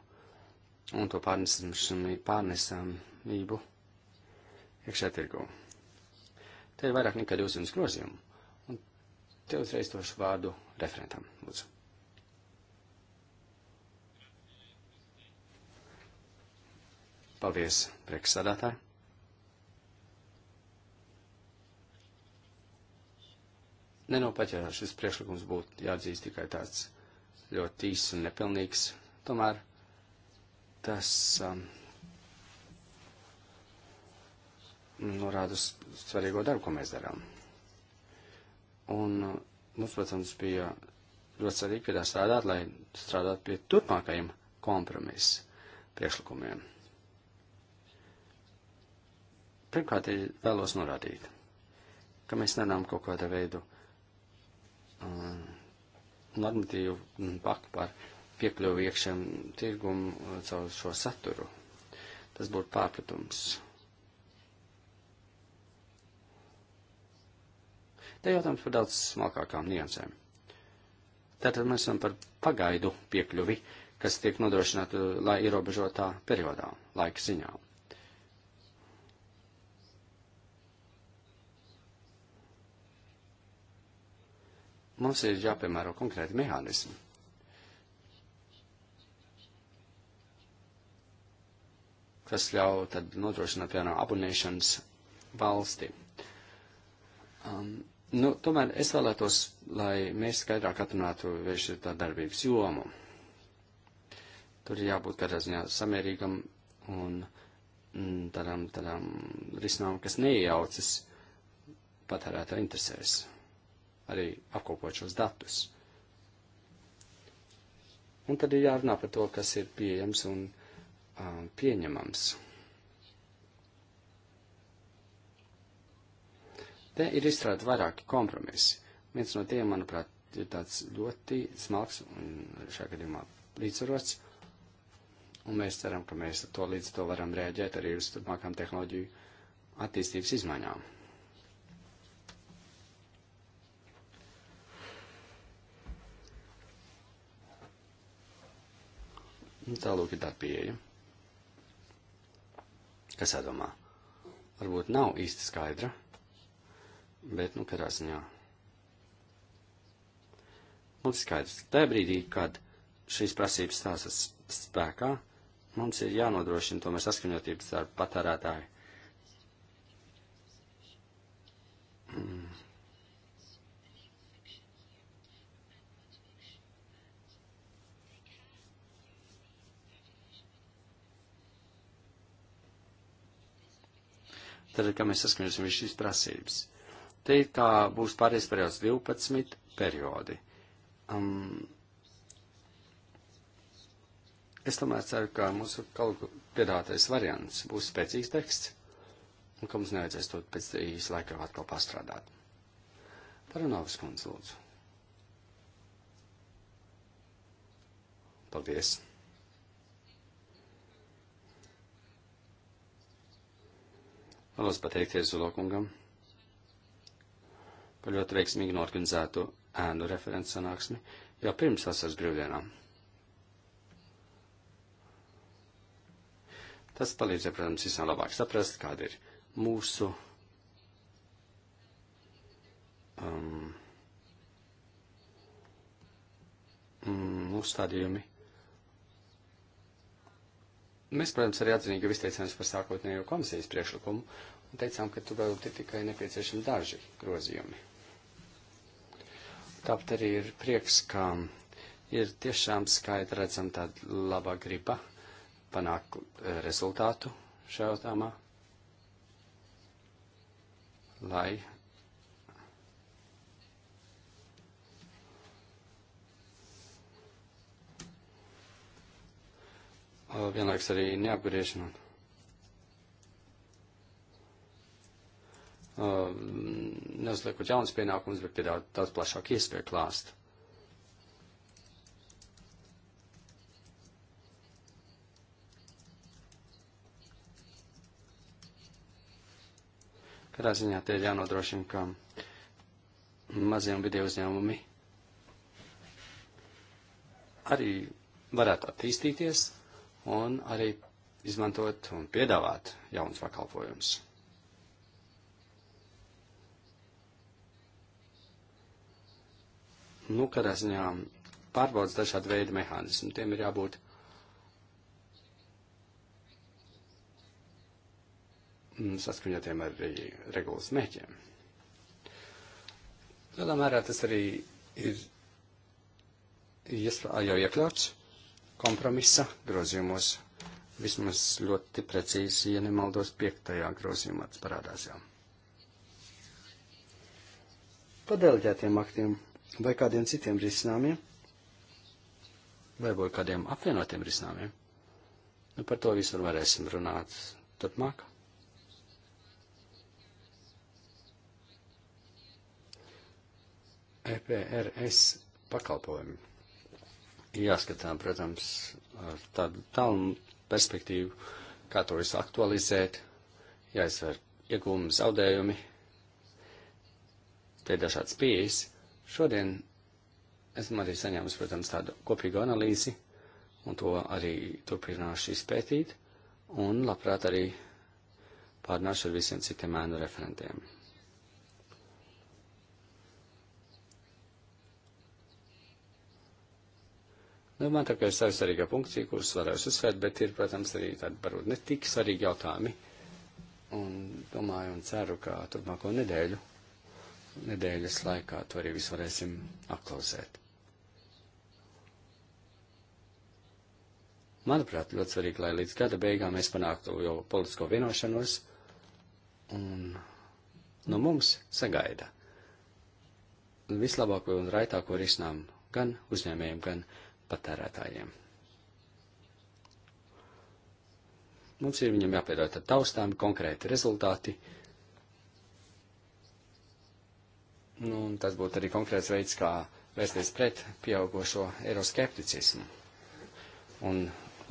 un to pārnesamību iekšā tirgū. Te ir vairāk nekā 200 grozījumu. Un te uzreiz došu vārdu referentam. Lūdzu. Paldies, priekšsādātāji! Nenopaķē šis priekšlikums būtu jāatzīst tikai tāds ļoti īss un nepilnīgs. Tomēr tas um, norāda uz svarīgo darbu, ko mēs darām. Un uh, mums, protams, bija ļoti svarīgi pie tā strādāt, lai strādātu pie turpmākajiem kompromisu priekšlikumiem. Pirmkārt, vēlos norādīt, ka mēs nenām kaut kādu veidu um, normatīvu mm, paktu par piekļuvu iekšējam tirgumu uh, caur šo saturu. Tas būtu pārpratums. Te jautājums par daudz smalkākām niansēm. Tātad mēs esam par pagaidu piekļuvi, kas tiek nodrošināta, lai ierobežotā periodā, laika ziņām. Mums ir jāpiemēro konkrēti mehānismi. kas ļauj tad nodrošināt, piemēram, abonēšanas valsti. Um, nu, tomēr es vēlētos, lai mēs skaidrāk atrunātu vērši tā darbības jomu. Tur ir jābūt katrā ziņā samērīgam un tādām, mm, tādām risinām, kas neiejaucas patērētā interesēs arī apkopot šos datus. Un tad ir jārunā par to, kas ir pieejams un um, pieņemams. Te ir izstrādāti vairāki kompromisi. Viens no tiem, manuprāt, ir tāds ļoti smalks un šajā gadījumā līdzsvarots. Un mēs ceram, ka mēs to līdz to varam rēģēt arī uz turpmākām tehnoloģiju attīstības izmaiņām. Nu, tālūk ir tā pieeja. Kas jādomā? Varbūt nav īsti skaidra, bet, nu, katrā ziņā. Mums skaidrs, tajā brīdī, kad šīs prasības stāsas spēkā, mums ir jānodrošina tomēr saskaņotības ar patērētāju. Mm. tad, kad mēs saskaņosim visu šīs prasības. Te ir kā būs pārējais periods 12 periodi. Um, es tomēr ceru, ka mūsu kaut kur piedātais variants būs spēcīgs teksts, un ka mums nevajadzēs to pēc īsa laika atkal pastrādāt. Paranovas kundze, lūdzu. Paldies! Vēlos pateikties Zulokungam par ļoti veiksmīgi norganizētu ēnu referents sanāksmi jau pirms vasaras brīvdienām. Tas palīdzēja, protams, visam labāk saprast, kāda ir mūsu um, um, uzstādījumi. Um, Mēs, protams, arī atzinīgi izteicāmies par sākotnējo komisijas priekšlikumu un teicām, ka tur vēl ir tikai nepieciešami daži grozījumi. Tāpat arī ir prieks, ka ir tiešām skaidri redzam tāda labā griba panākt eh, rezultātu šajā jautājumā, lai Uh, vienlaiks arī neapgriešana. Uh, neuzliekot jaunas pienākumus, bet piedāvāt daudz plašāk iespēju klāstu. Katrā ziņā te ir jānodrošina, ka mazie un video uzņēmumi arī varētu attīstīties un arī izmantot un piedāvāt jaunus pakalpojumus. Nu, kādā ziņā pārbaudas dažādi veidi mehānismi, tiem ir jābūt mm, saskaņotiem arī regulas mēķiem. Lielā mērā tas arī ir jau iekļauts kompromisa grozījumos. Vismaz ļoti precīzi, ja nemaldos, piektajā grozījumā tas parādās jau. Pa deleģētiem aktiem vai kādiem citiem risinājumiem, vai vai kādiem apvienotiem risinājumiem. Nu, par to visur varēsim runāt turpmāk. EPRS pakalpojumi jāskatām, protams, ar tādu tālu perspektīvu, kā to visu aktualizēt, jāizsver iegūmi, zaudējumi, te ir dažādas pieejas. Šodien esmu arī saņēmis, protams, tādu kopīgu analīzi, un to arī turpināšu izpētīt, un labprāt arī pārnāšu ar visiem citiem ēnu referentiem. Nu, man tā kā ir savi svarīgā funkcija, kuras varēšu uzsvērt, bet ir, protams, arī tādi varbūt ne tik svarīgi jautājumi. Un domāju un ceru, ka turpmāko nedēļu, nedēļas laikā to arī visu varēsim aklausēt. Manuprāt, ļoti svarīgi, lai līdz gada beigām mēs panāktu jau politisko vienošanos, un no nu, mums sagaida vislabāko un raitāko risinājumu gan uzņēmējiem, gan patērētājiem. Mums ir viņam jāpiedāvā tad taustāmi konkrēti rezultāti. Nu, un tas būtu arī konkrēts veids, kā vērsties pret pieaugošo eiroskepticismu un,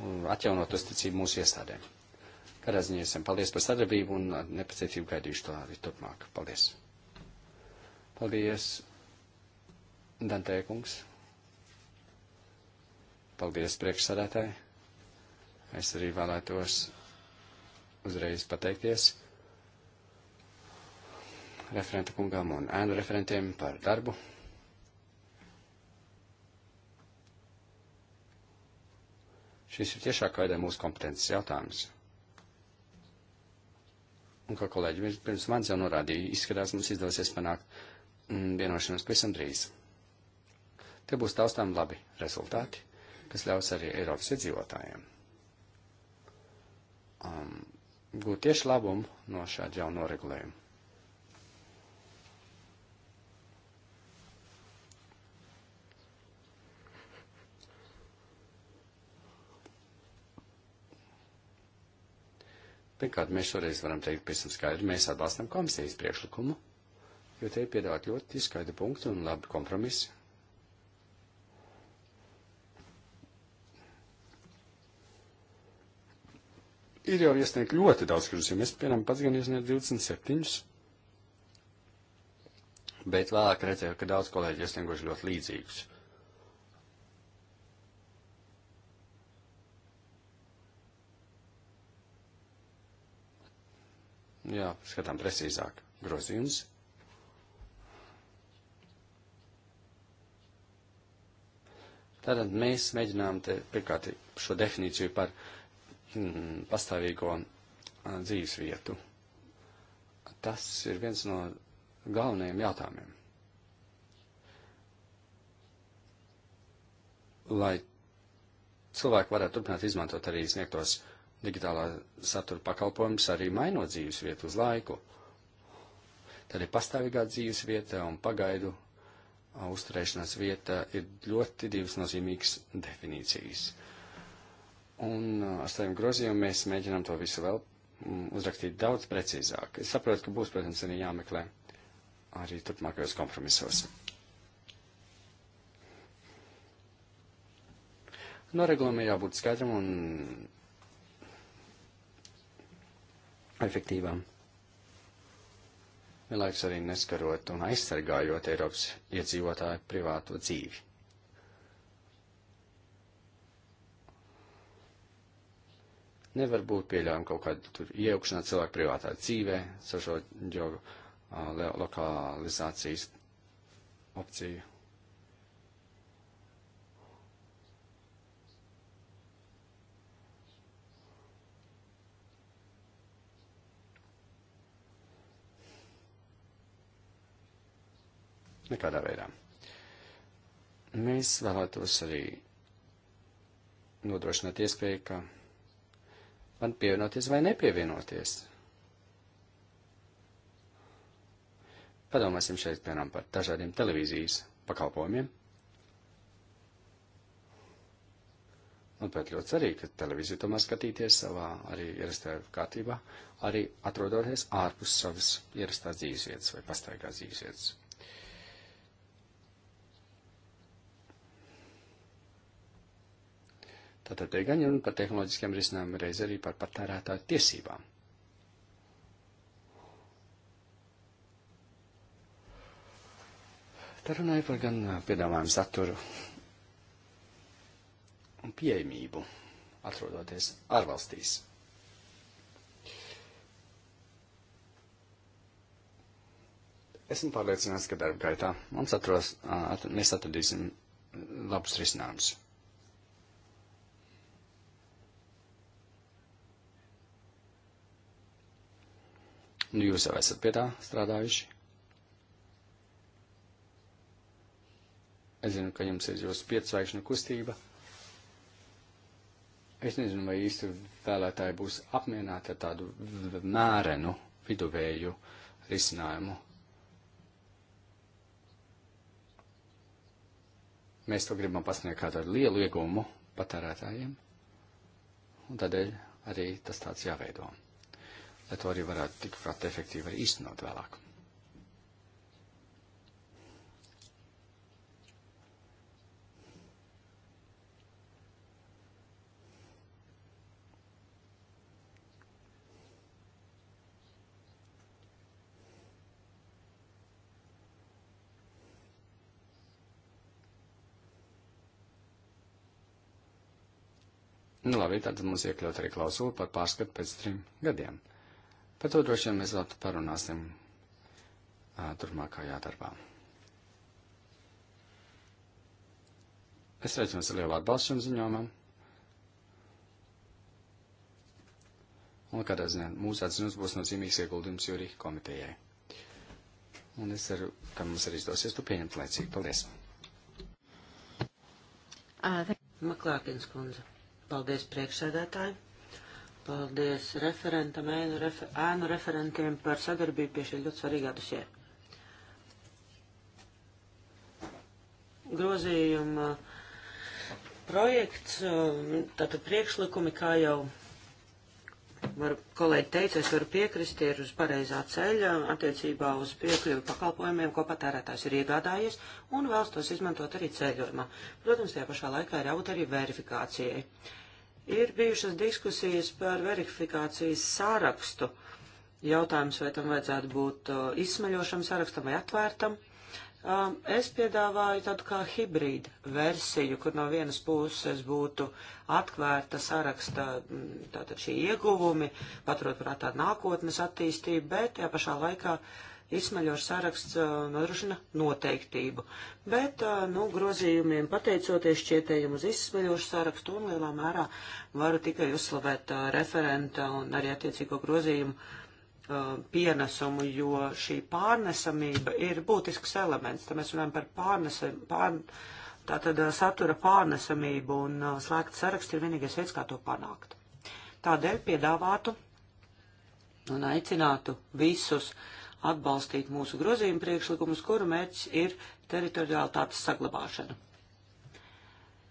un atjaunot uzticību mūsu iestādēm. Katrā ziņā esam paldies par sadarbību un nepacietību gaidīšu to arī turpmāk. Paldies! Paldies, Dantē kungs! Paldies priekšsādātāji. Es arī vēlētos uzreiz pateikties referenta kungam un ēnu referentiem par darbu. Šis ir tiešāk veidē mūsu kompetences jautājums. Un kā kolēģi pirms manis jau norādīja, izskatās mums izdosies panākt mm, vienošanos pavisam drīz. Te būs taustām labi rezultāti kas ļaus arī Eiropas iedzīvotājiem um, gūt tieši labumu no šāda jauna noregulējuma. Pirmkārt, mēs šoreiz varam teikt pavisam skaidri, mēs atbalstam komisijas priekšlikumu, jo te ir piedāvāt ļoti skaidri punkti un labi kompromisi, ir jau iesniegt ļoti daudz grozījumu. Es, piemēram, pats gan iesniedzu 27, bet vēlāk redzēju, ka daudz kolēģi iesnieguši ļoti līdzīgus. Jā, skatām precīzāk grozījums. Tātad mēs mēģinām te pirmkārt šo definīciju par uh, hmm, pastāvīgo dzīves vietu. Tas ir viens no galvenajiem jautājumiem. Lai cilvēki varētu turpināt izmantot arī sniegtos digitālā satura pakalpojumus, arī mainot dzīves vietu uz laiku. Tad ir pastāvīgā dzīves vieta un pagaidu uzturēšanās vieta ir ļoti divas nozīmīgas definīcijas. Un uh, ar saviem grozījumiem mēs mēģinām to visu vēl mm, uzrakstīt daudz precīzāk. Es saprotu, ka būs, protams, arī jāmeklē arī turpmākajos kompromisos. Noregulējumam jābūt skaidram un efektīvam. Vienlaiks arī neskarot un aizsargājot Eiropas iedzīvotāju privāto dzīvi. Nevar būt pieļaujama kaut kāda tur iejaukšanās cilvēku privātā dzīvē, sašo ģeogu uh, lokalizācijas opciju. Nekādā veidā. Mēs vēlētos arī nodrošināt iespēju, ka man pievienoties vai nepievienoties. Padomāsim šeit, piemēram, par dažādiem televīzijas pakalpojumiem. Manuprāt, ļoti svarīgi, ka televīzija tomēr skatīties savā arī ierastajā kārtībā, arī atrodoties ārpus savas ierastās dzīves vietas vai pastaigās dzīves vietas. Tātad te gan runa par tehnoloģiskiem risinājumiem, reiz arī par patērētāju tiesībām. Te runāja par gan piedāvājumu saturu un pieejamību, atrodoties ārvalstīs. Esmu pārliecināts, ka darba gaitā mums atros, at, mēs atradīsim labus risinājumus. Nu, jūs jau esat pie tā strādājuši. Es zinu, ka jums ir jūsu piecvaigšņu kustība. Es nezinu, vai īsti vēlētāji būs apmierināti ar tādu mērenu viduvēju risinājumu. Mēs to gribam pasniegt kā tādu lielu ieguvumu patērētājiem, un tādēļ arī tas tāds jāveido lai to arī varētu tik prāt efektīvi arī īstenot vēlāk. Nu, labi, tad mums iekļaut arī klausulu par pārskatu pēc trim gadiem. Par to droši vien mēs vēl parunāsim turpmākajā darbā. Es sveicu jums ar lielu atbalstu šim ziņojumam. Un, kādā ziņā, mūsu atzinums būs nozīmīgs ieguldījums Jurija komitejai. Un es ceru, ka mums arī izdosies to pieņemt laicīgi. Paldies! Maklārkins kundze, paldies priekšsēdētāji! Paldies referentam, ēnu, refer ēnu referentiem par sadarbību pie šī ļoti svarīgā dusē. Grozījuma projekts, um, tātad priekšlikumi, kā jau var, kolēģi teica, es varu piekrist, ir uz pareizā ceļa attiecībā uz piekļuvi pakalpojumiem, ko patērētājs ir iegādājies un vēlas tos izmantot arī ceļojumā. Protams, tajā pašā laikā ir jābūt arī verifikācijai. Uh, Ir bijušas diskusijas par verifikācijas sārakstu. Jautājums, vai tam vajadzētu būt uh, izsmeļošam sārakstam vai atvērtam. Um, es piedāvāju tādu kā hibrīdu versiju, kur no vienas puses būtu atvērta saraksta mm, tātad šī ieguvumi, paturot prātā nākotnes attīstību, bet tajā pašā laikā uh, izsmeļošs saraksts uh, nodrošina noteiktību, bet, uh, nu, grozījumiem pateicoties šķietējiem uz izsmeļošu sarakstu un lielā mērā varu tikai uzslavēt uh, referenta un arī attiecīgo grozījumu uh, pienesumu, jo šī pārnesamība ir būtisks elements. Te mēs runājam par pārnesam, pār, tātad uh, satura pārnesamību un uh, slēgt saraksts ir vienīgais veids, kā to panākt. Tādēļ piedāvātu un aicinātu visus uh, atbalstīt mūsu grozījumu priekšlikumus, kuru mērķis ir teritoriālitātes saglabāšana.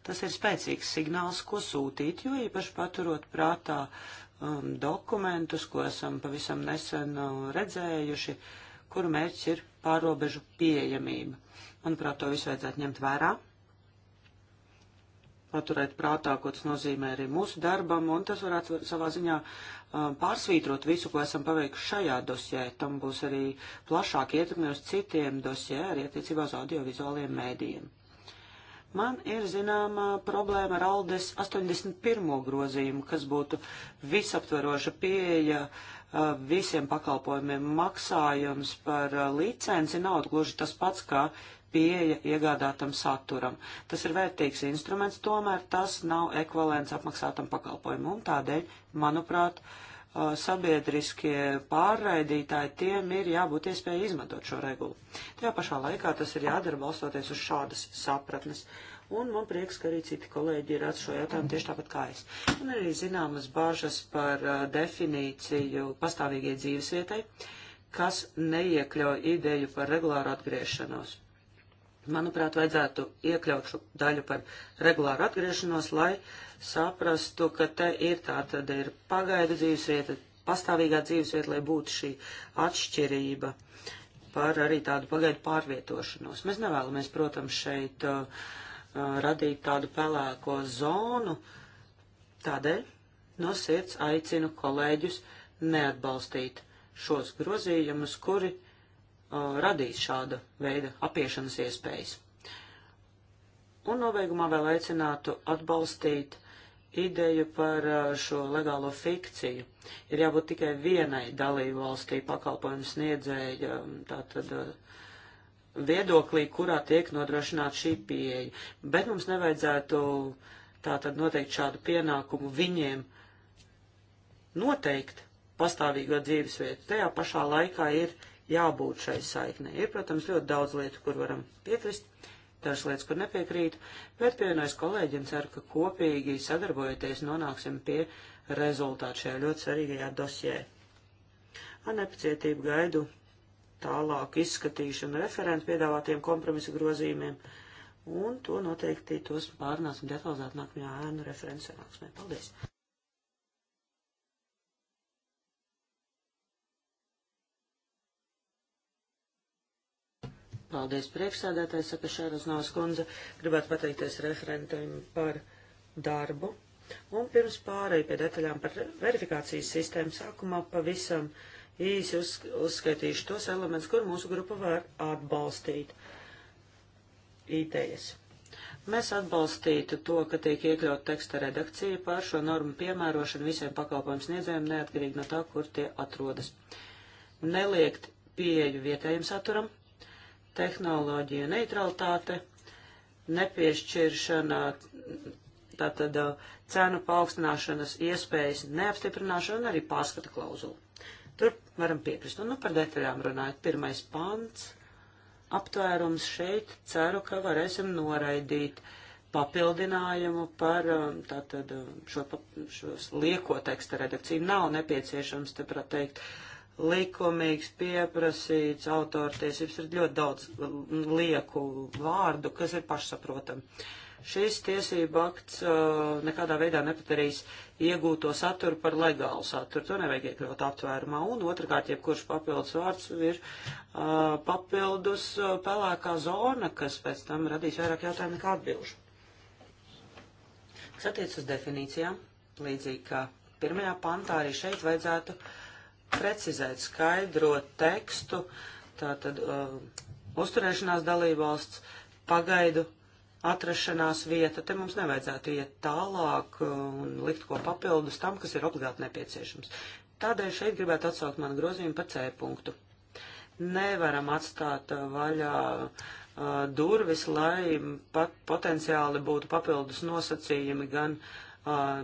Tas ir spēcīgs signāls, ko sūtīt, jo īpaši paturot prātā um, dokumentus, ko esam pavisam nesen uh, redzējuši, kuru mērķis ir pārobežu pieejamība. Manuprāt, to visu vajadzētu ņemt vērā paturēt prātā, ko tas nozīmē arī mūsu darbam, un tas varētu savā ziņā uh, pārsvītrot visu, ko esam paveikuši šajā dosjē. Tam būs arī plašāk ietekme uz citiem dosjē, arī attiecībā uz audiovizuāliem mēdījiem. Man ir zināma problēma ar Aldes 81. grozījumu, kas būtu visaptveroša pieeja uh, visiem pakalpojumiem. Maksājums par uh, licenci nav gluži tas pats kā pieeja iegādātam saturam. Tas ir vērtīgs instruments, tomēr tas nav ekvalents apmaksātam pakalpojumam, un tādēļ, manuprāt, sabiedriskie pārraidītāji tiem ir jābūt iespēja izmantot šo regulu. Tajā pašā laikā tas ir jādara balstoties uz šādas sapratnes. Un man prieks, ka arī citi kolēģi ir atšo jautājumu tieši tāpat kā es. Un arī zināmas bāžas par uh, definīciju pastāvīgie dzīvesvietai, kas neiekļauj ideju par regulāru atgriešanos. Manuprāt, vajadzētu iekļaut šo daļu par regulāru atgriešanos, lai saprastu, ka te ir tā, tad ir pagaidu dzīvesvieta, pastāvīgā dzīvesvieta, lai būtu šī atšķirība par arī tādu pagaidu pārvietošanos. Mēs nevēlamies, protams, šeit uh, uh radīt tādu pelēko zonu, tādēļ no sirds aicinu kolēģus neatbalstīt šos grozījumus, kuri uh, radīs šāda veida apiešanas iespējas. Un nobeigumā vēl aicinātu atbalstīt ideju par uh, šo legālo fikciju. Ir jābūt tikai vienai dalību valstī pakalpojumu sniedzēja, um, tātad uh, viedoklī, kurā tiek nodrošināta šī pieeja. Bet mums nevajadzētu tātad noteikt šādu pienākumu viņiem noteikt pastāvīgo dzīvesvietu. Tajā pašā laikā ir jābūt šai saiknē. Ir, protams, ļoti daudz lietu, kur varam piekrist, dažas lietas, kur nepiekrītu, bet pievienojas kolēģiem ceru, ka kopīgi sadarbojoties nonāksim pie rezultātu šajā ļoti svarīgajā dosjē. Ar nepacietību gaidu tālāku izskatīšanu referentu piedāvātiem kompromisu grozījumiem, un to noteikti tos pārnāsim detalizēt nākamajā ēnu referents sanāksmē. Paldies! Paldies priekšsēdētāji, saka Šēras Nāvas kundze. Gribētu pateikties referentiem par darbu. Un pirms pārēju pie detaļām par verifikācijas sistēmu sākumā pavisam īsi uz, uzskaitīšu tos elementus, kur mūsu grupa var atbalstīt idejas. Mēs atbalstītu to, ka tiek iekļaut teksta redakcija par šo normu piemērošanu visiem pakalpojumu sniedzējiem, neatkarīgi no tā, kur tie atrodas. Neliegt pieeju vietējiem saturam, tehnoloģija neutralitāte, nepiešķiršana, tātad uh, cenu paaugstināšanas iespējas neapstiprināšana un arī pārskata klauzula. Tur varam piekrist. Un nu, par detaļām runājot. Pirmais pants, aptvērums šeit, ceru, ka varēsim noraidīt papildinājumu par uh, tātad uh, šo, šos lieko teksta redakciju. Nav nepieciešams te teikt likumīgs, pieprasīts, autortiesības, ir ļoti daudz lieku vārdu, kas ir pašsaprotami. Šis tiesība akts uh, nekādā veidā nepatarīs iegūto saturu par legālu saturu. To nevajag iekļaut aptvērumā. Un otrkārt, jebkurš papildus vārds ir uh, papildus uh, pelēkā zona, kas pēc tam radīs vairāk jautājumu nekā atbilžu. Kas attiec uz definīcijām, līdzīgi kā pirmajā pantā arī šeit vajadzētu uh, precizēt, skaidrot tekstu, tātad uh, uzturēšanās dalībvalsts, pagaidu atrašanās vieta. Te mums nevajadzētu iet tālāk uh, un likt ko papildus tam, kas ir obligāti nepieciešams. Tādēļ šeit gribētu atsaukt manu grozījumu par C punktu. Nevaram atstāt uh, vaļā uh, durvis, lai pat potenciāli būtu papildus nosacījumi gan uh,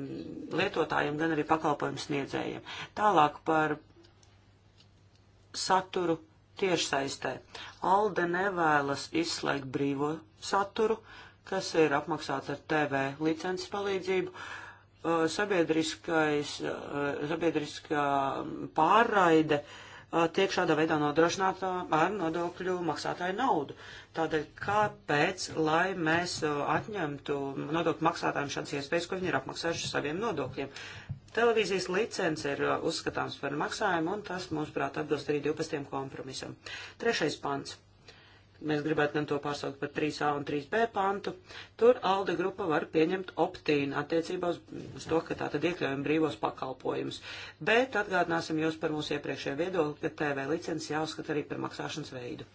lietotājiem, gan arī pakalpojumu sniedzējiem. Tālāk par saturu tiešsaistē. Alde nevēlas izslēgt brīvo saturu, kas ir apmaksāts ar TV licences palīdzību. Sabiedriskais, sabiedriskā pārraide tiek šādā veidā nodrošināta ar nodokļu maksātāju naudu. Tādēļ kāpēc, lai mēs atņemtu nodokļu maksātājiem šādas iespējas, ko viņi ir apmaksājuši saviem nodokļiem? Televīzijas licence ir uh, uzskatāms par maksājumu, un tas, mūsuprāt, atbilst arī 12. kompromisam. Trešais pants. Mēs gribētu gan to pārsaukt par 3A un 3B pantu. Tur ALDE grupa var pieņemt optīnu attiecībā uz to, ka tā tad iekļaujam brīvos pakalpojumus. Bet atgādināsim jūs par mūsu iepriekšējo viedokli, ka TV licences jāuzskata arī par maksāšanas veidu.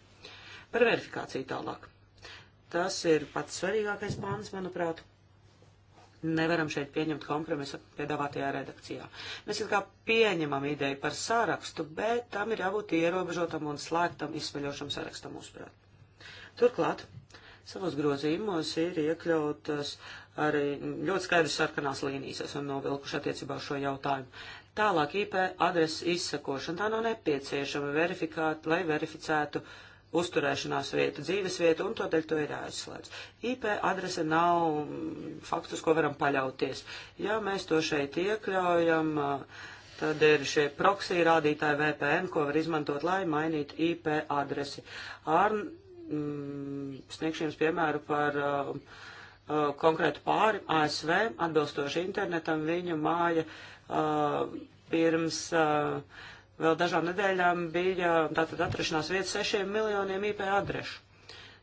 Par verifikāciju tālāk. Tas ir pats svarīgākais pāns, manuprāt nevaram šeit pieņemt kompromisu piedāvātajā redakcijā. Mēs it kā pieņemam ideju par sārakstu, bet tam ir jābūt ierobežotam un slēgtam izsmeļošam sārakstam, uzprāt. Turklāt, savos grozījumos ir iekļautas arī ļoti skaidrs sarkanās līnijas, esam novilkuši attiecībā uz šo jautājumu. Tālāk IP adreses izsakošana, tā nav nepieciešama verifikāt, lai verificētu uh, uzturēšanās vietu, dzīves vietu, un tādēļ to ir aizslēdz. IP adrese nav fakts, uz ko varam paļauties. Ja mēs to šeit iekļaujam, tad ir šie proksī rādītāji VPN, ko var izmantot, lai mainītu IP adresi. Ar mm, sniegšu jums piemēru par uh, uh konkrētu pāri ASV, atbilstoši internetam, viņa māja uh, pirms. Uh, vēl dažām nedēļām bija tātad atrašanās vieta sešiem miljoniem IP adrešu.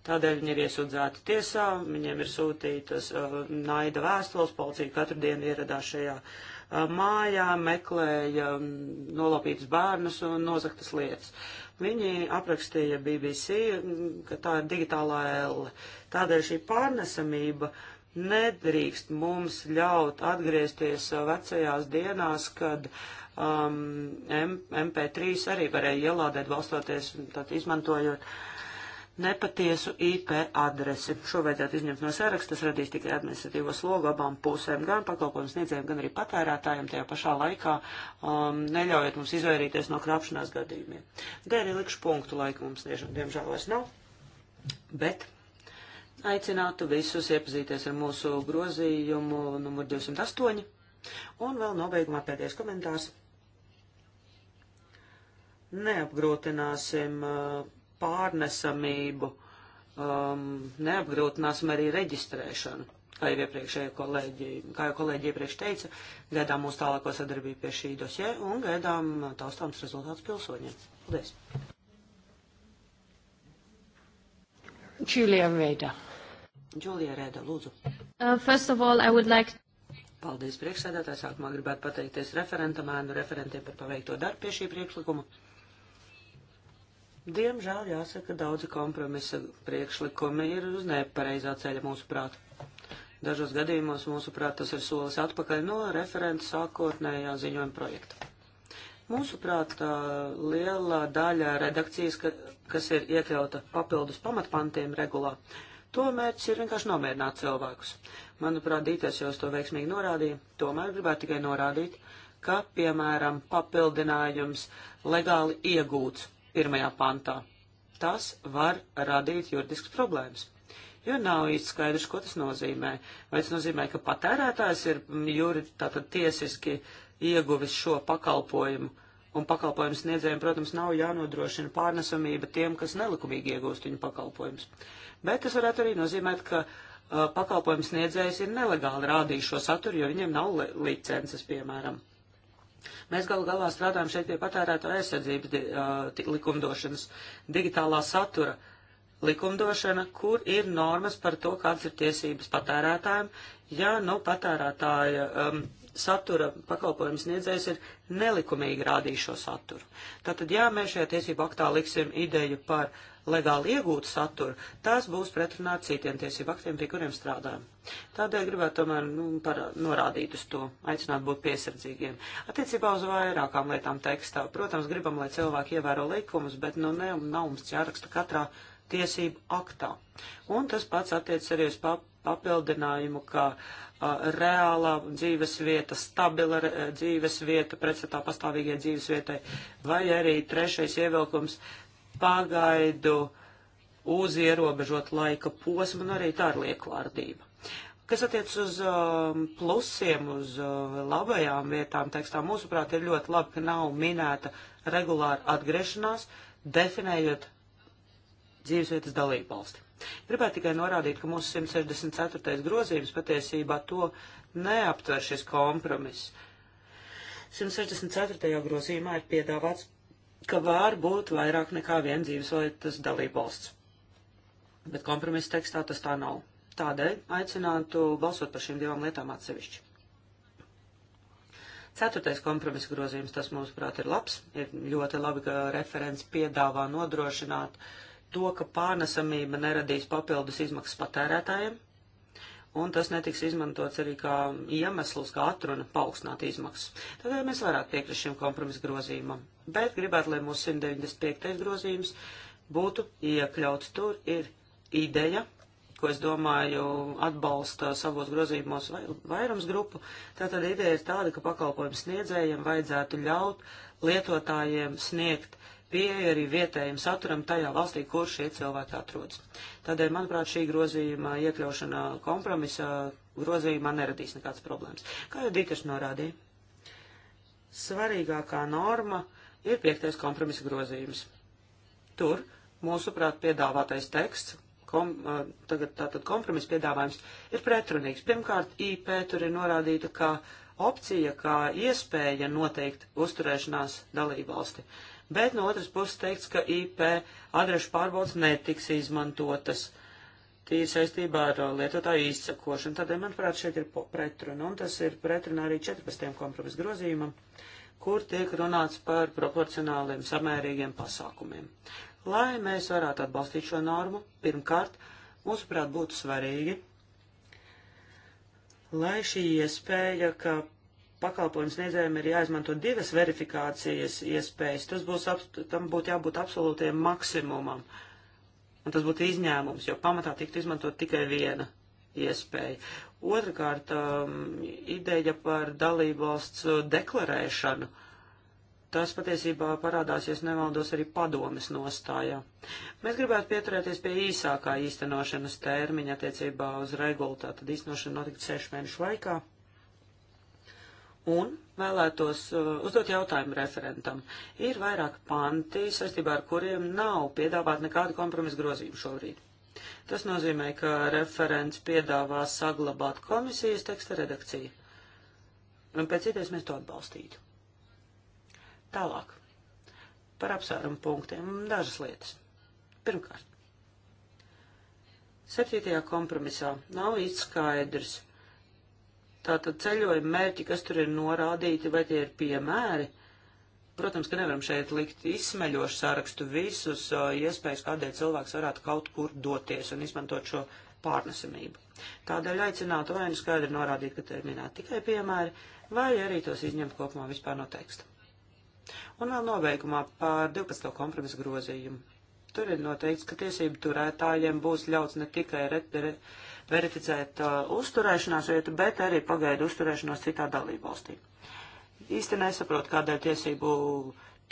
Tādēļ viņi ir iesūdzēti tiesā, viņiem ir sūtītas uh, naida vēstules, policija katru dienu ieradās šajā uh, mājā, meklēja um, nolapītas bērnus un nozaktas lietas. Viņi aprakstīja BBC, mm, ka tā ir digitālā elle. Tādēļ šī pārnesamība nedrīkst mums ļaut atgriezties uh, vecajās dienās, kad uh, um, M, MP3 arī varēja ielādēt balstoties, tad izmantojot nepatiesu IP adresi. Šo vajadzētu izņemt no saraksta, tas radīs tikai administratīvo slogu abām pusēm, gan pakalpojumu sniedzējiem, gan arī patērētājiem, tajā pašā laikā um, neļaujot mums izvairīties no krāpšanās gadījumiem. Dēļ likšu punktu laika mums, diemžēl, vairs nav, bet aicinātu visus iepazīties ar mūsu grozījumu numur 208. Un vēl nobeigumā pēdējais komentārs neapgrūtināsim uh, pārnesamību, um, neapgrūtināsim arī reģistrēšanu. Kā jau iepriekšēji kolēģi, kā jau kolēģi iepriekš teica, gaidām mūsu tālāko sadarbību pie šī dosie un gaidām taustāms rezultāts pilsoņiem. Paldies! Julia Reda. Julia Reda, lūdzu. Uh, first of all, I would like Paldies priekšsēdētāji. Sākumā gribētu pateikties referentam, ēnu referentiem par paveikto darbu pie šī priekšlikuma. Diemžēl jāsaka, daudzi kompromisa priekšlikumi ir uz nepareizā ceļa mūsu prātu. Dažos gadījumos, mūsuprāt, tas ir solis atpakaļ no referenta sākotnējā ziņojuma projekta. Mūsuprāt, liela daļa redakcijas, ka, kas ir iekļauta papildus pamatpantiem regulā, to mērķis ir vienkārši nomierināt cilvēkus. Manuprāt, Dītēs jau to veiksmīgi norādīja, tomēr gribētu tikai norādīt, ka, piemēram, papildinājums legāli iegūts 1. pantā. Tas var radīt juridisks problēmas, jo nav īsti skaidrs, ko tas nozīmē. Vai tas nozīmē, ka patērētājs ir mm, juridi, tātad tiesiski ieguvis šo pakalpojumu, un pakalpojums sniedzējiem, protams, nav jānodrošina pārnesamība tiem, kas nelikumīgi iegūst viņu pakalpojumus. Bet tas varētu arī nozīmēt, ka uh, pakalpojums sniedzējs ir nelegāli rādījis šo saturu, jo viņiem nav licences, piemēram. Uh, Mēs galu galā strādājam šeit pie patērētāja aizsardzības di uh, likumdošanas, digitālā satura likumdošana, kur ir normas par to, kādas ir tiesības patērētājiem, ja nu patērētāja um, satura pakalpojums niedzējs ir nelikumīgi rādījis šo saturu. Tātad, jā, mēs šajā tiesību aktā liksim ideju par uh, legāli iegūtu saturu, tās būs pretrunā ar citiem tiesību aktiem, pie kuriem strādājam. Tādēļ gribētu tomēr nu, par, norādīt uz to, aicināt būt piesardzīgiem. Attiecībā uz vairākām lietām tekstā, protams, gribam, lai cilvēki ievēro likumus, bet nu, ne, nav mums jāraksta katrā tiesību aktā. Un tas pats attiecas arī uz pap papildinājumu, ka a, reālā dzīves vieta, stabila dzīves vieta, pretstatā pastāvīgie dzīves vietai, vai arī trešais ievilkums pagaidu uz ierobežotu laika posmu un arī tā ir liekvārdība. Kas attiec uz um, plusiem, uz uh, labajām vietām tekstā, mūsuprāt, ir ļoti labi, ka nav minēta regulāra atgriešanās, definējot dzīvesvietas dalībvalsti. Gribētu tikai norādīt, ka mūsu 164. grozījums patiesībā to neaptver šis kompromiss. 164. grozījumā ir piedāvāts ka var būt vairāk nekā viena dzīvesvietas dalībvalsts. Bet kompromisa tekstā tas tā nav. Tādēļ aicinātu balsot par šīm divām lietām atsevišķi. Ceturtais kompromisa grozījums, tas mums, prāt, ir labs. Ir ļoti labi, ka referents piedāvā nodrošināt to, ka pārnesamība neradīs papildus izmaksas patērētājiem un tas netiks izmantots arī kā iemesls, kā atruna paaugstināt izmaksas. Tādēļ mēs varētu piekrist šim kompromisu grozījumam, bet gribētu, lai mūsu 195. grozījums būtu iekļauts. Tur ir ideja, ko es domāju atbalsta savos grozījumos vai, vairums grupu. Tātad ideja ir tāda, ka pakalpojums sniedzējiem vajadzētu ļaut lietotājiem sniegt pieeja arī vietējiem saturam tajā valstī, kur šie cilvēki atrodas. Tādēļ, manuprāt, šī grozījuma iekļaušana kompromisa grozījumā neradīs nekādas problēmas. Kā jau Dīters norādīja, svarīgākā norma ir piektais kompromisa grozījums. Tur, mūsuprāt, piedāvātais teksts, kom, tagad tātad kompromisa piedāvājums, ir pretrunīgs. Pirmkārt, IP tur ir norādīta kā opcija, kā iespēja noteikt uzturēšanās dalībvalsti. valsti bet no otras puses teikts, ka IP adrešu pārbaudas netiks izmantotas tīri saistībā ar uh, lietotāju izsakošanu. Tādēļ, manuprāt, šeit ir pretruna, un tas ir pretruna arī 14. kompromisu grozījumam, kur tiek runāts par proporcionāliem, samērīgiem pasākumiem. Lai mēs varētu atbalstīt šo normu, pirmkārt, mūsuprāt, būtu svarīgi, lai šī iespēja, ka pakalpojums sniedzējiem ir jāizmanto divas verifikācijas iespējas. Tas būs, tam būtu jābūt absolūtiem maksimumam. Un tas būtu izņēmums, jo pamatā tiktu izmantot tikai viena iespēja. Otrakārt, um, ideja par dalību valsts deklarēšanu. Tas patiesībā parādās, ja nemaldos, arī padomes nostājā. Mēs gribētu pieturēties pie īsākā īstenošanas termiņa attiecībā uz regulu, tātad īstenošana notikt sešu mēnešu laikā. Un vēlētos uh, uzdot jautājumu referentam. Ir vairāk panti, saistībā ar kuriem nav piedāvāt nekādu kompromisu grozījumu šobrīd. Tas nozīmē, ka referents piedāvā saglabāt komisijas teksta redakciju. Un pēc idejas mēs to atbalstītu. Tālāk. Par apsvērumu punktiem dažas lietas. Pirmkārt. Septītajā kompromisā nav īsti skaidrs, Tātad ceļojuma mērķi, kas tur ir norādīti, vai tie ir piemēri? Protams, ka nevaram šeit likt izsmeļošu sārakstu visus uh, iespējas, kādēļ cilvēks varētu kaut kur doties un izmantot šo pārnesamību. Tādēļ aicinātu vai nu skaidri norādīt, ka te ir minēti tikai piemēri, vai arī tos izņemt kopumā vispār no teksta. Un vēl noveikumā par 12. kompromisu grozījumu. Tur ir noteikts, ka tiesību turētājiem būs ļauts ne tikai ret, re, verificēt uh, uzturēšanās vietu, bet arī pagaidu uzturēšanos citā dalībvalstī. Īsti nesaprot, kādēļ tiesību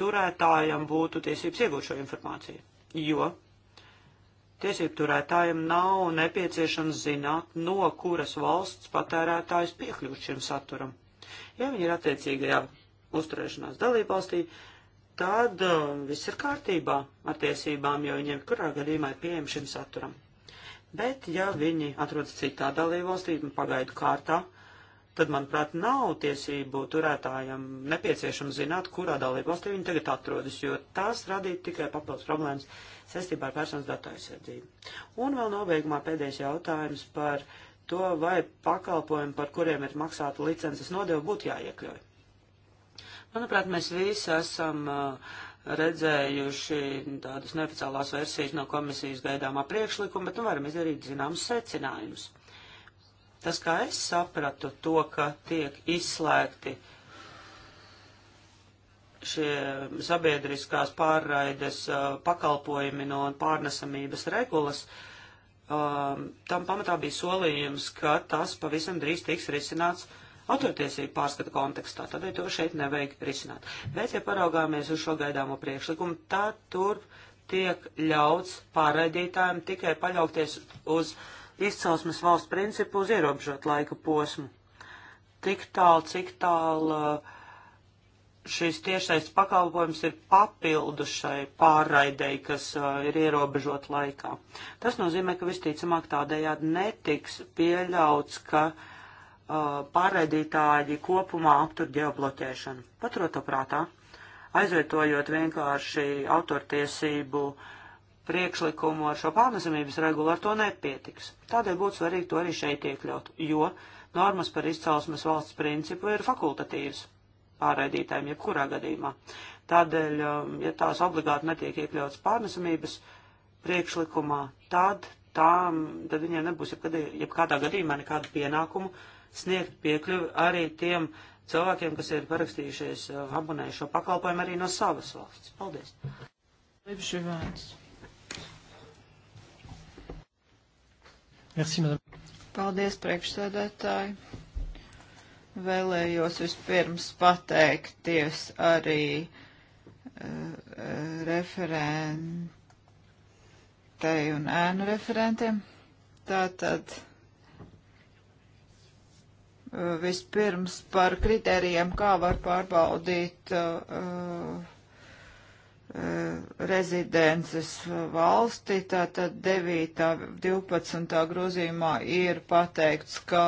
turētājam būtu tiesības iegūt šo informāciju, jo tiesību turētājiem nav nepieciešams zināt, no kuras valsts patērētājs piekļūst šim saturam. Ja viņi ir attiecīgajā uzturēšanās dalībvalstī, tad um, viss ir kārtībā ar tiesībām, jo viņiem kurā gadījumā ir pieejami šim saturam. Bet, ja viņi atrodas citā dalībvalstī, nu, pagaidu kārtā, tad, manuprāt, nav tiesību turētājiem nepieciešams zināt, kurā dalībvalstī viņi tagad atrodas, jo tās radītu tikai papildus problēmas saistībā ar personas datu aizsardzību. Un vēl nobeigumā pēdējais jautājums par to, vai pakalpojumi, par kuriem ir maksāta licences nodevu, būtu jāiekļauj. Manuprāt, mēs visi esam uh, redzējuši tādas neoficiālās versijas no komisijas gaidāmā priekšlikuma, bet nu varam izdarīt zināmas secinājumus. Tas, kā es sapratu to, ka tiek izslēgti šie sabiedriskās pārraides uh, pakalpojumi no pārnesamības regulas, um, tam pamatā bija solījums, ka tas pavisam drīz tiks risināts uh, autortiesību pārskata kontekstā, tādēļ to šeit nevajag risināt. Bet, ja paraugāmies uz šo gaidāmo priekšlikumu, tad tur tiek ļauts pārraidītājiem tikai paļauties uz izcelsmes valsts principu uz ierobežot laika posmu. Tik tālu, cik tālu uh, šis tiešais pakalpojums ir papildu šai pārraidei, kas uh, ir ierobežot laikā. Tas nozīmē, ka visticamāk tādējādi netiks pieļauts, ka uh, pārraidītāji kopumā aptur ģeobloķēšanu. Paturot to prātā, aizvietojot vienkārši autortiesību priekšlikumu ar šo pārnesamības regulu, ar to nepietiks. Tādēļ būtu svarīgi to arī šeit iekļaut, jo normas par izcelsmes valsts principu ir fakultatīvas pārraidītājiem jebkurā gadījumā. Tādēļ, um, ja tās obligāti netiek iekļautas pārnesamības priekšlikumā, tad, tā, tad viņiem nebūs jebkad, jebkādā gadījumā nekādu pienākumu uh, sniegt piekļuvi arī tiem cilvēkiem, kas ir parakstījušies eh, abonējuši šo pakalpojumu arī no savas valsts. Paldies! Merci, Paldies, priekšsēdētāji! Vēlējos vispirms pateikties arī uh, referentei un ēnu referentiem. Tātad. Tā Eh, vispirms par kritērijiem, kā var pārbaudīt uh, rezidences valsti, tātad 9.12. grozījumā ir pateikts, ka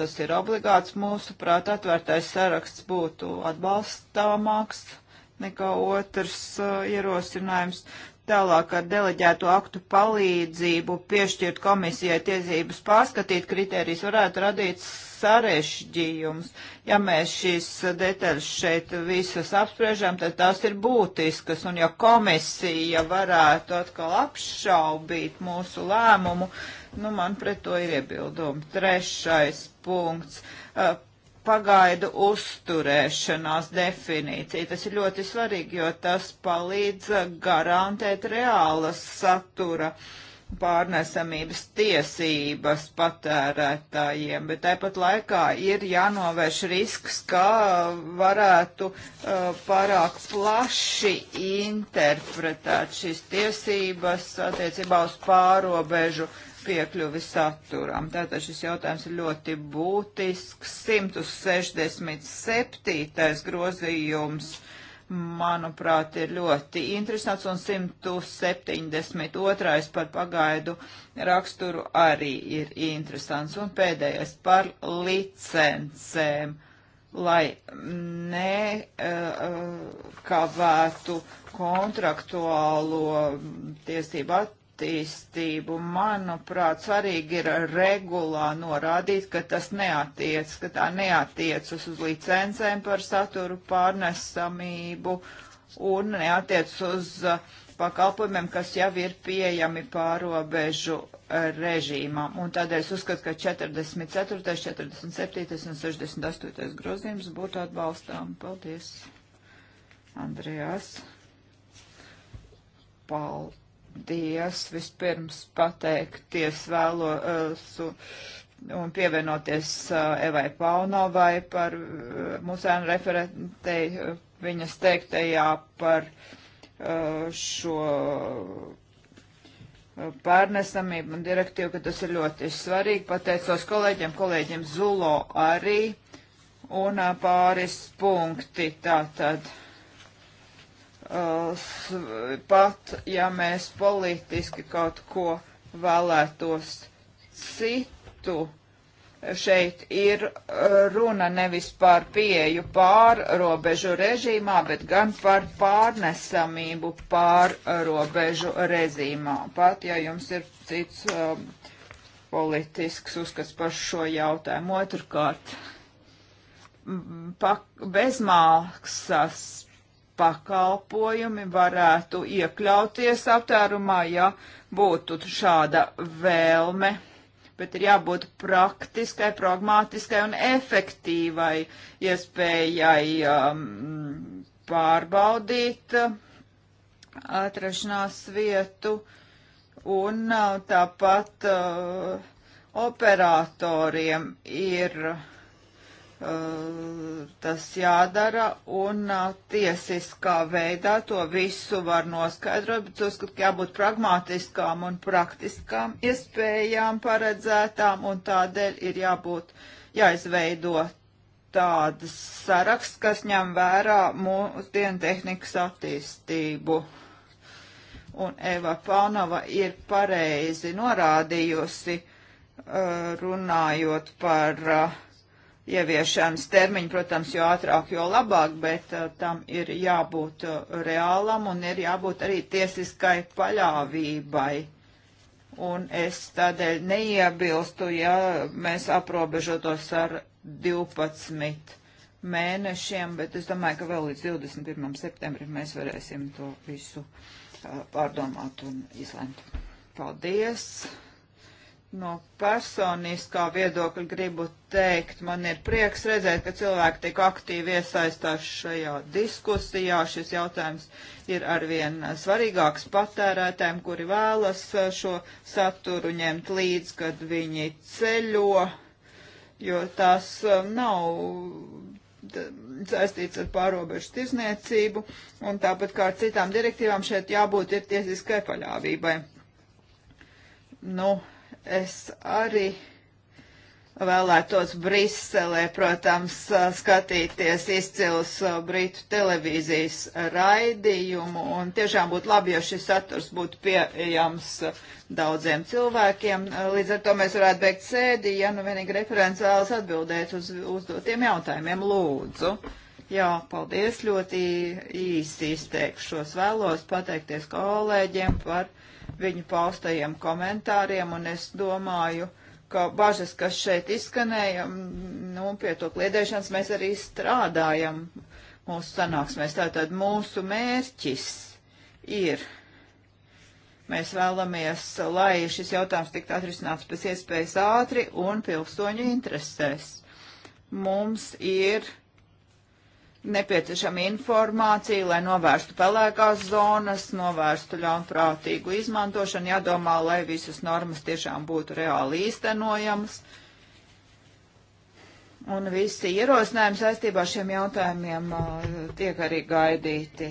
tas ir obligāts mūsu prāt atvērtais saraksts būtu atbalstāmāks nekā otrs uh, ierosinājums. Tālāk ar deleģēto aktu palīdzību piešķirt komisijai tiesības pārskatīt kriterijus varētu radīt sarežģījums. Ja mēs šīs detaļas šeit visas apspriežam, tad tās ir būtiskas, un ja komisija varētu atkal apšaubīt mūsu lēmumu, nu man pret to ir iebildumi. Trešais punkts. Uh, pagaidu uzturēšanās definīcija. Tas ir ļoti svarīgi, jo tas palīdz garantēt reālas satura pārnesamības tiesības patērētājiem, bet tāpat laikā ir jānovērš risks, ka varētu uh, pārāk plaši interpretēt šīs tiesības attiecībā uz pārobežu uh, piekļuvi saturam. Tātad šis jautājums ir ļoti būtisks. 167. grozījums, manuprāt, ir ļoti interesants, un 172. par pagaidu raksturu arī ir interesants. Un pēdējais par licencēm lai nekavētu kontraktuālo tiesību at attīstību. Manuprāt, svarīgi ir regulā norādīt, ka tas neatiec, ka tā neatiecas uz licencēm par saturu pārnesamību un neatiec uz uh, pakalpojumiem, kas jau ir pieejami pārobežu uh, režīmām. Un tādēļ es uzskatu, ka 44., 47. un 68. grozījums būtu atbalstām. Paldies, Andrejās. Paldies. Paldies! Vispirms pateikties vēlo uh, un pievienoties uh, Evai Paunovai par uh, eh, musēnu referentei viņas teiktajā par šo pārnesamību un direktīvu, ka tas ir ļoti svarīgi. Pateicos kolēģiem, kolēģiem Zulo arī un pāris punkti tātad. tad Uh, pat ja mēs politiski kaut ko vēlētos citu, šeit ir uh, runa nevis par pieju pārrobežu režīmā, bet gan par pārnesamību pārrobežu režīmā. Pat ja jums ir cits um, politisks uzskats par šo jautājumu. Otrkārt, bezmaksas pakalpojumi varētu iekļauties aptērumā, ja būtu šāda vēlme, bet ir jābūt praktiskai, pragmātiskai un efektīvai iespējai um, pārbaudīt uh, atrašanās vietu un uh, tāpat uh, operatoriem ir uh, Eh, tas jādara un eh, tiesiskā veidā to visu var noskaidrot, bet uzskatu, ka jābūt pragmatiskām un praktiskām iespējām paredzētām un tādēļ ir jābūt jāizveido tādas saraksts, kas ņem vērā mūsdienu tehnikas attīstību. Un Eva Paunava ir pareizi norādījusi, eh, runājot par uh, ieviešanas termiņu, protams, jo ātrāk, jo labāk, bet uh, tam ir jābūt uh, reālam un ir jābūt arī tiesiskai paļāvībai. Un es tādēļ neiebilstu, ja mēs aprobežotos ar 12 mēnešiem, bet es domāju, ka vēl līdz 21. septembrim mēs varēsim to visu uh, pārdomāt un izlemt. Paldies! No personiskā viedokļa gribu teikt, man ir prieks redzēt, ka cilvēki tik aktīvi iesaistās šajā diskusijā. Šis jautājums ir arvien svarīgāks patērētēm, kuri vēlas šo saturu ņemt līdzi, kad viņi ceļo, jo tas um, nav saistīts ar pārobežu tirzniecību, un tāpat kā ar citām direktīvām šeit jābūt ir tiesiskai paļāvībai. Nu, Es arī vēlētos Briselē, protams, skatīties izcils uh, Britu televīzijas raidījumu, un tiešām būtu labi, ja šis saturs būtu pieejams daudziem cilvēkiem. Uh, līdz ar to mēs varētu beigt sēdi, ja nu vienīgi referents vēlas atbildēt uz uzdotiem jautājumiem, lūdzu. Jā, paldies, ļoti īsti izteikšos. Vēlos pateikties kolēģiem par viņu paustajiem komentāriem, un es domāju, ka bažas, kas šeit izskanēja, nu, pie to kliedēšanas mēs arī strādājam mūsu sanāksmēs. Tātad mūsu mērķis ir. Mēs vēlamies, lai šis jautājums tiktu atrisināts pēc iespējas ātri un pilsoņu interesēs. Mums ir nepieciešama informācija, lai novērstu pelēkās zonas, novērstu ļaunprātīgu izmantošanu, jādomā, lai visas normas tiešām būtu reāli īstenojamas. Un visi ierosinājumi saistībā ar šiem jautājumiem uh, tiek arī gaidīti.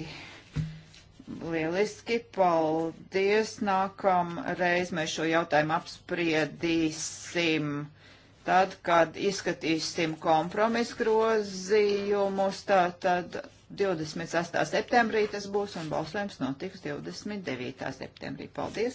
Lieliski, paldies. Nākamreiz mēs šo jautājumu apspriedīsim tad, kad izskatīsim kompromisu grozījumus, tad 28. septembrī tas būs un balsojums notiks 29. septembrī. Paldies!